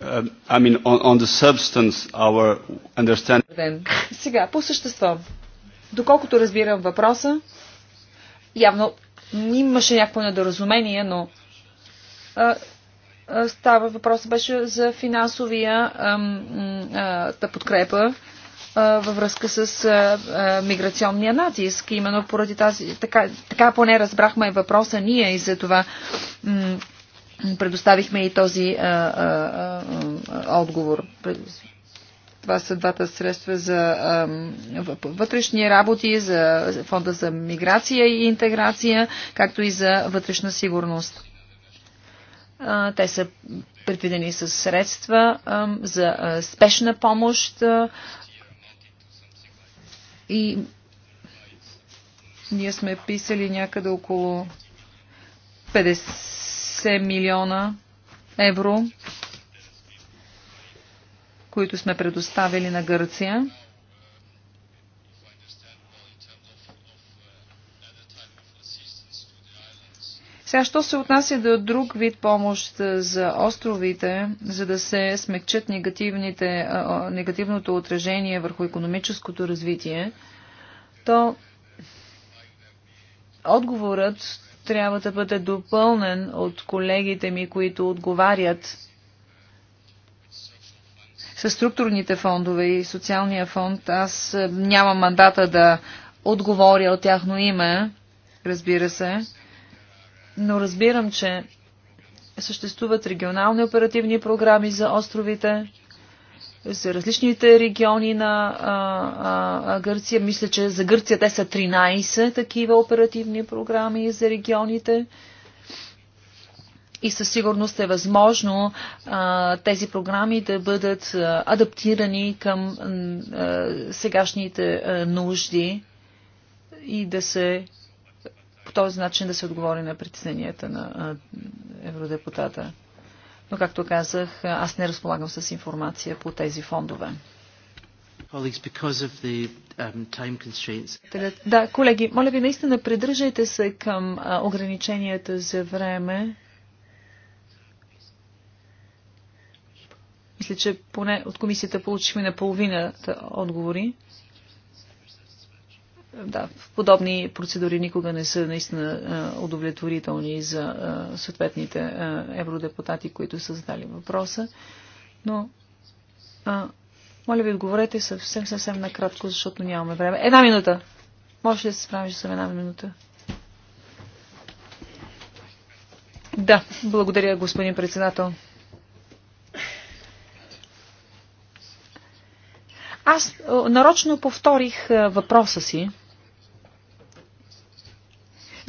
Uh, I mean, on, on the substance, our understanding... Сега, по същество. Доколкото разбирам въпроса, явно имаше някакво недоразумение, но а, а, става въпроса беше за финансовия та подкрепа във връзка с а, а, миграционния натиск. Именно поради тази, така, така поне разбрахме въпроса ние и за това предоставихме и този а, а, а, отговор. Това са двата средства за а, вътрешни работи, за фонда за миграция и интеграция, както и за вътрешна сигурност. А, те са предвидени с средства а, за а, спешна помощ а, и ние сме писали някъде около 50 50 милиона евро, които сме предоставили на Гърция. Сега, що се отнася до друг вид помощ за островите, за да се смекчат негативните, негативното отражение върху економическото развитие, то отговорът трябва да бъде допълнен от колегите ми, които отговарят с структурните фондове и социалния фонд. Аз е, нямам мандата да отговоря от тяхно име, разбира се, но разбирам, че съществуват регионални оперативни програми за островите, за различните региони на а, а, Гърция. Мисля, че за Гърция те са 13 такива оперативни програми за регионите. И със сигурност е възможно а, тези програми да бъдат а, адаптирани към а, сегашните а, нужди и да се по този начин да се отговори на притесненията на а, евродепутата. Но, както казах, аз не разполагам с информация по тези фондове. Um, да, колеги, моля ви, наистина придържайте се към ограниченията за време. Мисля, че поне от комисията получихме наполовината отговори да, подобни процедури никога не са наистина удовлетворителни за съответните евродепутати, които са задали въпроса. Но, а, моля ви, отговорете съвсем, съвсем накратко, защото нямаме време. Една минута! Може ли да се справиш с една минута? Да, благодаря, господин председател. Аз нарочно повторих въпроса си,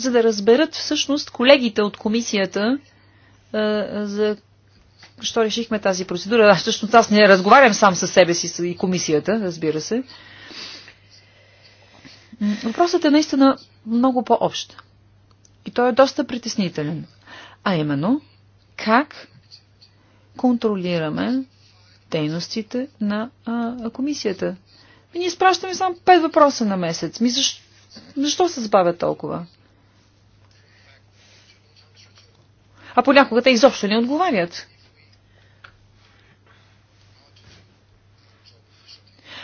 за да разберат всъщност колегите от комисията за що решихме тази процедура. Аз всъщност аз не разговарям сам с себе си и комисията, разбира се. Въпросът е наистина много по-общ. И той е доста притеснителен. А именно, как контролираме дейностите на а, комисията? И ние спращаме само пет въпроса на месец. Ми защо, защо се забавя толкова? а понякога те изобщо не отговарят.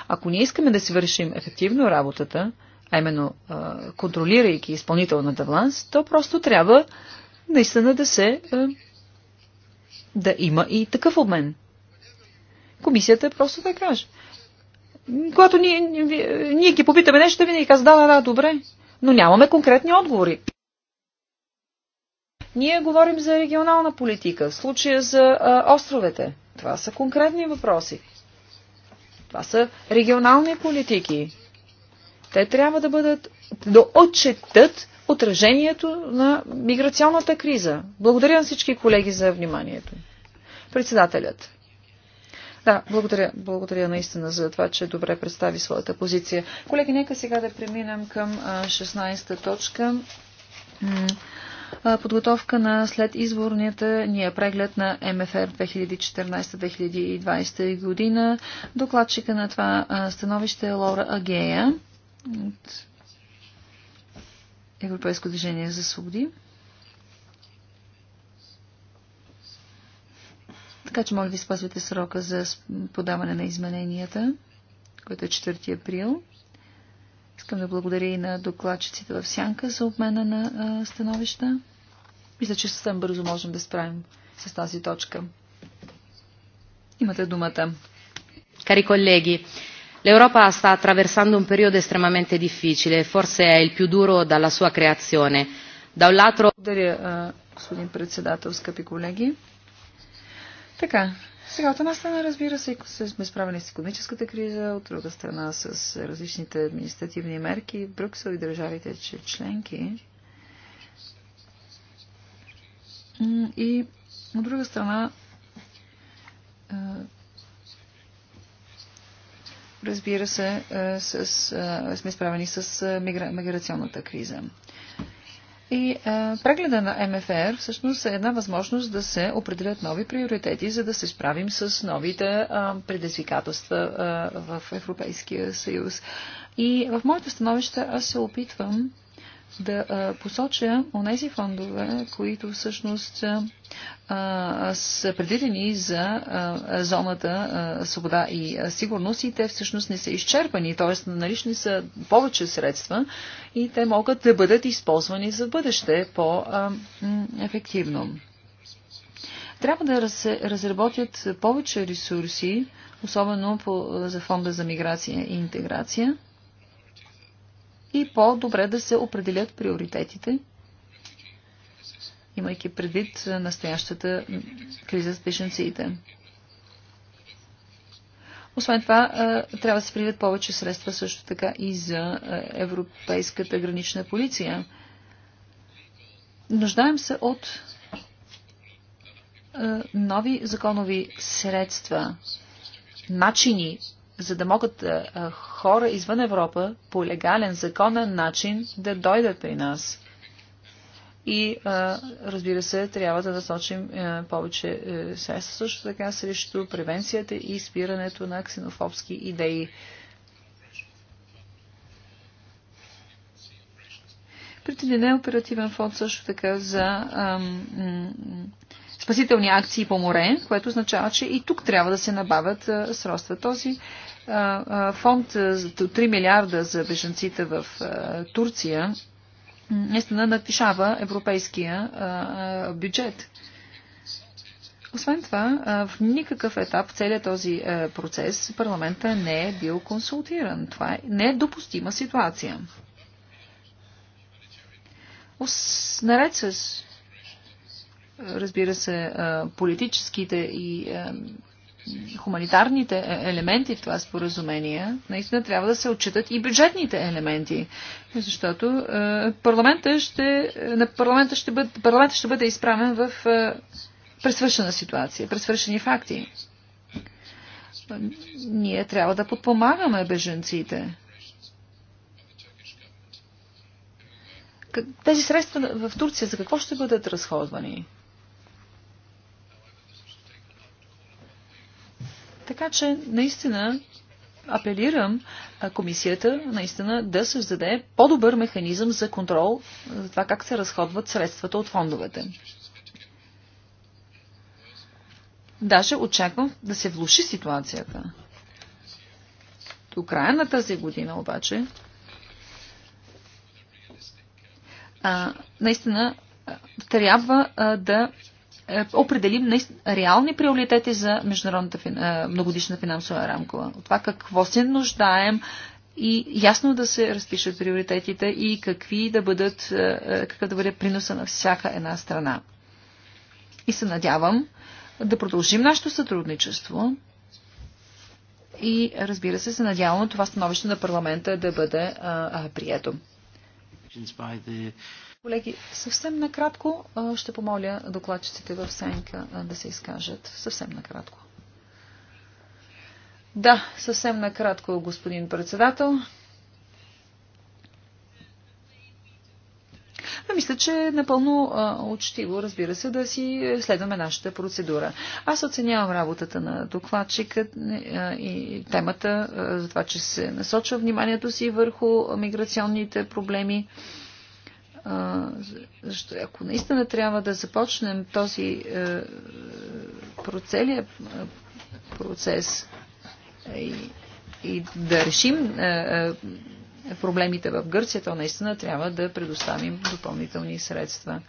Ако ние искаме да си вършим ефективно работата, а именно контролирайки изпълнителната власт, то просто трябва наистина да се да има и такъв обмен. Комисията е просто да каже. Когато ние, ние ги попитаме нещо, винаги казва, да, да, да, добре, но нямаме конкретни отговори. Ние говорим за регионална политика, в случая за а, островете. Това са конкретни въпроси. Това са регионални политики. Те трябва да бъдат, да отчетат отражението на миграционната криза. Благодаря на всички колеги за вниманието. Председателят. Да, благодаря, благодаря наистина за това, че добре представи своята позиция. Колеги, нека сега да преминем към 16-та точка подготовка на след изборнията ни е преглед на МФР 2014-2020 година. Докладчика на това становище е Лора Агея от Европейско движение за свободи. Така че моля ви спазвате срока за подаване на измененията, който е 4 април Искам да благодаря и на докладчиците в Сянка за обмена на а, становища. Мисля, че съвсем бързо можем да справим с тази точка. Имате думата. Cari colleghi, l'Europa sta attraversando un periodo estremamente difficile, forse è il più duro dalla sua creazione. Da un lato... Благодаря, господин председател, скъпи колеги. Така, сега от една страна, разбира се, сме справени с економическата криза, от друга страна с различните административни мерки в Брюксел и държавите членки. И от друга страна, разбира се, с, сме справени с мигра... миграционната криза. И а, прегледа на МФР всъщност е една възможност да се определят нови приоритети, за да се справим с новите а, предизвикателства а, в Европейския съюз. И в моето становище аз се опитвам да а, посоча онези фондове, които всъщност а, са предвидени за а, зоната а, свобода и сигурност и те всъщност не са изчерпани, т.е. налични са повече средства и те могат да бъдат използвани за бъдеще по-ефективно. Трябва да раз, разработят повече ресурси, особено по, за фонда за миграция и интеграция и по-добре да се определят приоритетите, имайки предвид настоящата криза с беженците. Освен това, трябва да се придат повече средства също така и за Европейската гранична полиция. Нуждаем се от нови законови средства, начини за да могат хора извън Европа по легален, законен начин да дойдат при нас. И разбира се, трябва да насочим повече средства също така срещу превенцията и спирането на ксенофобски идеи. Предвиден е оперативен фонд също така за ам, спасителни акции по море, което означава, че и тук трябва да се набавят средства. Този фонд за 3 милиарда за беженците в Турция наистина надвишава европейския бюджет. Освен това, в никакъв етап целият този процес парламента не е бил консултиран. Това е недопустима ситуация. Наред с Разбира се, политическите и хуманитарните е, елементи в това споразумение, наистина трябва да се отчитат и бюджетните елементи, защото парламента ще, на парламента ще, бъде, парламента ще бъде изправен в пресвършена ситуация, пресвършени факти. Ние трябва да подпомагаме беженците. Тези средства в Турция за какво ще бъдат разходвани? Така че наистина апелирам комисията наистина да създаде по-добър механизъм за контрол за това как се разходват средствата от фондовете. Даже очаквам да се влуши ситуацията. До края на тази година обаче а, наистина трябва а, да е, определим реални приоритети за международната е, многодишна финансова рамкова. От това какво се нуждаем и ясно да се разпишат приоритетите и какви да бъдат, е, какъв да бъде приноса на всяка една страна. И се надявам да продължим нашето сътрудничество и разбира се, се надявам това становище на парламента да бъде а, а, прието. Колеги, съвсем накратко ще помоля докладчиците в Сенка да се изкажат. Съвсем накратко. Да, съвсем накратко, господин председател. мисля, че е напълно учтиво, разбира се, да си следваме нашата процедура. Аз оценявам работата на докладчика и темата за това, че се насочва вниманието си върху миграционните проблеми. Защо, ако наистина трябва да започнем този е, целият процес е, и, и да решим е, проблемите в Гърция, то наистина трябва да предоставим допълнителни средства.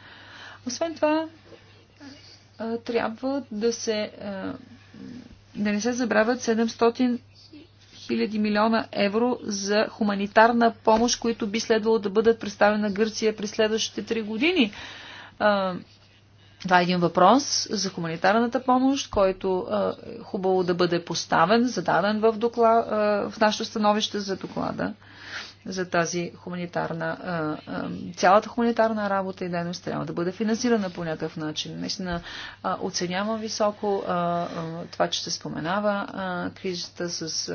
Освен това, трябва да се да не се забравят 700 хиляди милиона евро за хуманитарна помощ, които би следвало да бъдат представени на Гърция през следващите три години. Това е един въпрос за хуманитарната помощ, който е хубаво да бъде поставен, зададен в, доклад, в нашето становище за доклада за тази хуманитарна, цялата хуманитарна работа и дейност трябва да бъде финансирана по някакъв начин. Наистина оценявам високо това, че се споменава кризата с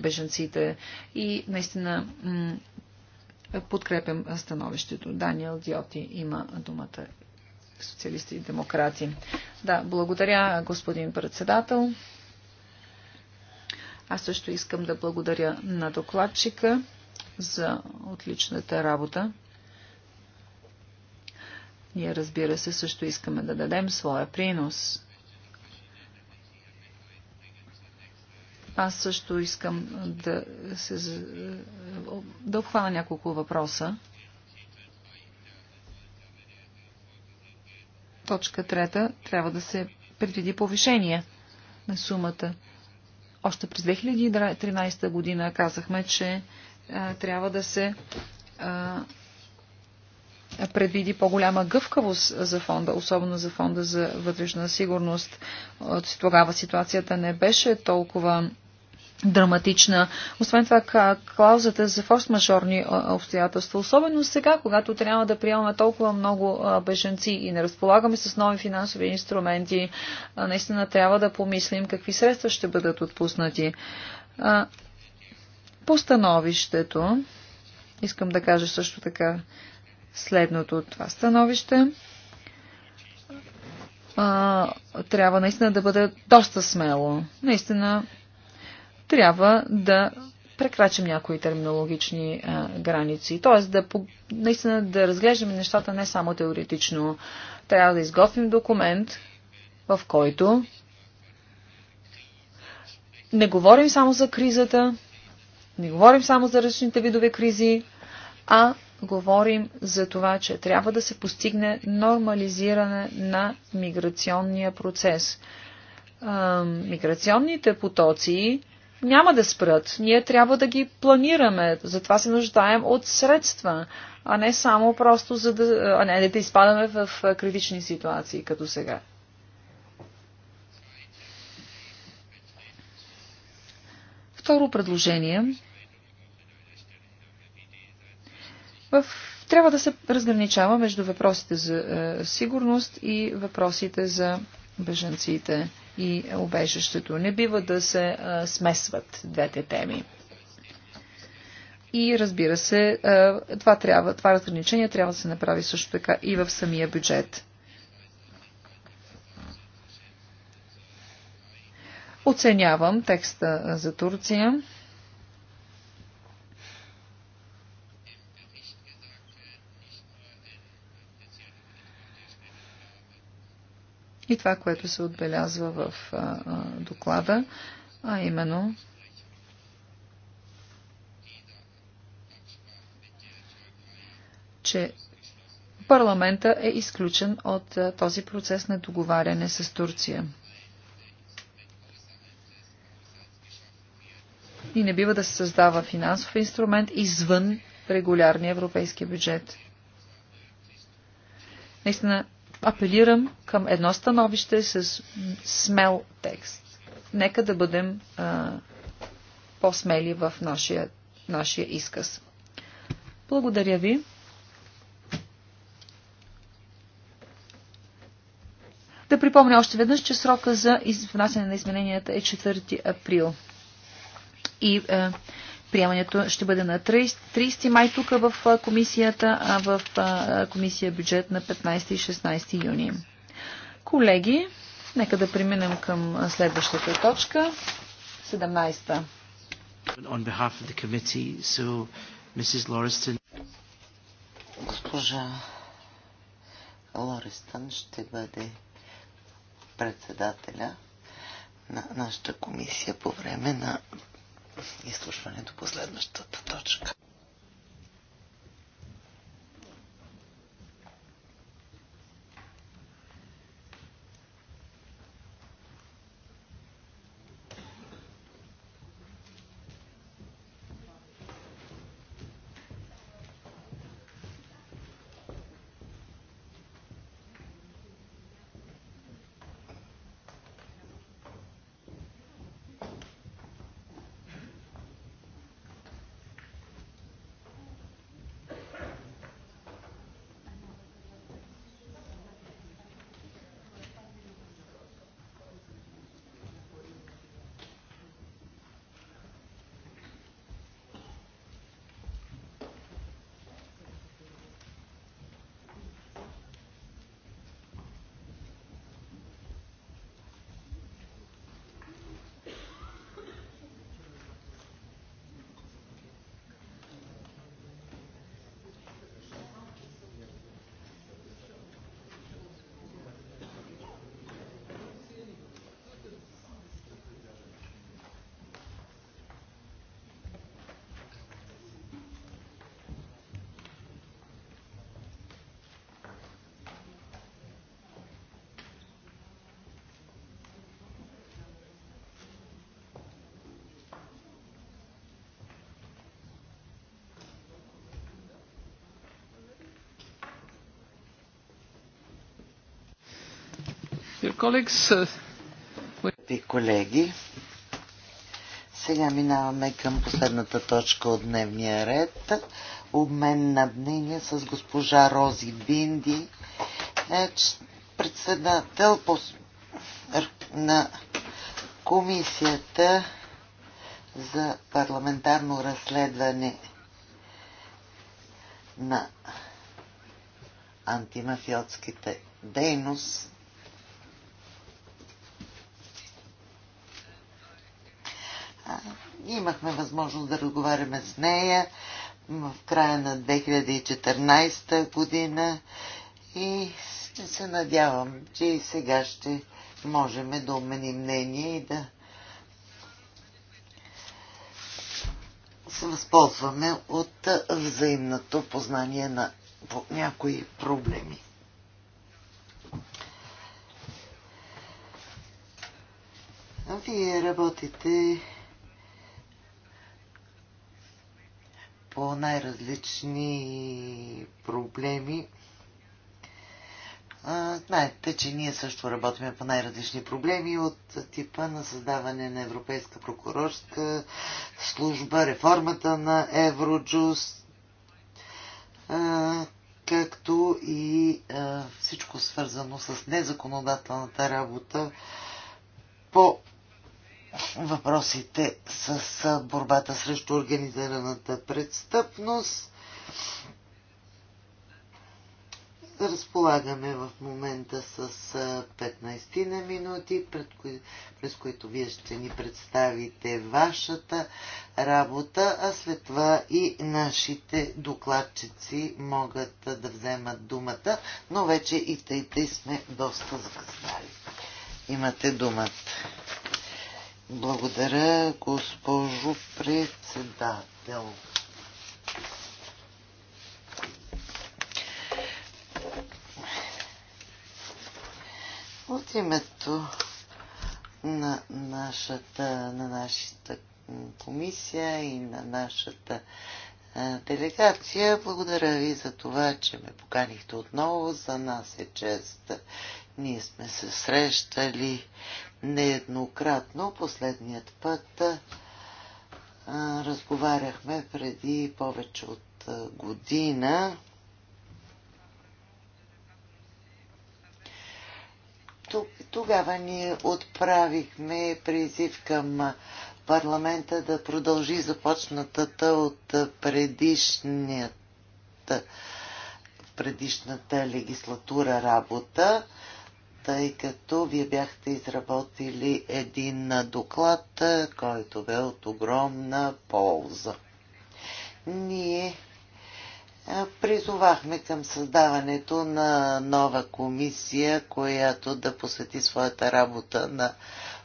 беженците и наистина подкрепям становището. Даниел Диоти има думата. Социалисти и демократи. Да, благодаря, господин председател. Аз също искам да благодаря на докладчика за отличната работа. Ние, разбира се, също искаме да дадем своя принос. Аз също искам да, се, да обхвана няколко въпроса. Точка трета трябва да се предвиди повишение на сумата. Още през 2013 година казахме, че трябва да се предвиди по-голяма гъвкавост за фонда, особено за фонда за вътрешна сигурност. От тогава ситуацията не беше толкова драматична. Освен това, клаузата за форс-мажорни обстоятелства, особено сега, когато трябва да приемаме толкова много беженци и не разполагаме с нови финансови инструменти, наистина трябва да помислим какви средства ще бъдат отпуснати. По становището, искам да кажа също така следното от това становище. А, трябва наистина да бъде доста смело. Наистина трябва да прекрачим някои терминологични а, граници. Тоест да наистина да разглеждаме нещата не само теоретично. Трябва да изготвим документ, в който не говорим само за кризата, не говорим само за различните видове кризи, а говорим за това, че трябва да се постигне нормализиране на миграционния процес. Миграционните потоци няма да спрат. Ние трябва да ги планираме. Затова се нуждаем от средства, а не само просто за да, а не да изпадаме в критични ситуации, като сега. Второ предложение. В... Трябва да се разграничава между въпросите за е, сигурност и въпросите за бежанците и обежището. Не бива да се е, смесват двете теми. И разбира се, е, това, трябва, това разграничение трябва да се направи също така и в самия бюджет. Оценявам текста за Турция. И това, което се отбелязва в а, а, доклада, а именно че парламента е изключен от а, този процес на договаряне с Турция. и не бива да се създава финансов инструмент извън регулярния европейски бюджет. Наистина апелирам към едно становище с смел текст. Нека да бъдем по-смели в нашия, нашия изказ. Благодаря ви. Да припомня още веднъж, че срока за внасяне на измененията е 4 април и е, приемането ще бъде на 30, 30 май тук в е, комисията, а в а, е, комисия бюджет на 15 и 16 юни. Колеги, нека да преминем към е, следващата точка, 17-та. So, Госпожа Лористън ще бъде председателя на нашата комисия по време на изслушването по следващата точка. Uh, колеги, сега минаваме към последната точка от дневния ред. Обмен на мнение с госпожа Рози Бинди, е, председател на Комисията за парламентарно разследване на антимафиотските дейности. възможност да разговаряме с нея в края на 2014 година и се надявам, че и сега ще можем да обменим мнение и да се възползваме от взаимното познание на някои проблеми. Вие работите по най-различни проблеми. Знаете, че ние също работиме по най-различни проблеми от типа на създаване на Европейска прокурорска служба, реформата на Евроджус. както и всичко свързано с незаконодателната работа по въпросите с борбата срещу организираната престъпност. Разполагаме в момента с 15 на минути, пред кои, през които вие ще ни представите вашата работа, а след това и нашите докладчици могат да вземат думата, но вече и тъй тъй сме доста закъснали. Имате думата. Благодаря, госпожо председател. От името на нашата, на нашата комисия и на нашата е, делегация. Благодаря ви за това, че ме поканихте отново. За нас е чест. Ние сме се срещали нееднократно. Последният път а, разговаряхме преди повече от година. Тогава ни отправихме призив към парламента да продължи започнатата от предишната предишната легислатура работа тъй като вие бяхте изработили един доклад, който бе от огромна полза. Ние призовахме към създаването на нова комисия, която да посвети своята работа на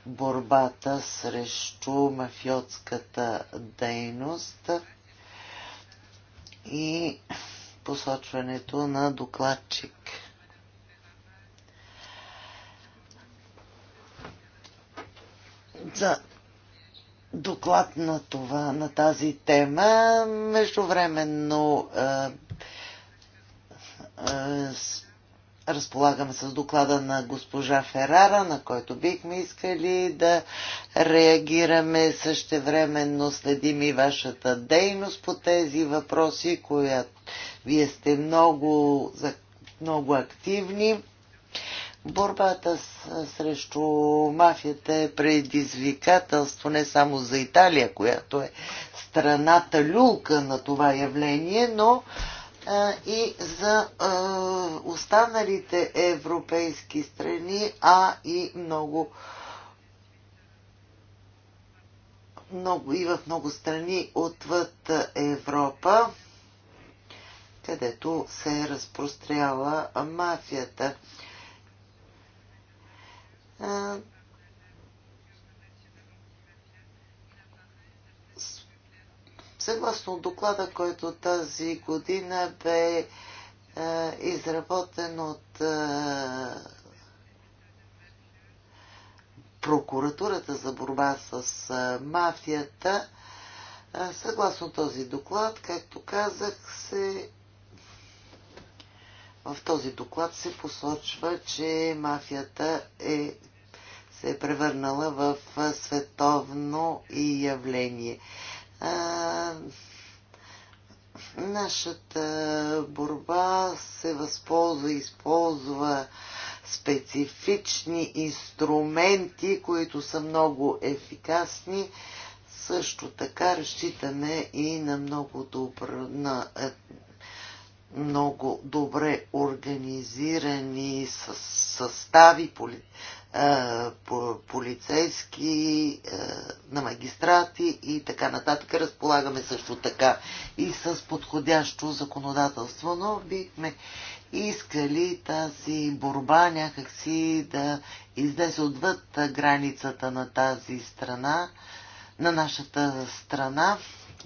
борбата срещу мафиотската дейност и посочването на докладчик. за доклад на това, на тази тема. Междувременно а, е, е, разполагаме с доклада на госпожа Ферара, на който бихме искали да реагираме същевременно, следим и вашата дейност по тези въпроси, която вие сте много, много активни. Борбата с, срещу мафията е предизвикателство не само за Италия, която е страната люлка на това явление, но а, и за а, останалите европейски страни, а и много, много и в много страни отвъд Европа, където се е разпростряла мафията съгласно доклада, който тази година бе изработен от прокуратурата за борба с мафията, съгласно този доклад, както казах, се в този доклад се посочва, че мафията е се е превърнала в световно и явление. А, нашата борба се възползва и използва специфични инструменти, които са много ефикасни. Също така разчитаме и на много, добър, на, е, много добре организирани състави, по полицейски, на магистрати и така нататък. Разполагаме също така и с подходящо законодателство, но бихме искали тази борба някакси да излезе отвъд границата на тази страна, на нашата страна.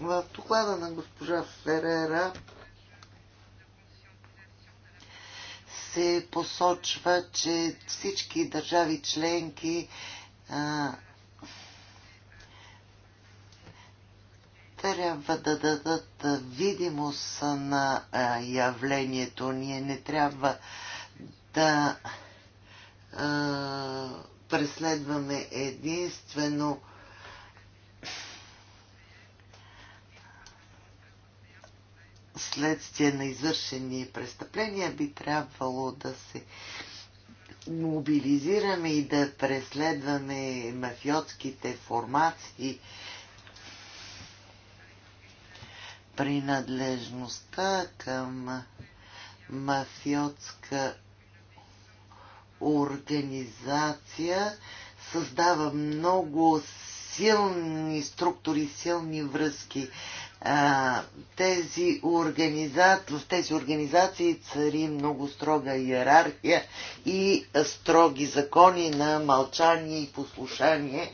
В доклада на госпожа Ферера се посочва, че всички държави членки а, трябва да дадат видимост на а, явлението. Ние не трябва да а, преследваме единствено а, следствие на извършени престъпления би трябвало да се мобилизираме и да преследваме мафиотските формации. Принадлежността към мафиотска организация създава много силни структури, силни връзки тези, организации, в тези организации цари много строга иерархия и строги закони на мълчание и послушание,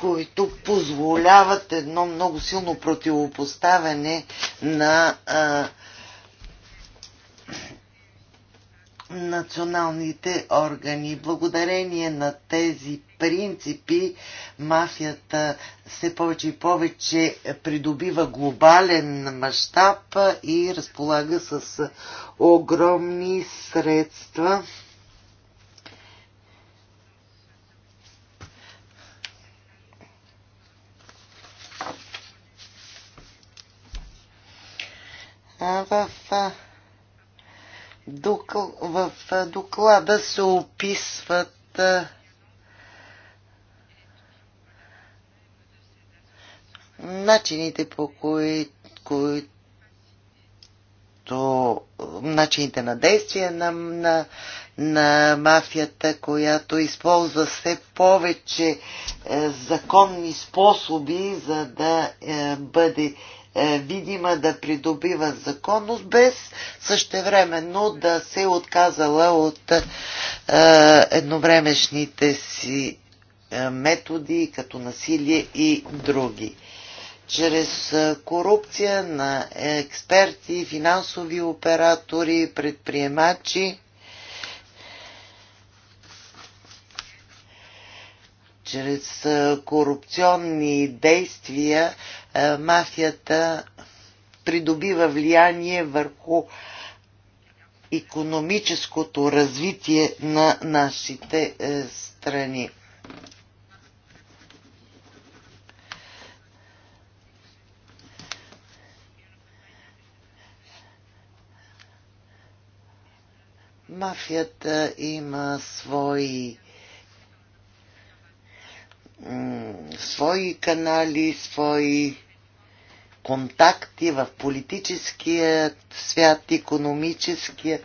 които позволяват едно много силно противопоставяне на а, националните органи. Благодарение на тези принципи мафията все повече и повече придобива глобален мащаб и разполага с огромни средства. в в доклада се описват начините по кои, то, начините на действие на, на, на мафията, която използва все повече е, законни способи, за да е, бъде е, видима да придобива законност, без същевременно да се е отказала от е, едновремешните си е, методи, като насилие и други. Чрез корупция на експерти, финансови оператори, предприемачи чрез корупционни действия мафията придобива влияние върху економическото развитие на нашите е, страни. Мафията има свои свои канали, свои контакти в политическия свят, економическия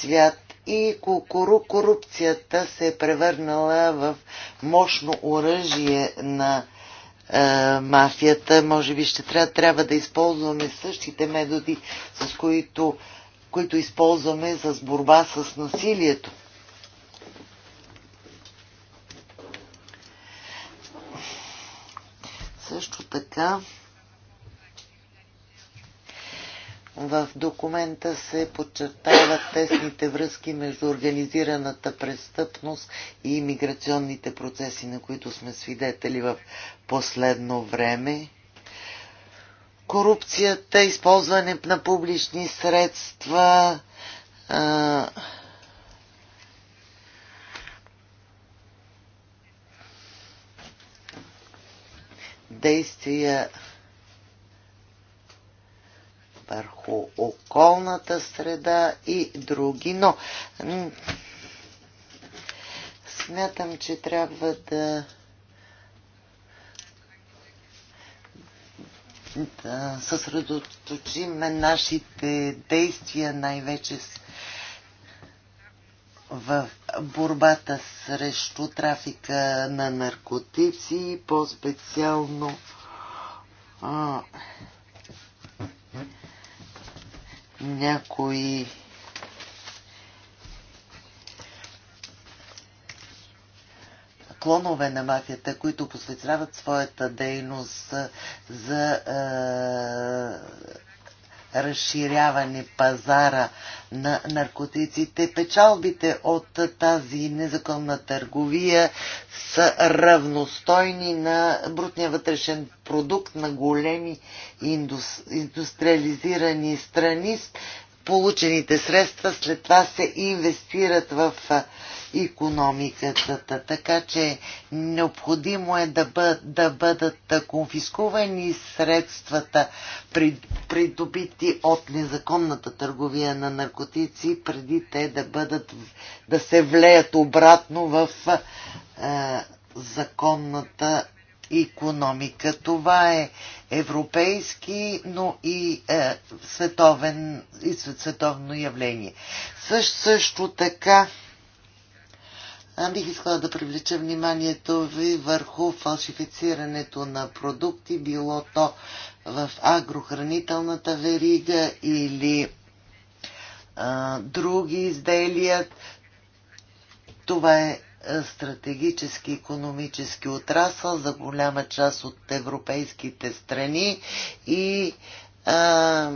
свят и кукуру корупцията се е превърнала в мощно оръжие на е, мафията. Може би ще трябва, трябва да използваме същите методи, с които, които използваме с борба с насилието. Също така в документа се подчертават тесните връзки между организираната престъпност и миграционните процеси, на които сме свидетели в последно време. Корупцията, използване на публични средства, действия върху околната среда и други. Но смятам, че трябва да да съсредоточим нашите действия най-вече с в борбата срещу трафика на наркотици, по-специално а, някои клонове на мафията, които посвещават своята дейност за разширяване пазара на наркотиците. Печалбите от тази незаконна търговия са равностойни на брутния вътрешен продукт на големи индустриализирани страни получените средства след това се инвестират в економиката. Така че необходимо е да, бъд, да бъдат конфискувани средствата, придобити от незаконната търговия на наркотици, преди те да, бъдат, да се влеят обратно в е, законната економика. Това е европейски, но и е, световен, и световно явление. Също, също така бих искала да привлеча вниманието ви върху фалшифицирането на продукти, било то в агрохранителната верига или а, други изделия. Това е стратегически економически отрасъл за голяма част от европейските страни и а,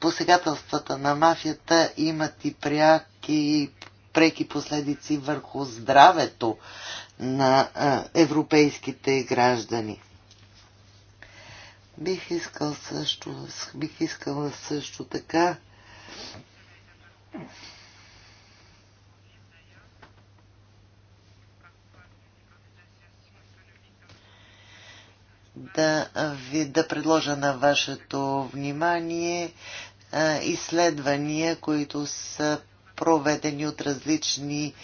посегателствата на мафията имат и пряки, преки последици върху здравето на а, европейските граждани. Бих искал също, бих искала също така да, ви, да предложа на вашето внимание а, изследвания, които са проведени от различни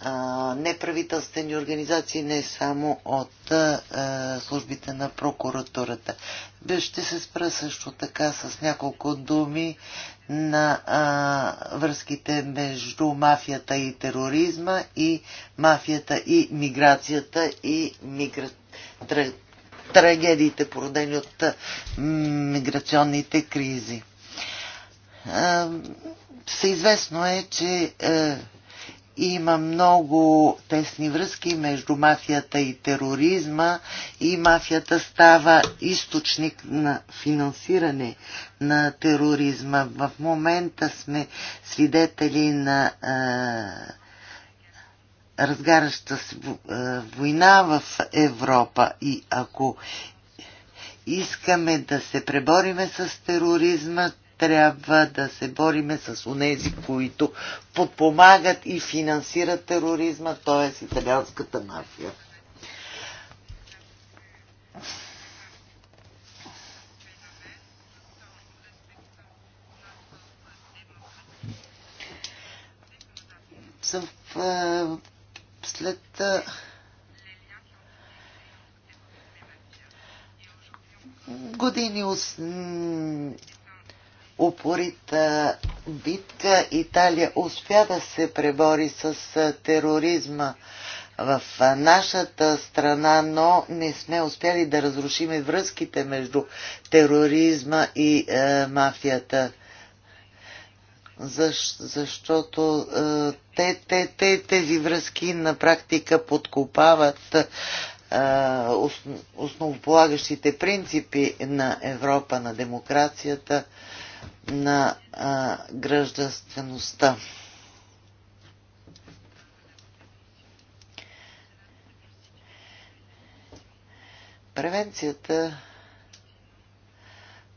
а, неправителствени организации, не само от а, службите на прокуратурата. Ще се спра също така с няколко думи на а, връзките между мафията и тероризма и мафията и миграцията и миграцията трагедиите, породени от миграционните кризи. Съизвестно е, че има много тесни връзки между мафията и тероризма и мафията става източник на финансиране на тероризма. В момента сме свидетели на а, разгаряща се война в Европа и ако искаме да се пребориме с тероризма, трябва да се бориме с унези, които подпомагат и финансират тероризма, т.е. италианската мафия. в е, след години упорита битка Италия успя да се пребори с тероризма в нашата страна, но не сме успяли да разрушиме връзките между тероризма и е, мафията защото е, те, те, те, тези връзки на практика подкопават е, основополагащите принципи на Европа, на демокрацията, на е, гражданствеността. Превенцията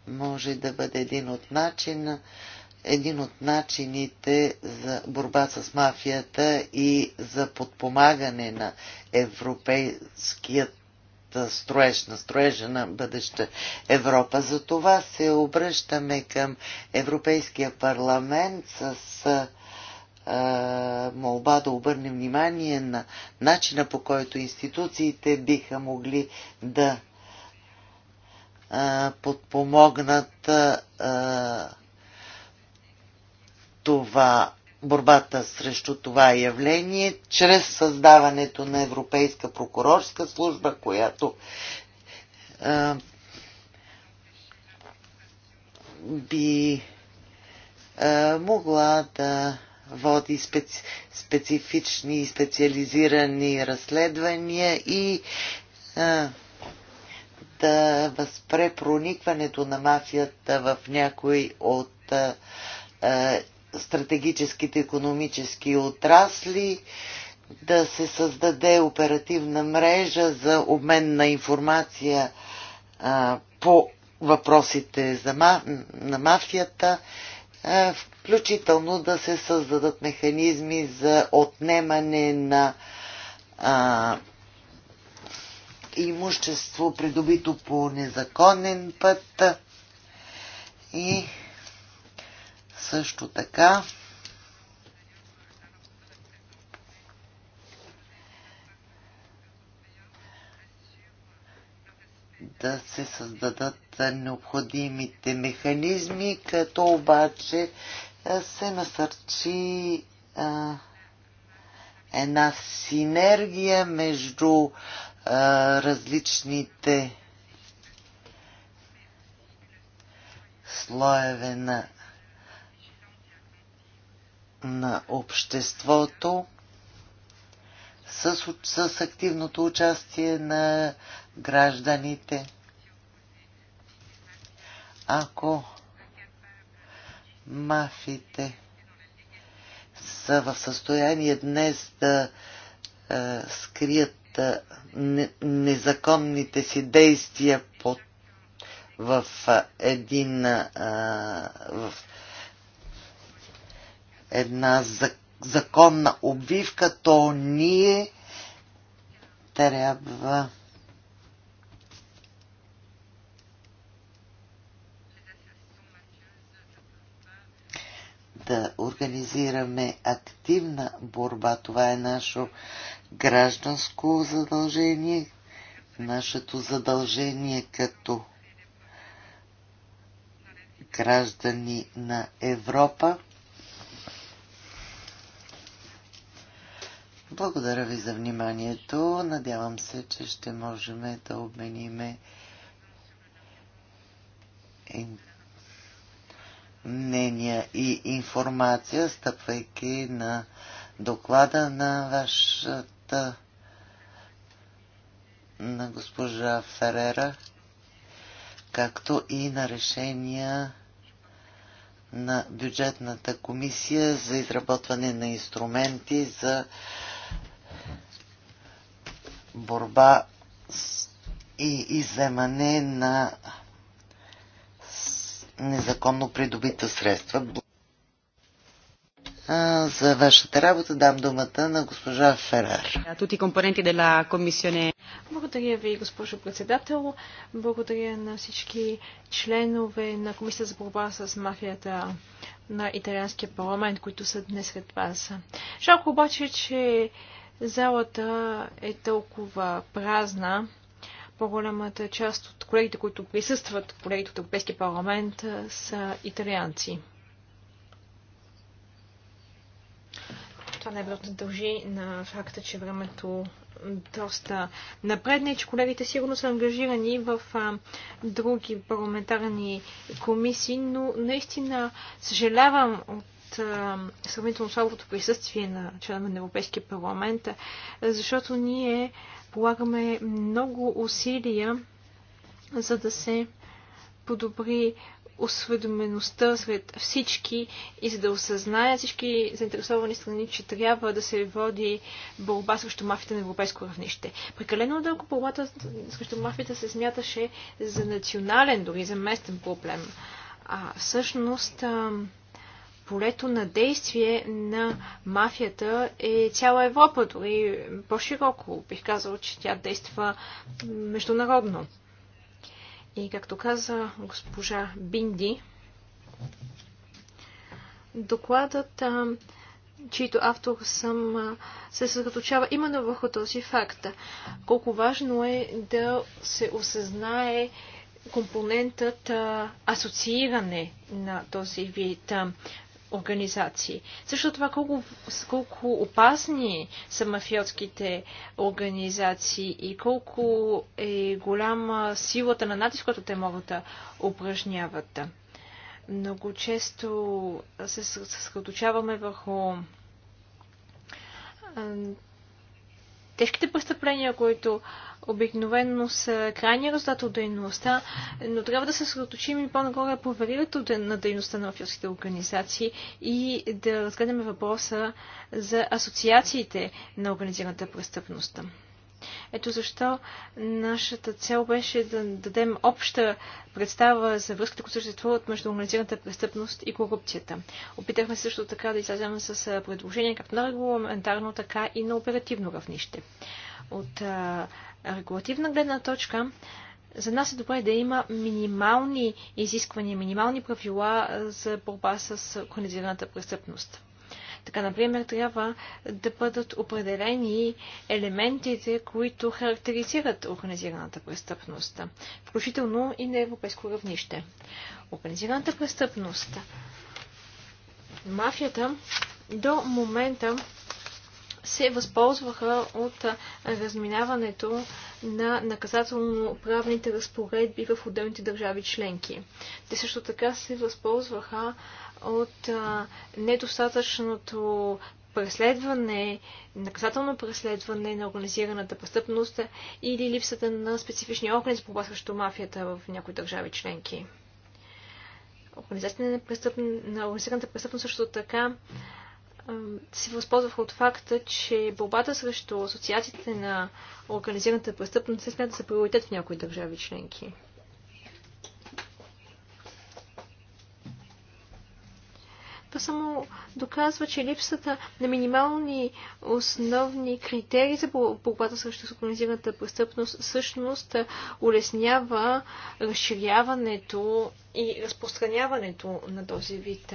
може да бъде един от начина един от начините за борба с мафията и за подпомагане на европейският строеж, на строежа на бъдеща Европа. За това се обръщаме към Европейския парламент с а, молба да обърнем внимание на начина по който институциите биха могли да а, подпомогнат а, това, борбата срещу това явление, чрез създаването на Европейска прокурорска служба, която а, би а, могла да води специ, специфични и специализирани разследвания и а, да възпре проникването на мафията в някой от а, стратегическите економически отрасли, да се създаде оперативна мрежа за обмен на информация а, по въпросите за ма, на мафията, а, включително да се създадат механизми за отнемане на а, имущество, придобито по незаконен път и също така да се създадат необходимите механизми, като обаче се насърчи а, една синергия между а, различните слоеве на на обществото с, с активното участие на гражданите. Ако мафите са в състояние днес да е, скрият е, незаконните си действия под, в е, един е, в една законна обвивка, то ние трябва да организираме активна борба. Това е наше гражданско задължение, нашето задължение като граждани на Европа. Благодаря ви за вниманието. Надявам се, че ще можем да обмениме мнения и информация, стъпвайки на доклада на вашата на госпожа Ферера, както и на решения на бюджетната комисия за изработване на инструменти за борба и иземане на незаконно придобита средства. За вашата работа дам думата на госпожа Ферар. Тути компоненти на комисионе. Благодаря ви, госпожо председател. Благодаря на всички членове на Комисията за борба с мафията на Италианския парламент, които са днес сред вас. Жалко обаче, че Залата е толкова празна. По-голямата част от колегите, които присъстват, колегите от Европейския парламент, са италианци. Това е вероятно дължи на факта, че времето доста напредне, че колегите сигурно са ангажирани в а, други парламентарни комисии, но наистина съжалявам от е, сравнително слабото присъствие на членове на Европейския парламент, е, защото ние полагаме много усилия за да се подобри осведомеността сред всички и за да осъзнаят всички заинтересовани страни, че трябва да се води борба срещу мафията на европейско равнище. Прекалено дълго борбата срещу мафията се смяташе за национален, дори за местен проблем. А всъщност полето на действие на мафията е цяла Европа, дори по-широко. Бих казал, че тя действа международно. И както каза госпожа Бинди, докладът, чийто автор съм, се съсредоточава именно върху този факт. Колко важно е да се осъзнае компонентът асоцииране на този вид а, организации. Също това колко, колко опасни са мафиотските организации и колко е голяма силата на натиск, която те могат да упражняват. Много често се съсредоточаваме върху тежките престъпления, които обикновено са крайния резултат от дейността, но трябва да се съсредоточим и по-нагоре по веригата на дейността на мафиотските организации и да разгледаме въпроса за асоциациите на организираната престъпност. Ето защо нашата цел беше да дадем обща представа за връзката, които съществуват между организираната престъпност и корупцията. Опитахме също така да излезем с предложения както на регламентарно, така и на оперативно равнище. От а, регулативна гледна точка, за нас е добре да има минимални изисквания, минимални правила за борба с организираната престъпност. Така, например, трябва да бъдат определени елементите, които характеризират организираната престъпност, включително и на европейско равнище. Организираната престъпност, мафията до момента се възползваха от разминаването на наказателно-правните разпоредби в отделните държави членки. Те също така се възползваха от недостатъчното преследване, наказателно преследване на организираната престъпност или липсата на специфични органи за борба срещу мафията в някои държави членки. Организацията на, престъп... на организираната престъпност също така се възползваха от факта, че борбата срещу асоциациите на организираната престъпност се смята за приоритет в някои държави членки. Това само доказва, че липсата на минимални основни критерии за борбата срещу организираната престъпност всъщност улеснява разширяването и разпространяването на този вид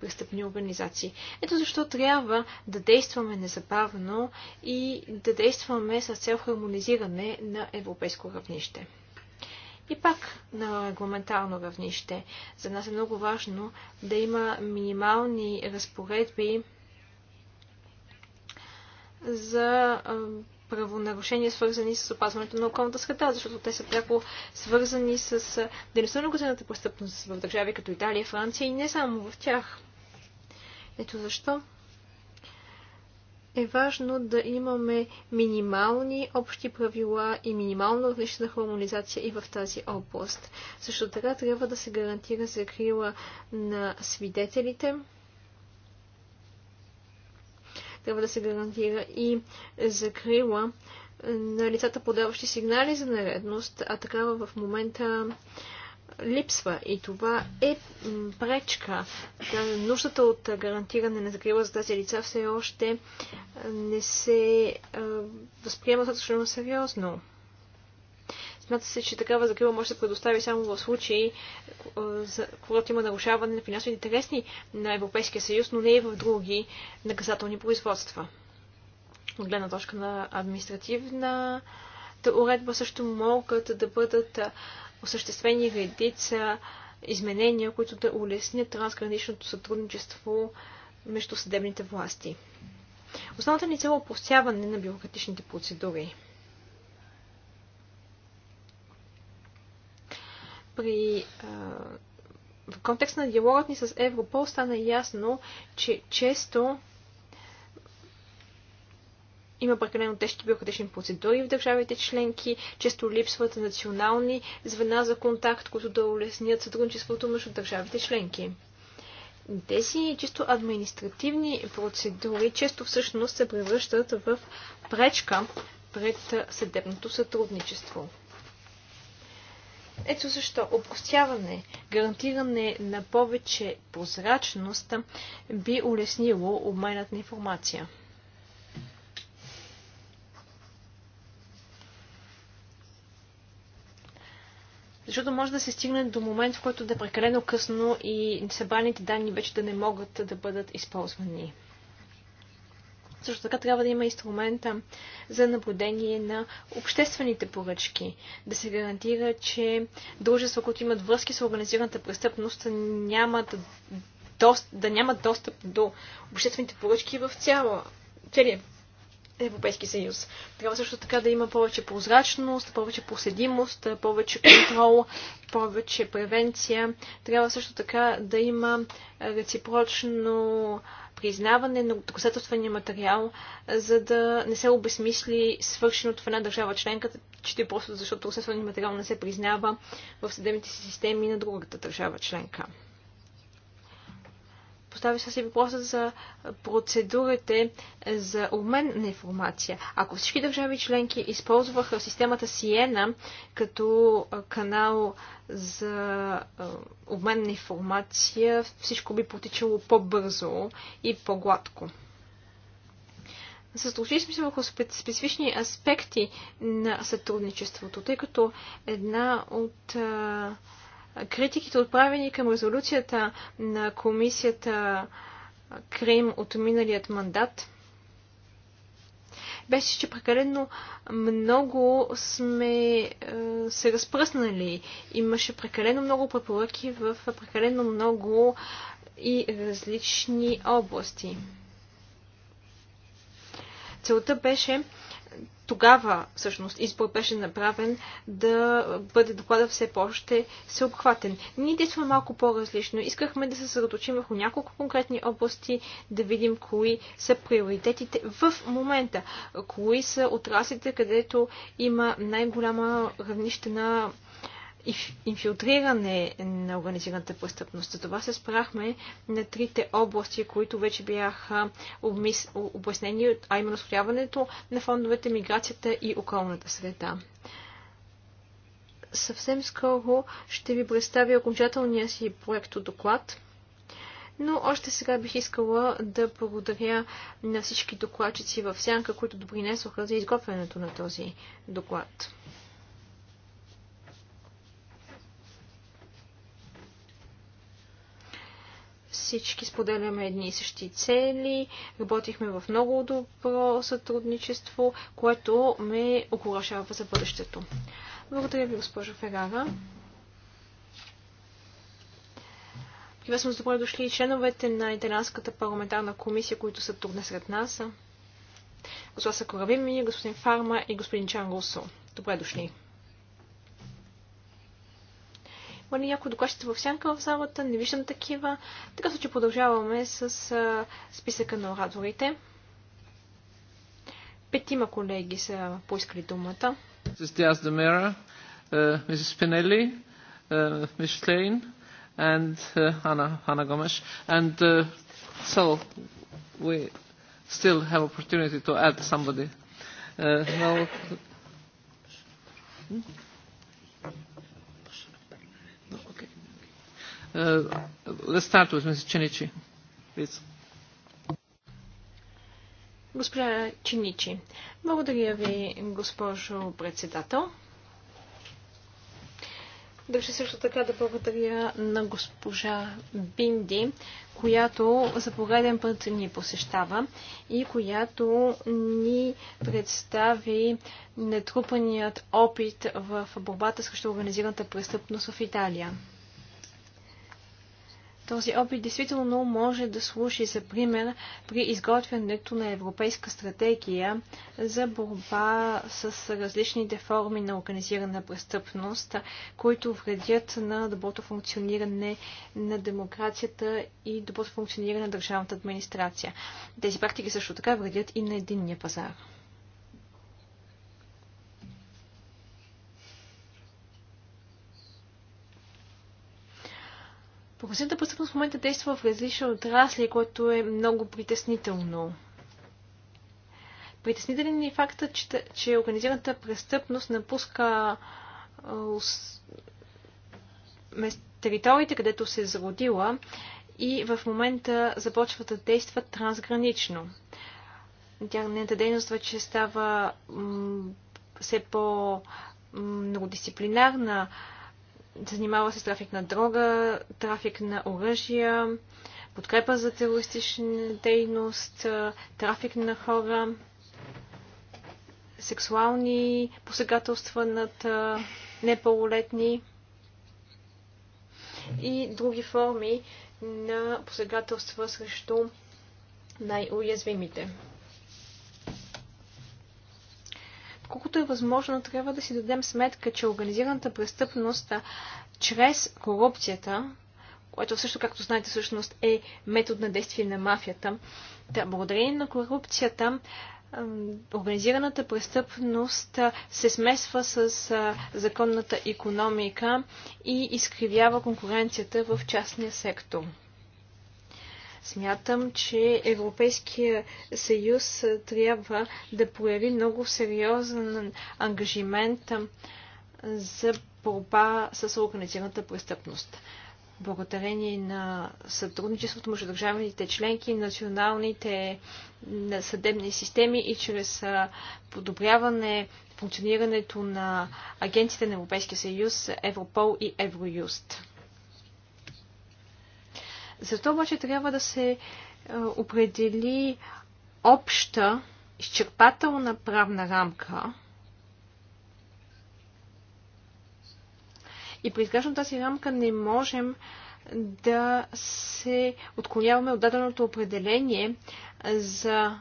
престъпни организации. Ето защо трябва да действаме незабавно и да действаме с цел хармонизиране на европейско равнище и пак на регламентарно равнище. За нас е много важно да има минимални разпоредби за правонарушения, свързани с опазването на околната среда, защото те са пряко свързани с дейността на годината престъпност в държави като Италия, Франция и не само в тях. Ето защо е важно да имаме минимални общи правила и минимално различна хармонизация и в тази област. Също така трябва да се гарантира закрила на свидетелите, трябва да се гарантира и закрила на лицата, подаващи сигнали за наредност, а такава в момента липсва и това е пречка. Да, нуждата от гарантиране на закрила за тази лица все още не се а, възприема достатъчно сериозно. Смята се, че такава закрила може да се предостави само в случаи, когато има нарушаване на финансови интересни на Европейския съюз, но не и в други наказателни производства. От гледна точка на административна уредба също могат да бъдат осъществени редица изменения, които да улеснят трансграничното сътрудничество между съдебните власти. Основната ни цел е опростяване на бюрократичните процедури. При а, в контекста на диалогът ни с Европол стана ясно, че често има прекалено тежки бюрократични процедури в държавите членки, често липсват национални звена за контакт, които да улеснят сътрудничеството между държавите членки. Тези чисто административни процедури често всъщност се превръщат в пречка пред съдебното сътрудничество. Ето защо опростяване, гарантиране на повече прозрачност би улеснило обменът на информация. Защото може да се стигне до момент, в който да е прекалено късно и събраните данни вече да не могат да бъдат използвани. Също така трябва да има инструмента за наблюдение на обществените поръчки. Да се гарантира, че дружества, които имат връзки с организираната престъпност, нямат да нямат достъп до обществените поръчки в цяло, целия Европейски съюз. Трябва също така да има повече прозрачност, повече поседимост, повече контрол, повече превенция. Трябва също така да има реципрочно признаване на доказателствения материал, за да не се обесмисли свършеното в една държава членка, ти просто защото доказателствения материал не се признава в съдебните си системи на другата държава членка. Поставя се въпроса за процедурите за обмен на информация. Ако всички държави членки използваха системата Сиена като канал за обмен на информация, всичко би потичало по-бързо и по-гладко. Съсредоточили сме се върху специфични аспекти на сътрудничеството, тъй като една от критиките отправени към резолюцията на комисията Крим от миналият мандат беше, че прекалено много сме е, се разпръснали. Имаше прекалено много препоръки в прекалено много и различни области. Целта беше тогава, всъщност, избор беше направен да бъде доклада все по-още всеобхватен. Ние действаме малко по-различно. Искахме да се съсредоточим върху няколко конкретни области, да видим кои са приоритетите в момента, кои са отраслите, където има най-голяма равнище на инфилтриране на организираната престъпност. За това се спрахме на трите области, които вече бяха обмис... обяснени, а именно строяването на фондовете, миграцията и околната среда. Съвсем скоро ще ви представя окончателния си проект доклад. Но още сега бих искала да благодаря на всички докладчици в сянка, които допринесоха за изготвянето на този доклад. Всички споделяме едни и същи цели, работихме в много добро сътрудничество, което ме окоръжава за бъдещето. Благодаря ви, госпожо Ферара. Приветствам с добре дошли и членовете на Италианската парламентарна комисия, които са тук сред нас. Госпожа Сакоравими, господин Фарма и господин Чан Русо. Добре дошли. Мали ли някой докладчите в сянка в залата? Не виждам такива. Така че продължаваме с списъка на ораторите. Петима колеги са поискали думата. Мисис Диас Демера, мисис Пинели, мисис Лейн and Anna, Anna Gomes. And so we still have opportunity to add somebody. Uh, now, Uh, let's start with Mrs. Chinichi, please. Госпожа Чиничи, благодаря ви, госпожо председател. Държа също така да благодаря на госпожа Бинди, която за пореден път ни посещава и която ни представи нетрупаният опит в борбата срещу организираната престъпност в Италия. Този опит действително може да служи за пример при изготвянето на европейска стратегия за борба с различните форми на организирана престъпност, които вредят на доброто функциониране на демокрацията и доброто функциониране на държавната администрация. Тези практики също така вредят и на единния пазар. Прогресивната престъпност в момента действа в различни отрасли, което е много притеснително. Притеснителен е факта, че, че организираната престъпност напуска териториите, където се е зародила и в момента започва да действа трансгранично. Тяхната дейност вече става все по-многодисциплинарна занимава се с трафик на дрога, трафик на оръжия, подкрепа за терористична дейност, трафик на хора, сексуални посегателства над непълнолетни и други форми на посегателства срещу най-уязвимите. колкото е възможно, трябва да си дадем сметка, че организираната престъпност чрез корупцията, което също, както знаете, всъщност е метод на действие на мафията, да, благодарение на корупцията, организираната престъпност се смесва с законната економика и изкривява конкуренцията в частния сектор. Смятам, че Европейския съюз трябва да прояви много сериозен ангажимент за борба с организираната престъпност. Благодарение на сътрудничеството между държавните членки, националните съдебни системи и чрез подобряване функционирането на агенците на Европейския съюз, Европол и Евроюст. Защо обаче трябва да се е, определи обща, изчерпателна правна рамка, И при изграждането тази рамка не можем да се отклоняваме от даденото определение за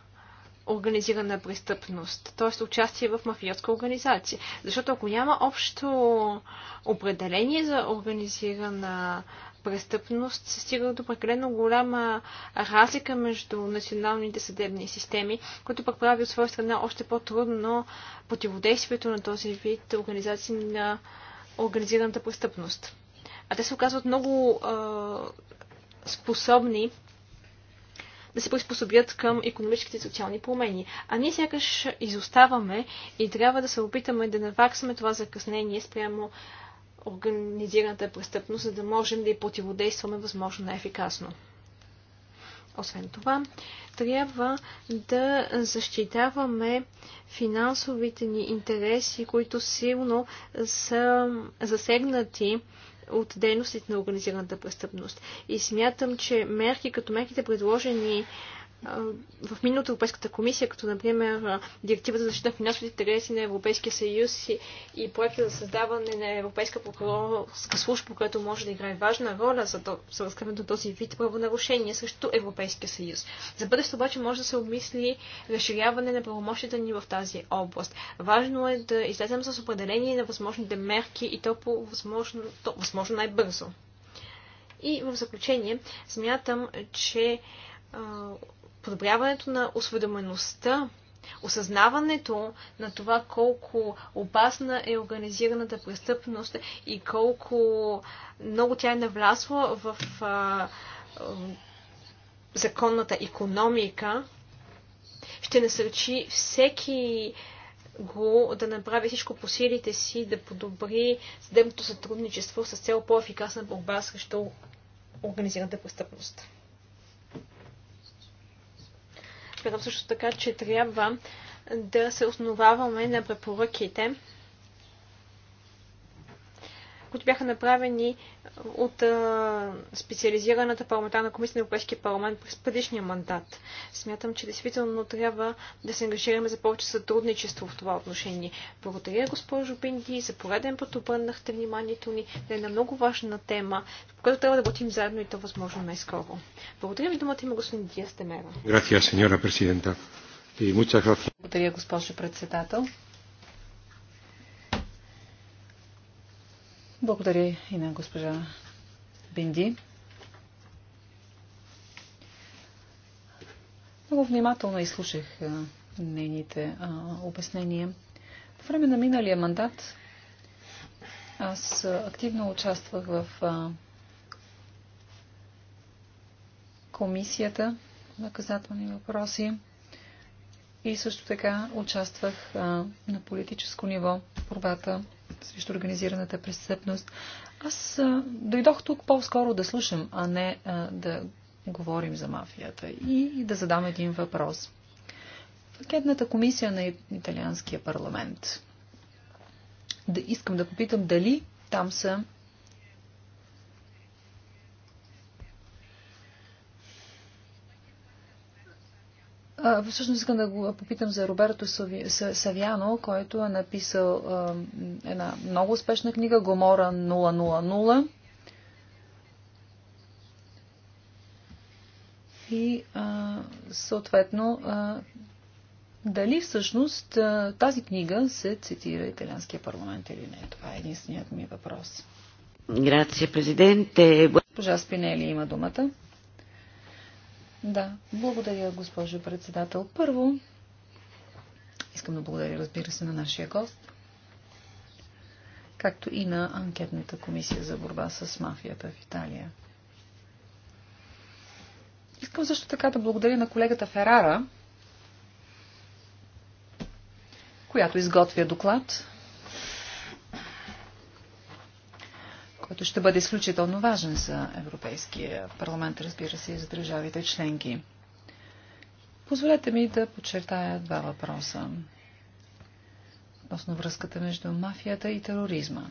организирана престъпност, т.е. участие в мафиотска организация. Защото ако няма общо определение за организирана престъпност се стига до прекалено голяма разлика между националните съдебни системи, което пък прави от своя страна още по-трудно противодействието на този вид организации на организираната престъпност. А те се оказват много а, способни да се приспособят към економическите и социални промени. А ние сякаш изоставаме и трябва да се опитаме да наваксаме това закъснение спрямо организираната престъпност, за да можем да и противодействаме възможно най-ефикасно. Освен това, трябва да защитаваме финансовите ни интереси, които силно са засегнати от дейностите на организираната престъпност. И смятам, че мерки като мерките предложени в миналото Европейската комисия, като например Директивата за защита на финансовите интереси на Европейския съюз и, и проекта за създаване на Европейска прокурорска служба, която може да играе важна роля за, за разкриването на този вид правонарушения срещу Европейския съюз. За бъдеще обаче може да се обмисли разширяване на правомощията ни в тази област. Важно е да излезем с определение на възможните мерки и то по възможно, то, възможно най-бързо. И в заключение, смятам, че подобряването на осведомеността, осъзнаването на това колко опасна е организираната престъпност и колко много тя е навлязла в а, а, законната економика, ще насърчи всеки го да направи всичко по силите си, да подобри съдебното сътрудничество с цел по-ефикасна борба срещу организираната престъпност. Смятам също така, че трябва да се основаваме на препоръките които бяха направени от а, специализираната парламентарна комисия на Европейския парламент през предишния мандат. Смятам, че действително трябва да се ангажираме за повече сътрудничество в това отношение. Благодаря, госпожо Бинди, за пореден път обърнахте вниманието ни на една много важна тема, по която трябва да работим заедно и то възможно най-скоро. Благодаря ви, думата има господин Диас Темера. Благодаря, госпожо председател. Благодаря и на госпожа Бинди. Много внимателно изслушах нейните а, обяснения. По време на миналия мандат аз активно участвах в а, комисията наказателни въпроси и също така участвах а, на политическо ниво в борбата срещу организираната престъпност. Аз а, дойдох тук по-скоро да слушам, а не а, да говорим за мафията и, и да задам един въпрос. Пакетната комисия на Италианския парламент. Да, искам да попитам дали там са всъщност искам да го попитам за Роберто Савяно, който е написал една много успешна книга Гомора 000. И а, съответно, а, дали всъщност а, тази книга се цитира италианския парламент или не? Това е единственият ми въпрос. Грация, президенте. Пожа Спинели има думата. Да, благодаря, госпожо председател. Първо, искам да благодаря, разбира се, на нашия гост, както и на анкетната комисия за борба с мафията в Италия. Искам също така да благодаря на колегата Ферара, която изготвя доклад който ще бъде изключително важен за Европейския парламент, разбира се, и за държавите членки. Позволете ми да подчертая два въпроса относно връзката между мафията и тероризма.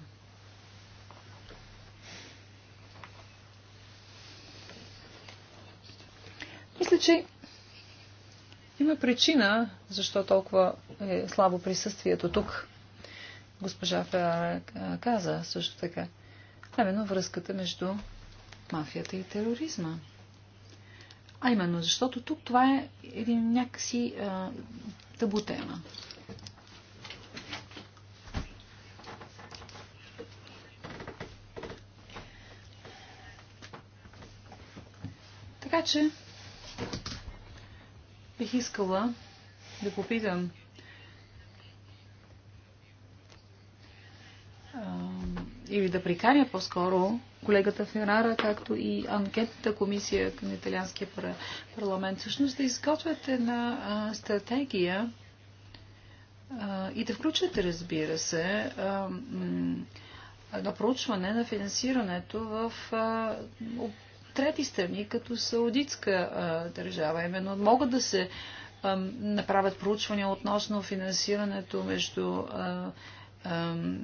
Мисля, че има причина, защо толкова е слабо присъствието тук. Госпожа Фера каза също така а именно връзката между мафията и тероризма. А именно, защото тук това е един някакси а, табу тема. Така че бих искала да попитам или да приканя по-скоро колегата Ферара, както и анкетната комисия към Италианския парламент, всъщност да изготвят една а, стратегия а, и да включат, разбира се, а, едно проучване на финансирането в а, трети страни, като Саудитска а, държава. Именно могат да се а, направят проучвания относно финансирането между а,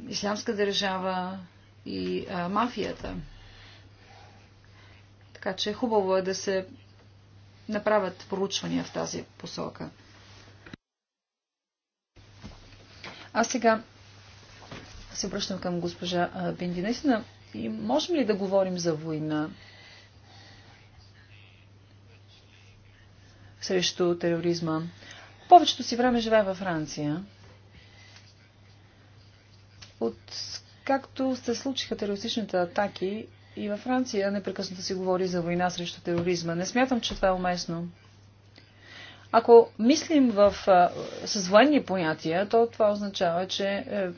Ислямска държава, и а, мафията. Така че хубаво е да се направят проучвания в тази посока. А сега се връщам към госпожа Бенди. Наистина, и можем ли да говорим за война срещу тероризма? Повечето си време живеем във Франция. От Както се случиха терористичните атаки, и във Франция непрекъснато се говори за война срещу тероризма. Не смятам, че това е уместно. Ако мислим в, а, с военни понятия, то това означава, че е,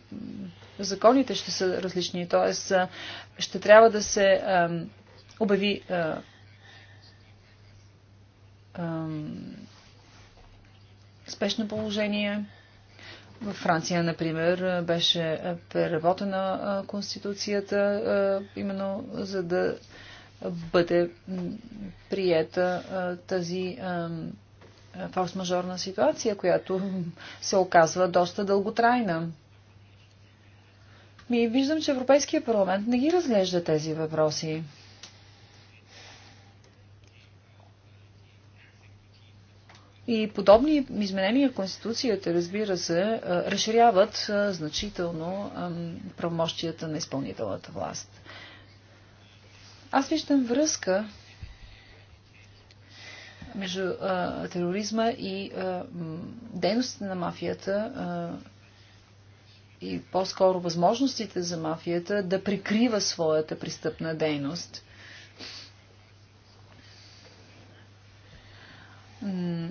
законите ще са различни, т.е. ще трябва да се е, обяви е, е, спешно положение, в Франция, например, беше преработена конституцията именно за да бъде приета тази форс-мажорна ситуация, която се оказва доста дълготрайна. Ми виждам, че Европейския парламент не ги разглежда тези въпроси. И подобни изменения в Конституцията, разбира се, разширяват значително правомощията на изпълнителната власт. Аз виждам връзка между а, тероризма и а, дейностите на мафията а, и по-скоро възможностите за мафията да прикрива своята престъпна дейност.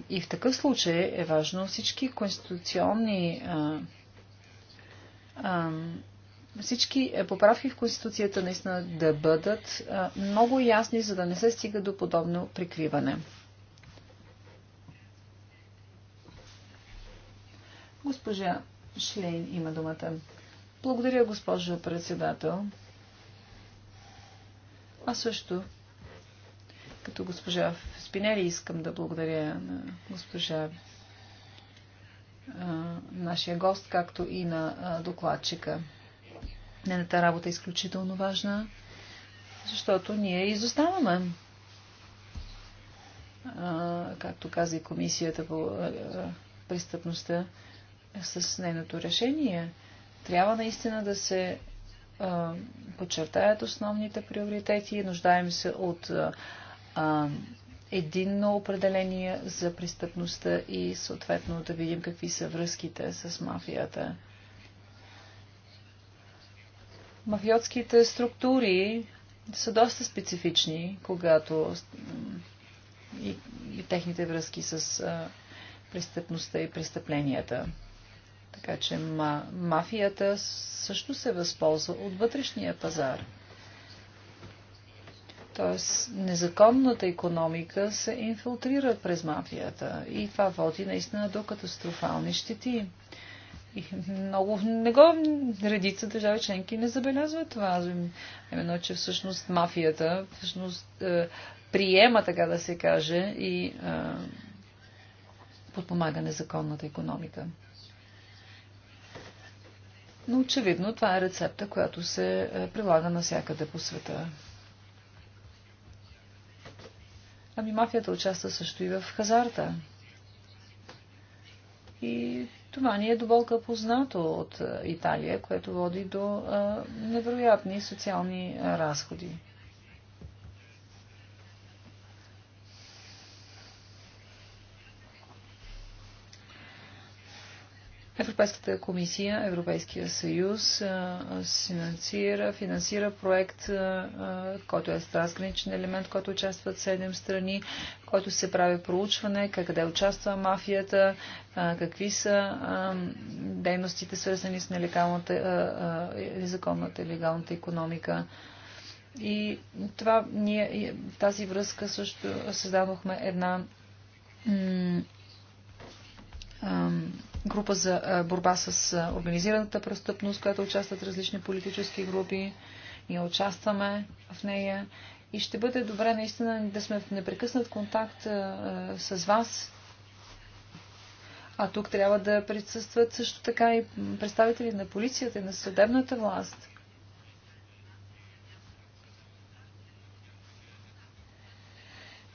И в такъв случай е важно всички конституционни всички поправки в Конституцията наистина да бъдат много ясни, за да не се стига до подобно прикриване. Госпожа Шлейн има думата. Благодаря, госпожо председател. Аз също като госпожа Спинели искам да благодаря на госпожа нашия гост, както и на докладчика. Нената работа е изключително важна, защото ние изоставаме. Както каза и комисията по престъпността с нейното решение, трябва наистина да се подчертаят основните приоритети. Нуждаем се от а, единно определение за престъпността и съответно да видим какви са връзките с мафията. Мафиотските структури са доста специфични, когато и, и техните връзки с а, престъпността и престъпленията. Така че ма, мафията също се възползва от вътрешния пазар. Тоест, незаконната економика се инфилтрира през мафията и това води наистина до катастрофални щети. И много не го редица държави членки не забелязват това. Именно, че всъщност мафията всъщност е, приема, така да се каже, и е, подпомага незаконната економика. Но очевидно това е рецепта, която се е, прилага навсякъде по света. Ами мафията участва също и в хазарта. И това ни е до болка познато от е, Италия, което води до е, невероятни социални е, разходи. Европейската комисия, Европейския съюз финансира, финансира проект, който е трансграничен елемент, който участват 7 страни, който се прави проучване, къде участва мафията, какви са дейностите свързани с нелегалната, незаконната и легалната економика. И това ние, тази връзка също създадохме една група за борба с организираната престъпност, която участват различни политически групи. Ние участваме в нея и ще бъде добре наистина да сме в непрекъснат контакт а, с вас. А тук трябва да присъстват също така и представители на полицията и на съдебната власт.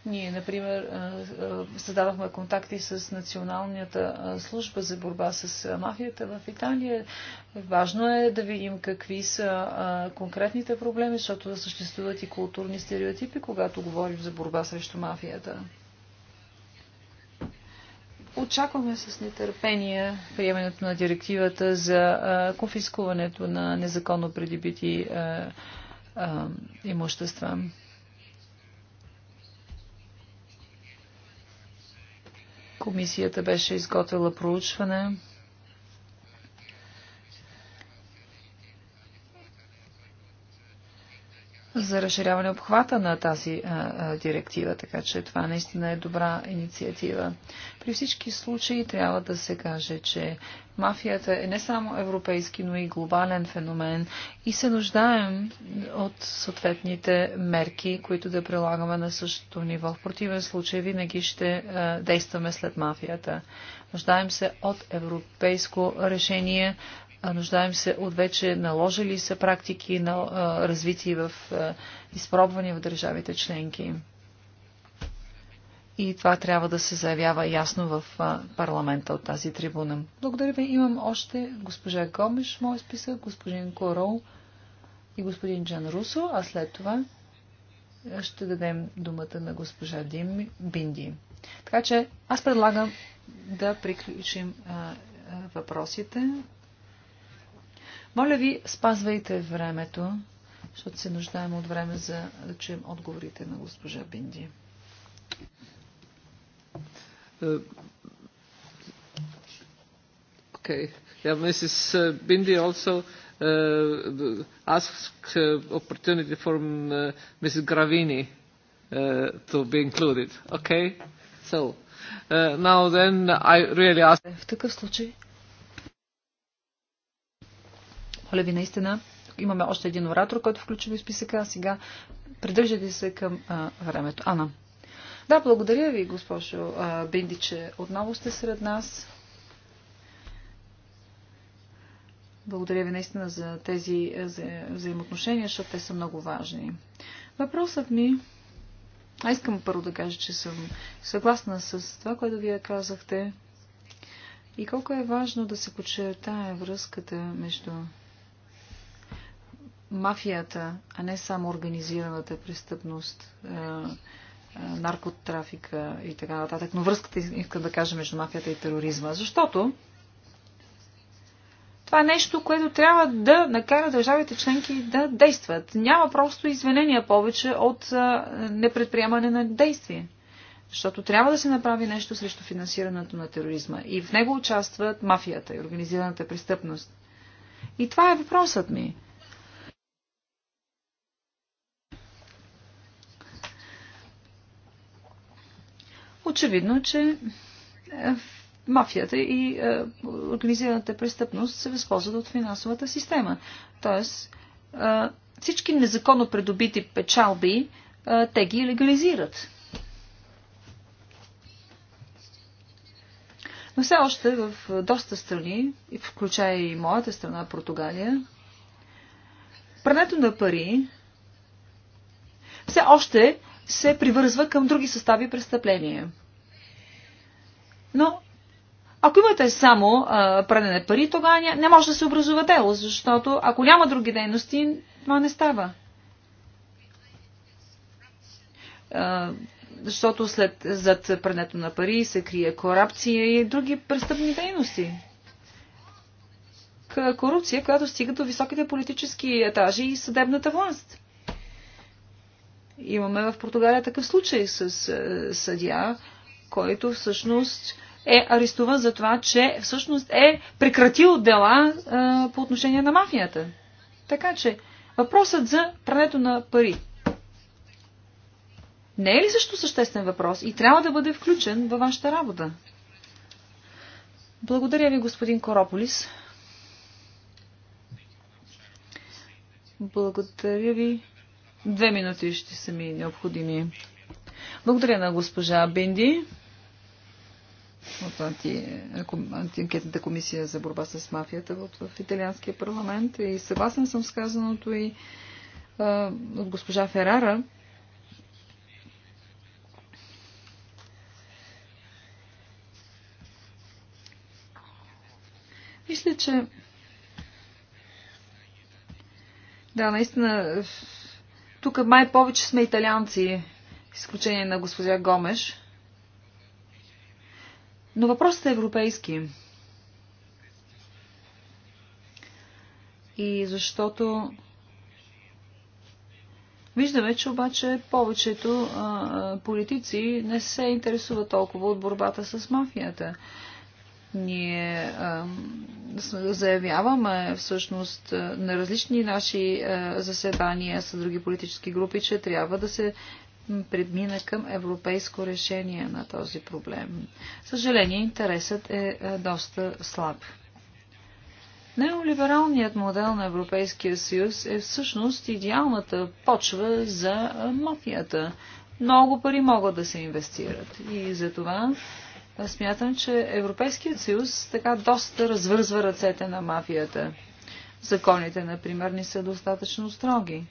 Ние, например, създавахме контакти с Националната служба за борба с мафията в Италия. Важно е да видим какви са конкретните проблеми, защото съществуват и културни стереотипи, когато говорим за борба срещу мафията. Очакваме с нетърпение приемането на директивата за конфискуването на незаконно придобити имущества. Комисията беше изготвила проучване за разширяване обхвата на тази а, а, директива, така че това наистина е добра инициатива. При всички случаи трябва да се каже, че мафията е не само европейски, но и глобален феномен и се нуждаем от съответните мерки, които да прилагаме на същото ниво. В противен случай винаги ще а, действаме след мафията. Нуждаем се от европейско решение Нуждаем се от вече наложили се практики на развитие в изпробвания в държавите членки. И това трябва да се заявява ясно в парламента от тази трибуна. Благодаря ви. Имам още госпожа Гомеш, мой списък, господин Корол и господин Джан Русо, а след това ще дадем думата на госпожа Дим Бинди. Така че аз предлагам да приключим а, а, въпросите. Моля ви, спазвайте времето, защото се нуждаем от време за да чуем отговорите на госпожа Бинди. Okay. Yeah, Mrs. Bindi also uh, asked uh, opportunity for uh, Mrs. Gravini uh, to be included. Okay? So, uh, now then I really ask... В такъв случай моля ви наистина, имаме още един оратор, който включва в списъка, а сега придържате се към а, времето. Ана. Да, благодаря ви, госпожо а, Бинди, че отново сте сред нас. Благодаря ви наистина за тези взаимоотношения, защото те са много важни. Въпросът ми. А искам първо да кажа, че съм съгласна с това, което вие казахте. И колко е важно да се подчертае връзката между мафията, а не само организираната престъпност, е, е, наркотрафика и така нататък, но връзката искам да кажа между мафията и тероризма. Защото това е нещо, което трябва да накара държавите членки да действат. Няма просто извинения повече от е, непредприемане на действие. Защото трябва да се направи нещо срещу финансирането на тероризма. И в него участват мафията и организираната престъпност. И това е въпросът ми. Очевидно, е, че мафията и е, организираната престъпност се възползват от финансовата система. Тоест, е, всички незаконно придобити печалби, е, те ги легализират. Но все още в доста страни, включая и моята страна, Португалия, прането на пари все още се привързва към други състави престъпления. Но ако имате само пране на пари, тогава не, не може да се образува дело, защото ако няма други дейности, това не става. А, защото след, зад прането на пари се крие корупция и други престъпни дейности. Корупция, която стига до високите политически етажи и съдебната власт. Имаме в Португалия такъв случай с е, съдия, който всъщност е арестуван за това, че всъщност е прекратил дела е, по отношение на мафията. Така че, въпросът за прането на пари. Не е ли също съществен въпрос и трябва да бъде включен във вашата работа? Благодаря ви, господин Корополис. Благодаря ви, Две минути ще са ми необходими. Благодаря на госпожа Бенди от антиенкетната антианкетната комисия за борба с мафията в, в италианския парламент. И съгласен съм с казаното и а, от госпожа Ферара. Мисля, че да, наистина тук май повече сме италианци, изключение на госпожа Гомеш. Но въпросът е европейски. И защото виждаме, че обаче повечето а, политици не се интересуват толкова от борбата с мафията. Ние заявяваме всъщност на различни наши заседания с други политически групи, че трябва да се предмина към европейско решение на този проблем. Съжаление, интересът е доста слаб. Неолибералният модел на Европейския съюз е всъщност идеалната почва за мафията. Много пари могат да се инвестират и за това смятам, че Европейският съюз така доста развързва ръцете на мафията. Законите, например, не са достатъчно строги.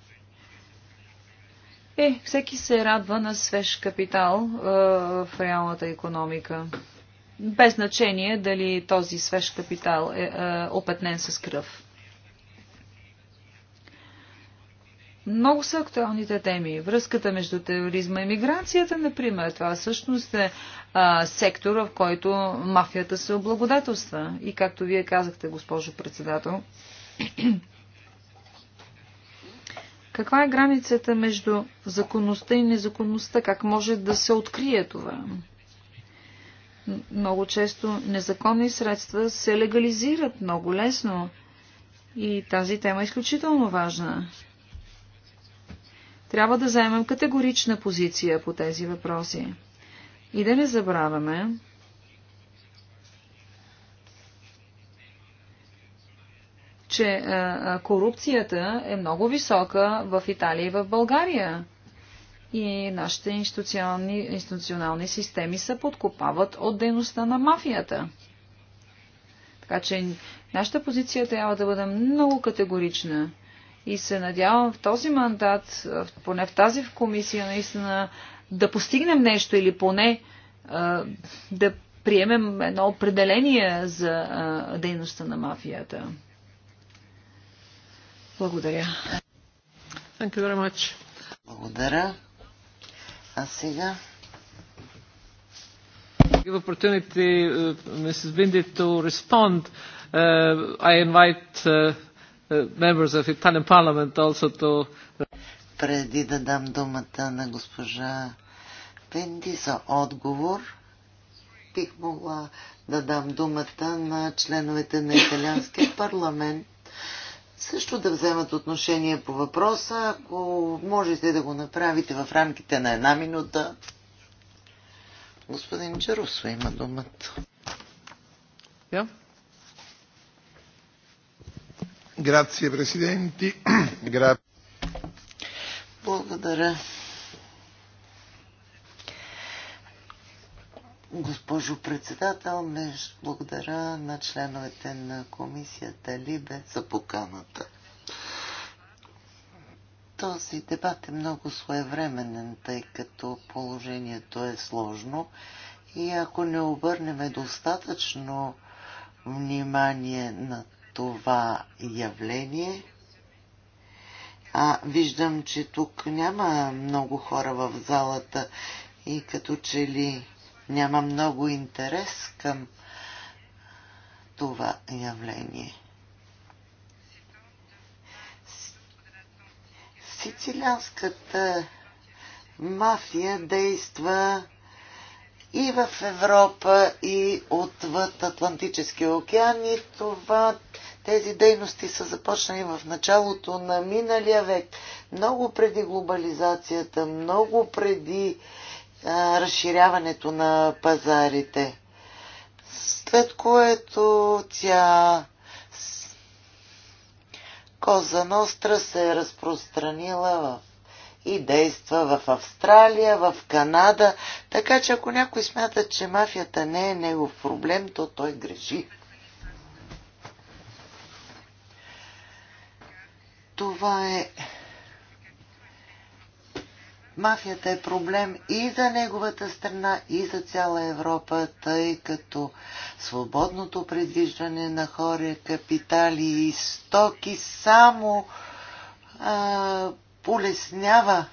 Е, всеки се радва на свеж капитал е, в реалната економика. Без значение дали този свеж капитал е, е опетнен с кръв. Много са актуалните теми. Връзката между тероризма и миграцията, например. Това всъщност е а, сектор, в който мафията се облагодателства. И както вие казахте, госпожо председател, каква е границата между законността и незаконността? Как може да се открие това? Много често незаконни средства се легализират много лесно. И тази тема е изключително важна. Трябва да заемем категорична позиция по тези въпроси. И да не забравяме, че а, корупцията е много висока в Италия и в България. И нашите институционални, институционални системи се подкопават от дейността на мафията. Така че нашата позиция трябва да бъде много категорична. И се надявам в този мандат, поне в тази в комисия, наистина да постигнем нещо или поне да приемем едно определение за дейността на мафията. Благодаря. Thank you very much. Благодаря. А сега give opportunity uh, Mrs. Bindi to respond. Uh, I invite uh, Uh, members of Italian parliament also to... Uh, Преди да дам думата на госпожа Пенди за отговор, бих могла да дам думата на членовете на Италианския парламент също да вземат отношение по въпроса, ако можете да го направите в рамките на една минута. Господин Джарусо има думата. Yeah. Благодаря. Госпожо председател, благодаря на членовете на комисията Либе за поканата. Този дебат е много своевременен, тъй като положението е сложно и ако не обърнем достатъчно внимание на това явление. А виждам, че тук няма много хора в залата и като че ли няма много интерес към това явление. Сицилианската мафия действа и в Европа, и отвъд Атлантическия океан, и това тези дейности са започнали в началото на миналия век, много преди глобализацията, много преди а, разширяването на пазарите. След което тя Коза Ностра се е разпространила в и действа в Австралия, в Канада, така че ако някой смята, че мафията не е негов проблем, то той греши. Това е... Мафията е проблем и за неговата страна, и за цяла Европа, тъй като свободното предвиждане на хора, капитали и стоки само а, полеснява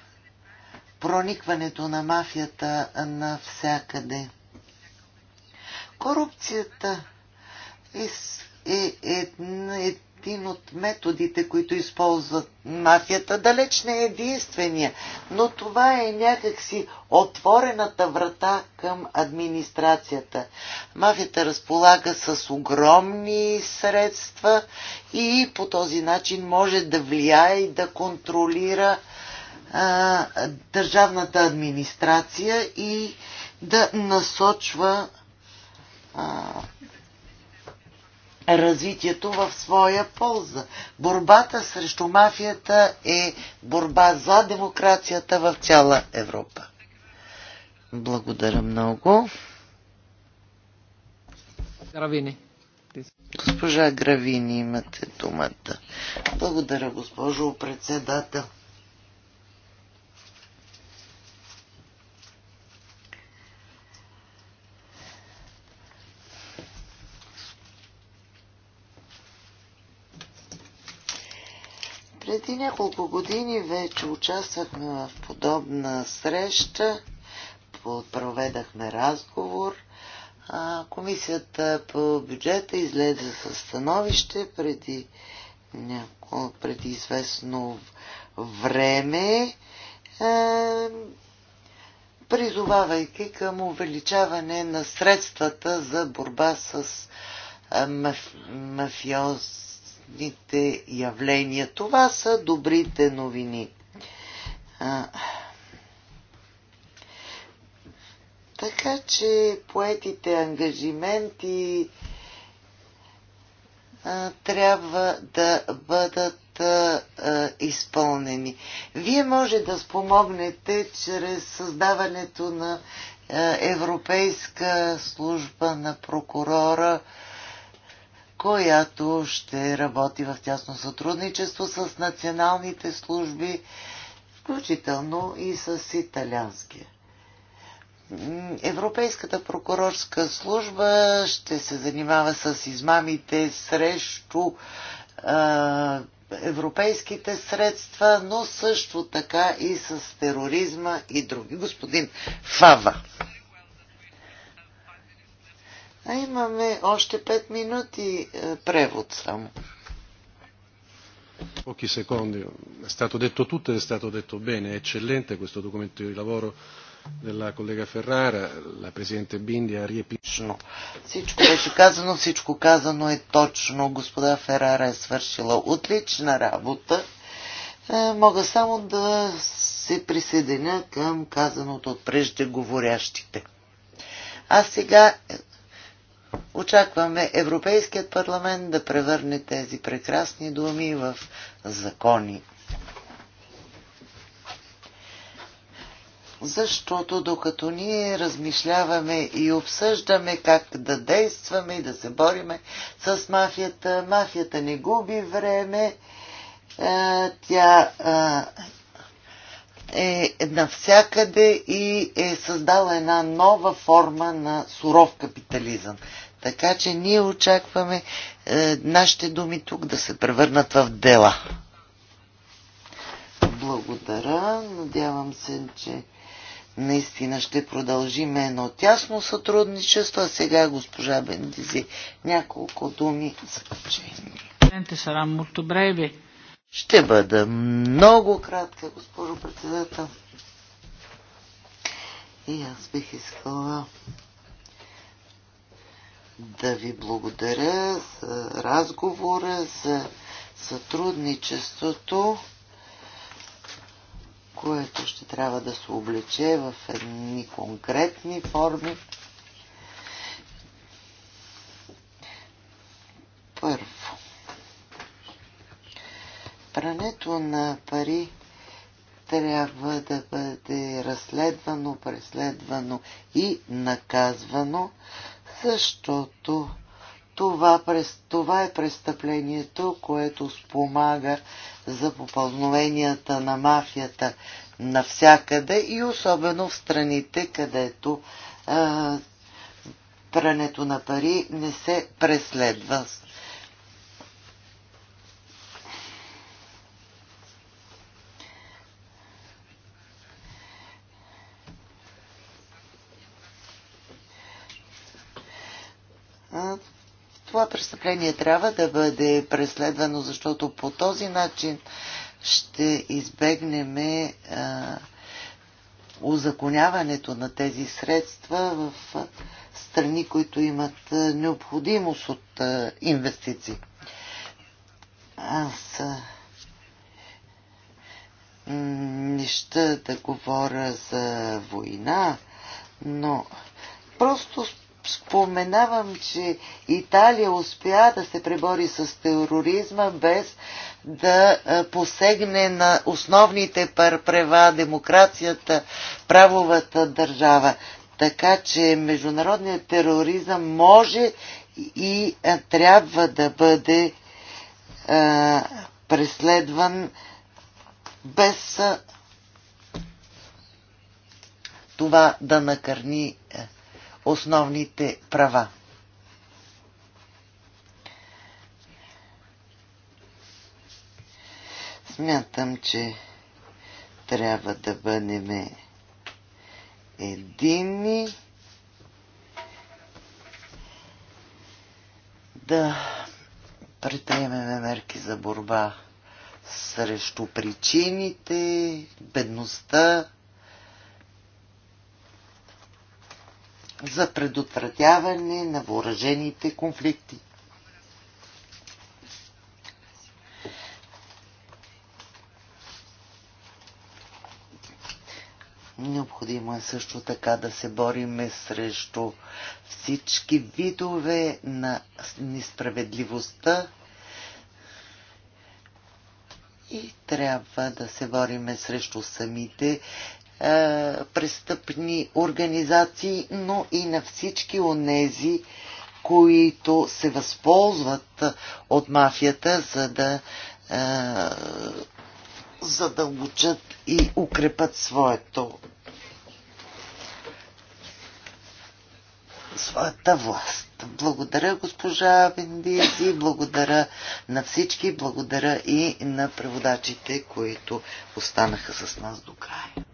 проникването на мафията навсякъде. Корупцията е, е, е, е един от методите, които използват мафията, далеч не е единствения, но това е някакси отворената врата към администрацията. Мафията разполага с огромни средства и по този начин може да влияе и да контролира а, държавната администрация и да насочва а, развитието в своя полза. Борбата срещу мафията е борба за демокрацията в цяла Европа. Благодаря много. Гравини. Госпожа Гравини, имате думата. Благодаря, госпожо председател. Преди няколко години вече участвахме в подобна среща, проведахме разговор. Комисията по бюджета излезе със становище преди, няко, преди известно време, е, призовавайки към увеличаване на средствата за борба с е, мафиоз природните явления. Това са добрите новини. А, така че поетите ангажименти а, трябва да бъдат а, а, изпълнени. Вие може да спомогнете чрез създаването на а, Европейска служба на прокурора, а, която ще работи в тясно сътрудничество с националните служби, включително и с италианския. Европейската прокурорска служба ще се занимава с измамите срещу а, европейските средства, но също така и с тероризма и други. Господин Фава. А имаме още 5 минути е, превод само. Pochi secondi, è stato detto tutto ed è stato detto bene, è eccellente questo documento di lavoro della collega Ferrara, la Presidente Bindi ha Всичко беше казано, всичко казано е точно. Господа Феррара е свършила отлична работа. Е, мога само да се присъединя към казаното от преждеговорящите. А сега е, Очакваме Европейският парламент да превърне тези прекрасни думи в закони. Защото докато ние размишляваме и обсъждаме как да действаме и да се бориме с мафията, мафията не губи време, е, тя е, е навсякъде и е създала една нова форма на суров капитализъм. Така че ние очакваме е, нашите думи тук да се превърнат в дела. Благодаря. Надявам се, че наистина ще продължим едно тясно сътрудничество. А сега госпожа Бендизи, няколко думи за учение. Ще бъда много кратка, госпожо председател. И аз бих искала да ви благодаря за разговора, за сътрудничеството, което ще трябва да се облече в едни конкретни форми. Първо. Прането на пари трябва да бъде разследвано, преследвано и наказвано, защото това, това е престъплението, което спомага за попълновенията на мафията навсякъде и особено в страните, където а, прането на пари не се преследва престъпление трябва да бъде преследвано, защото по този начин ще избегнем узаконяването на тези средства в страни, които имат необходимост от инвестиции. Аз не ще да говоря за война, но просто споменавам, че Италия успя да се пребори с тероризма без да посегне на основните права, демокрацията, правовата държава. Така че международният тероризъм може и трябва да бъде а, преследван без това да накърни основните права. Смятам, че трябва да бъдем единни, да предприемем мерки за борба срещу причините, бедността, за предотвратяване на въоръжените конфликти. Необходимо е също така да се бориме срещу всички видове на несправедливостта и трябва да се бориме срещу самите е, престъпни организации, но и на всички онези, които се възползват от мафията, за да е, задълбочат и укрепат своето своята власт. Благодаря госпожа Вендизи, благодаря на всички, благодаря и на преводачите, които останаха с нас до края.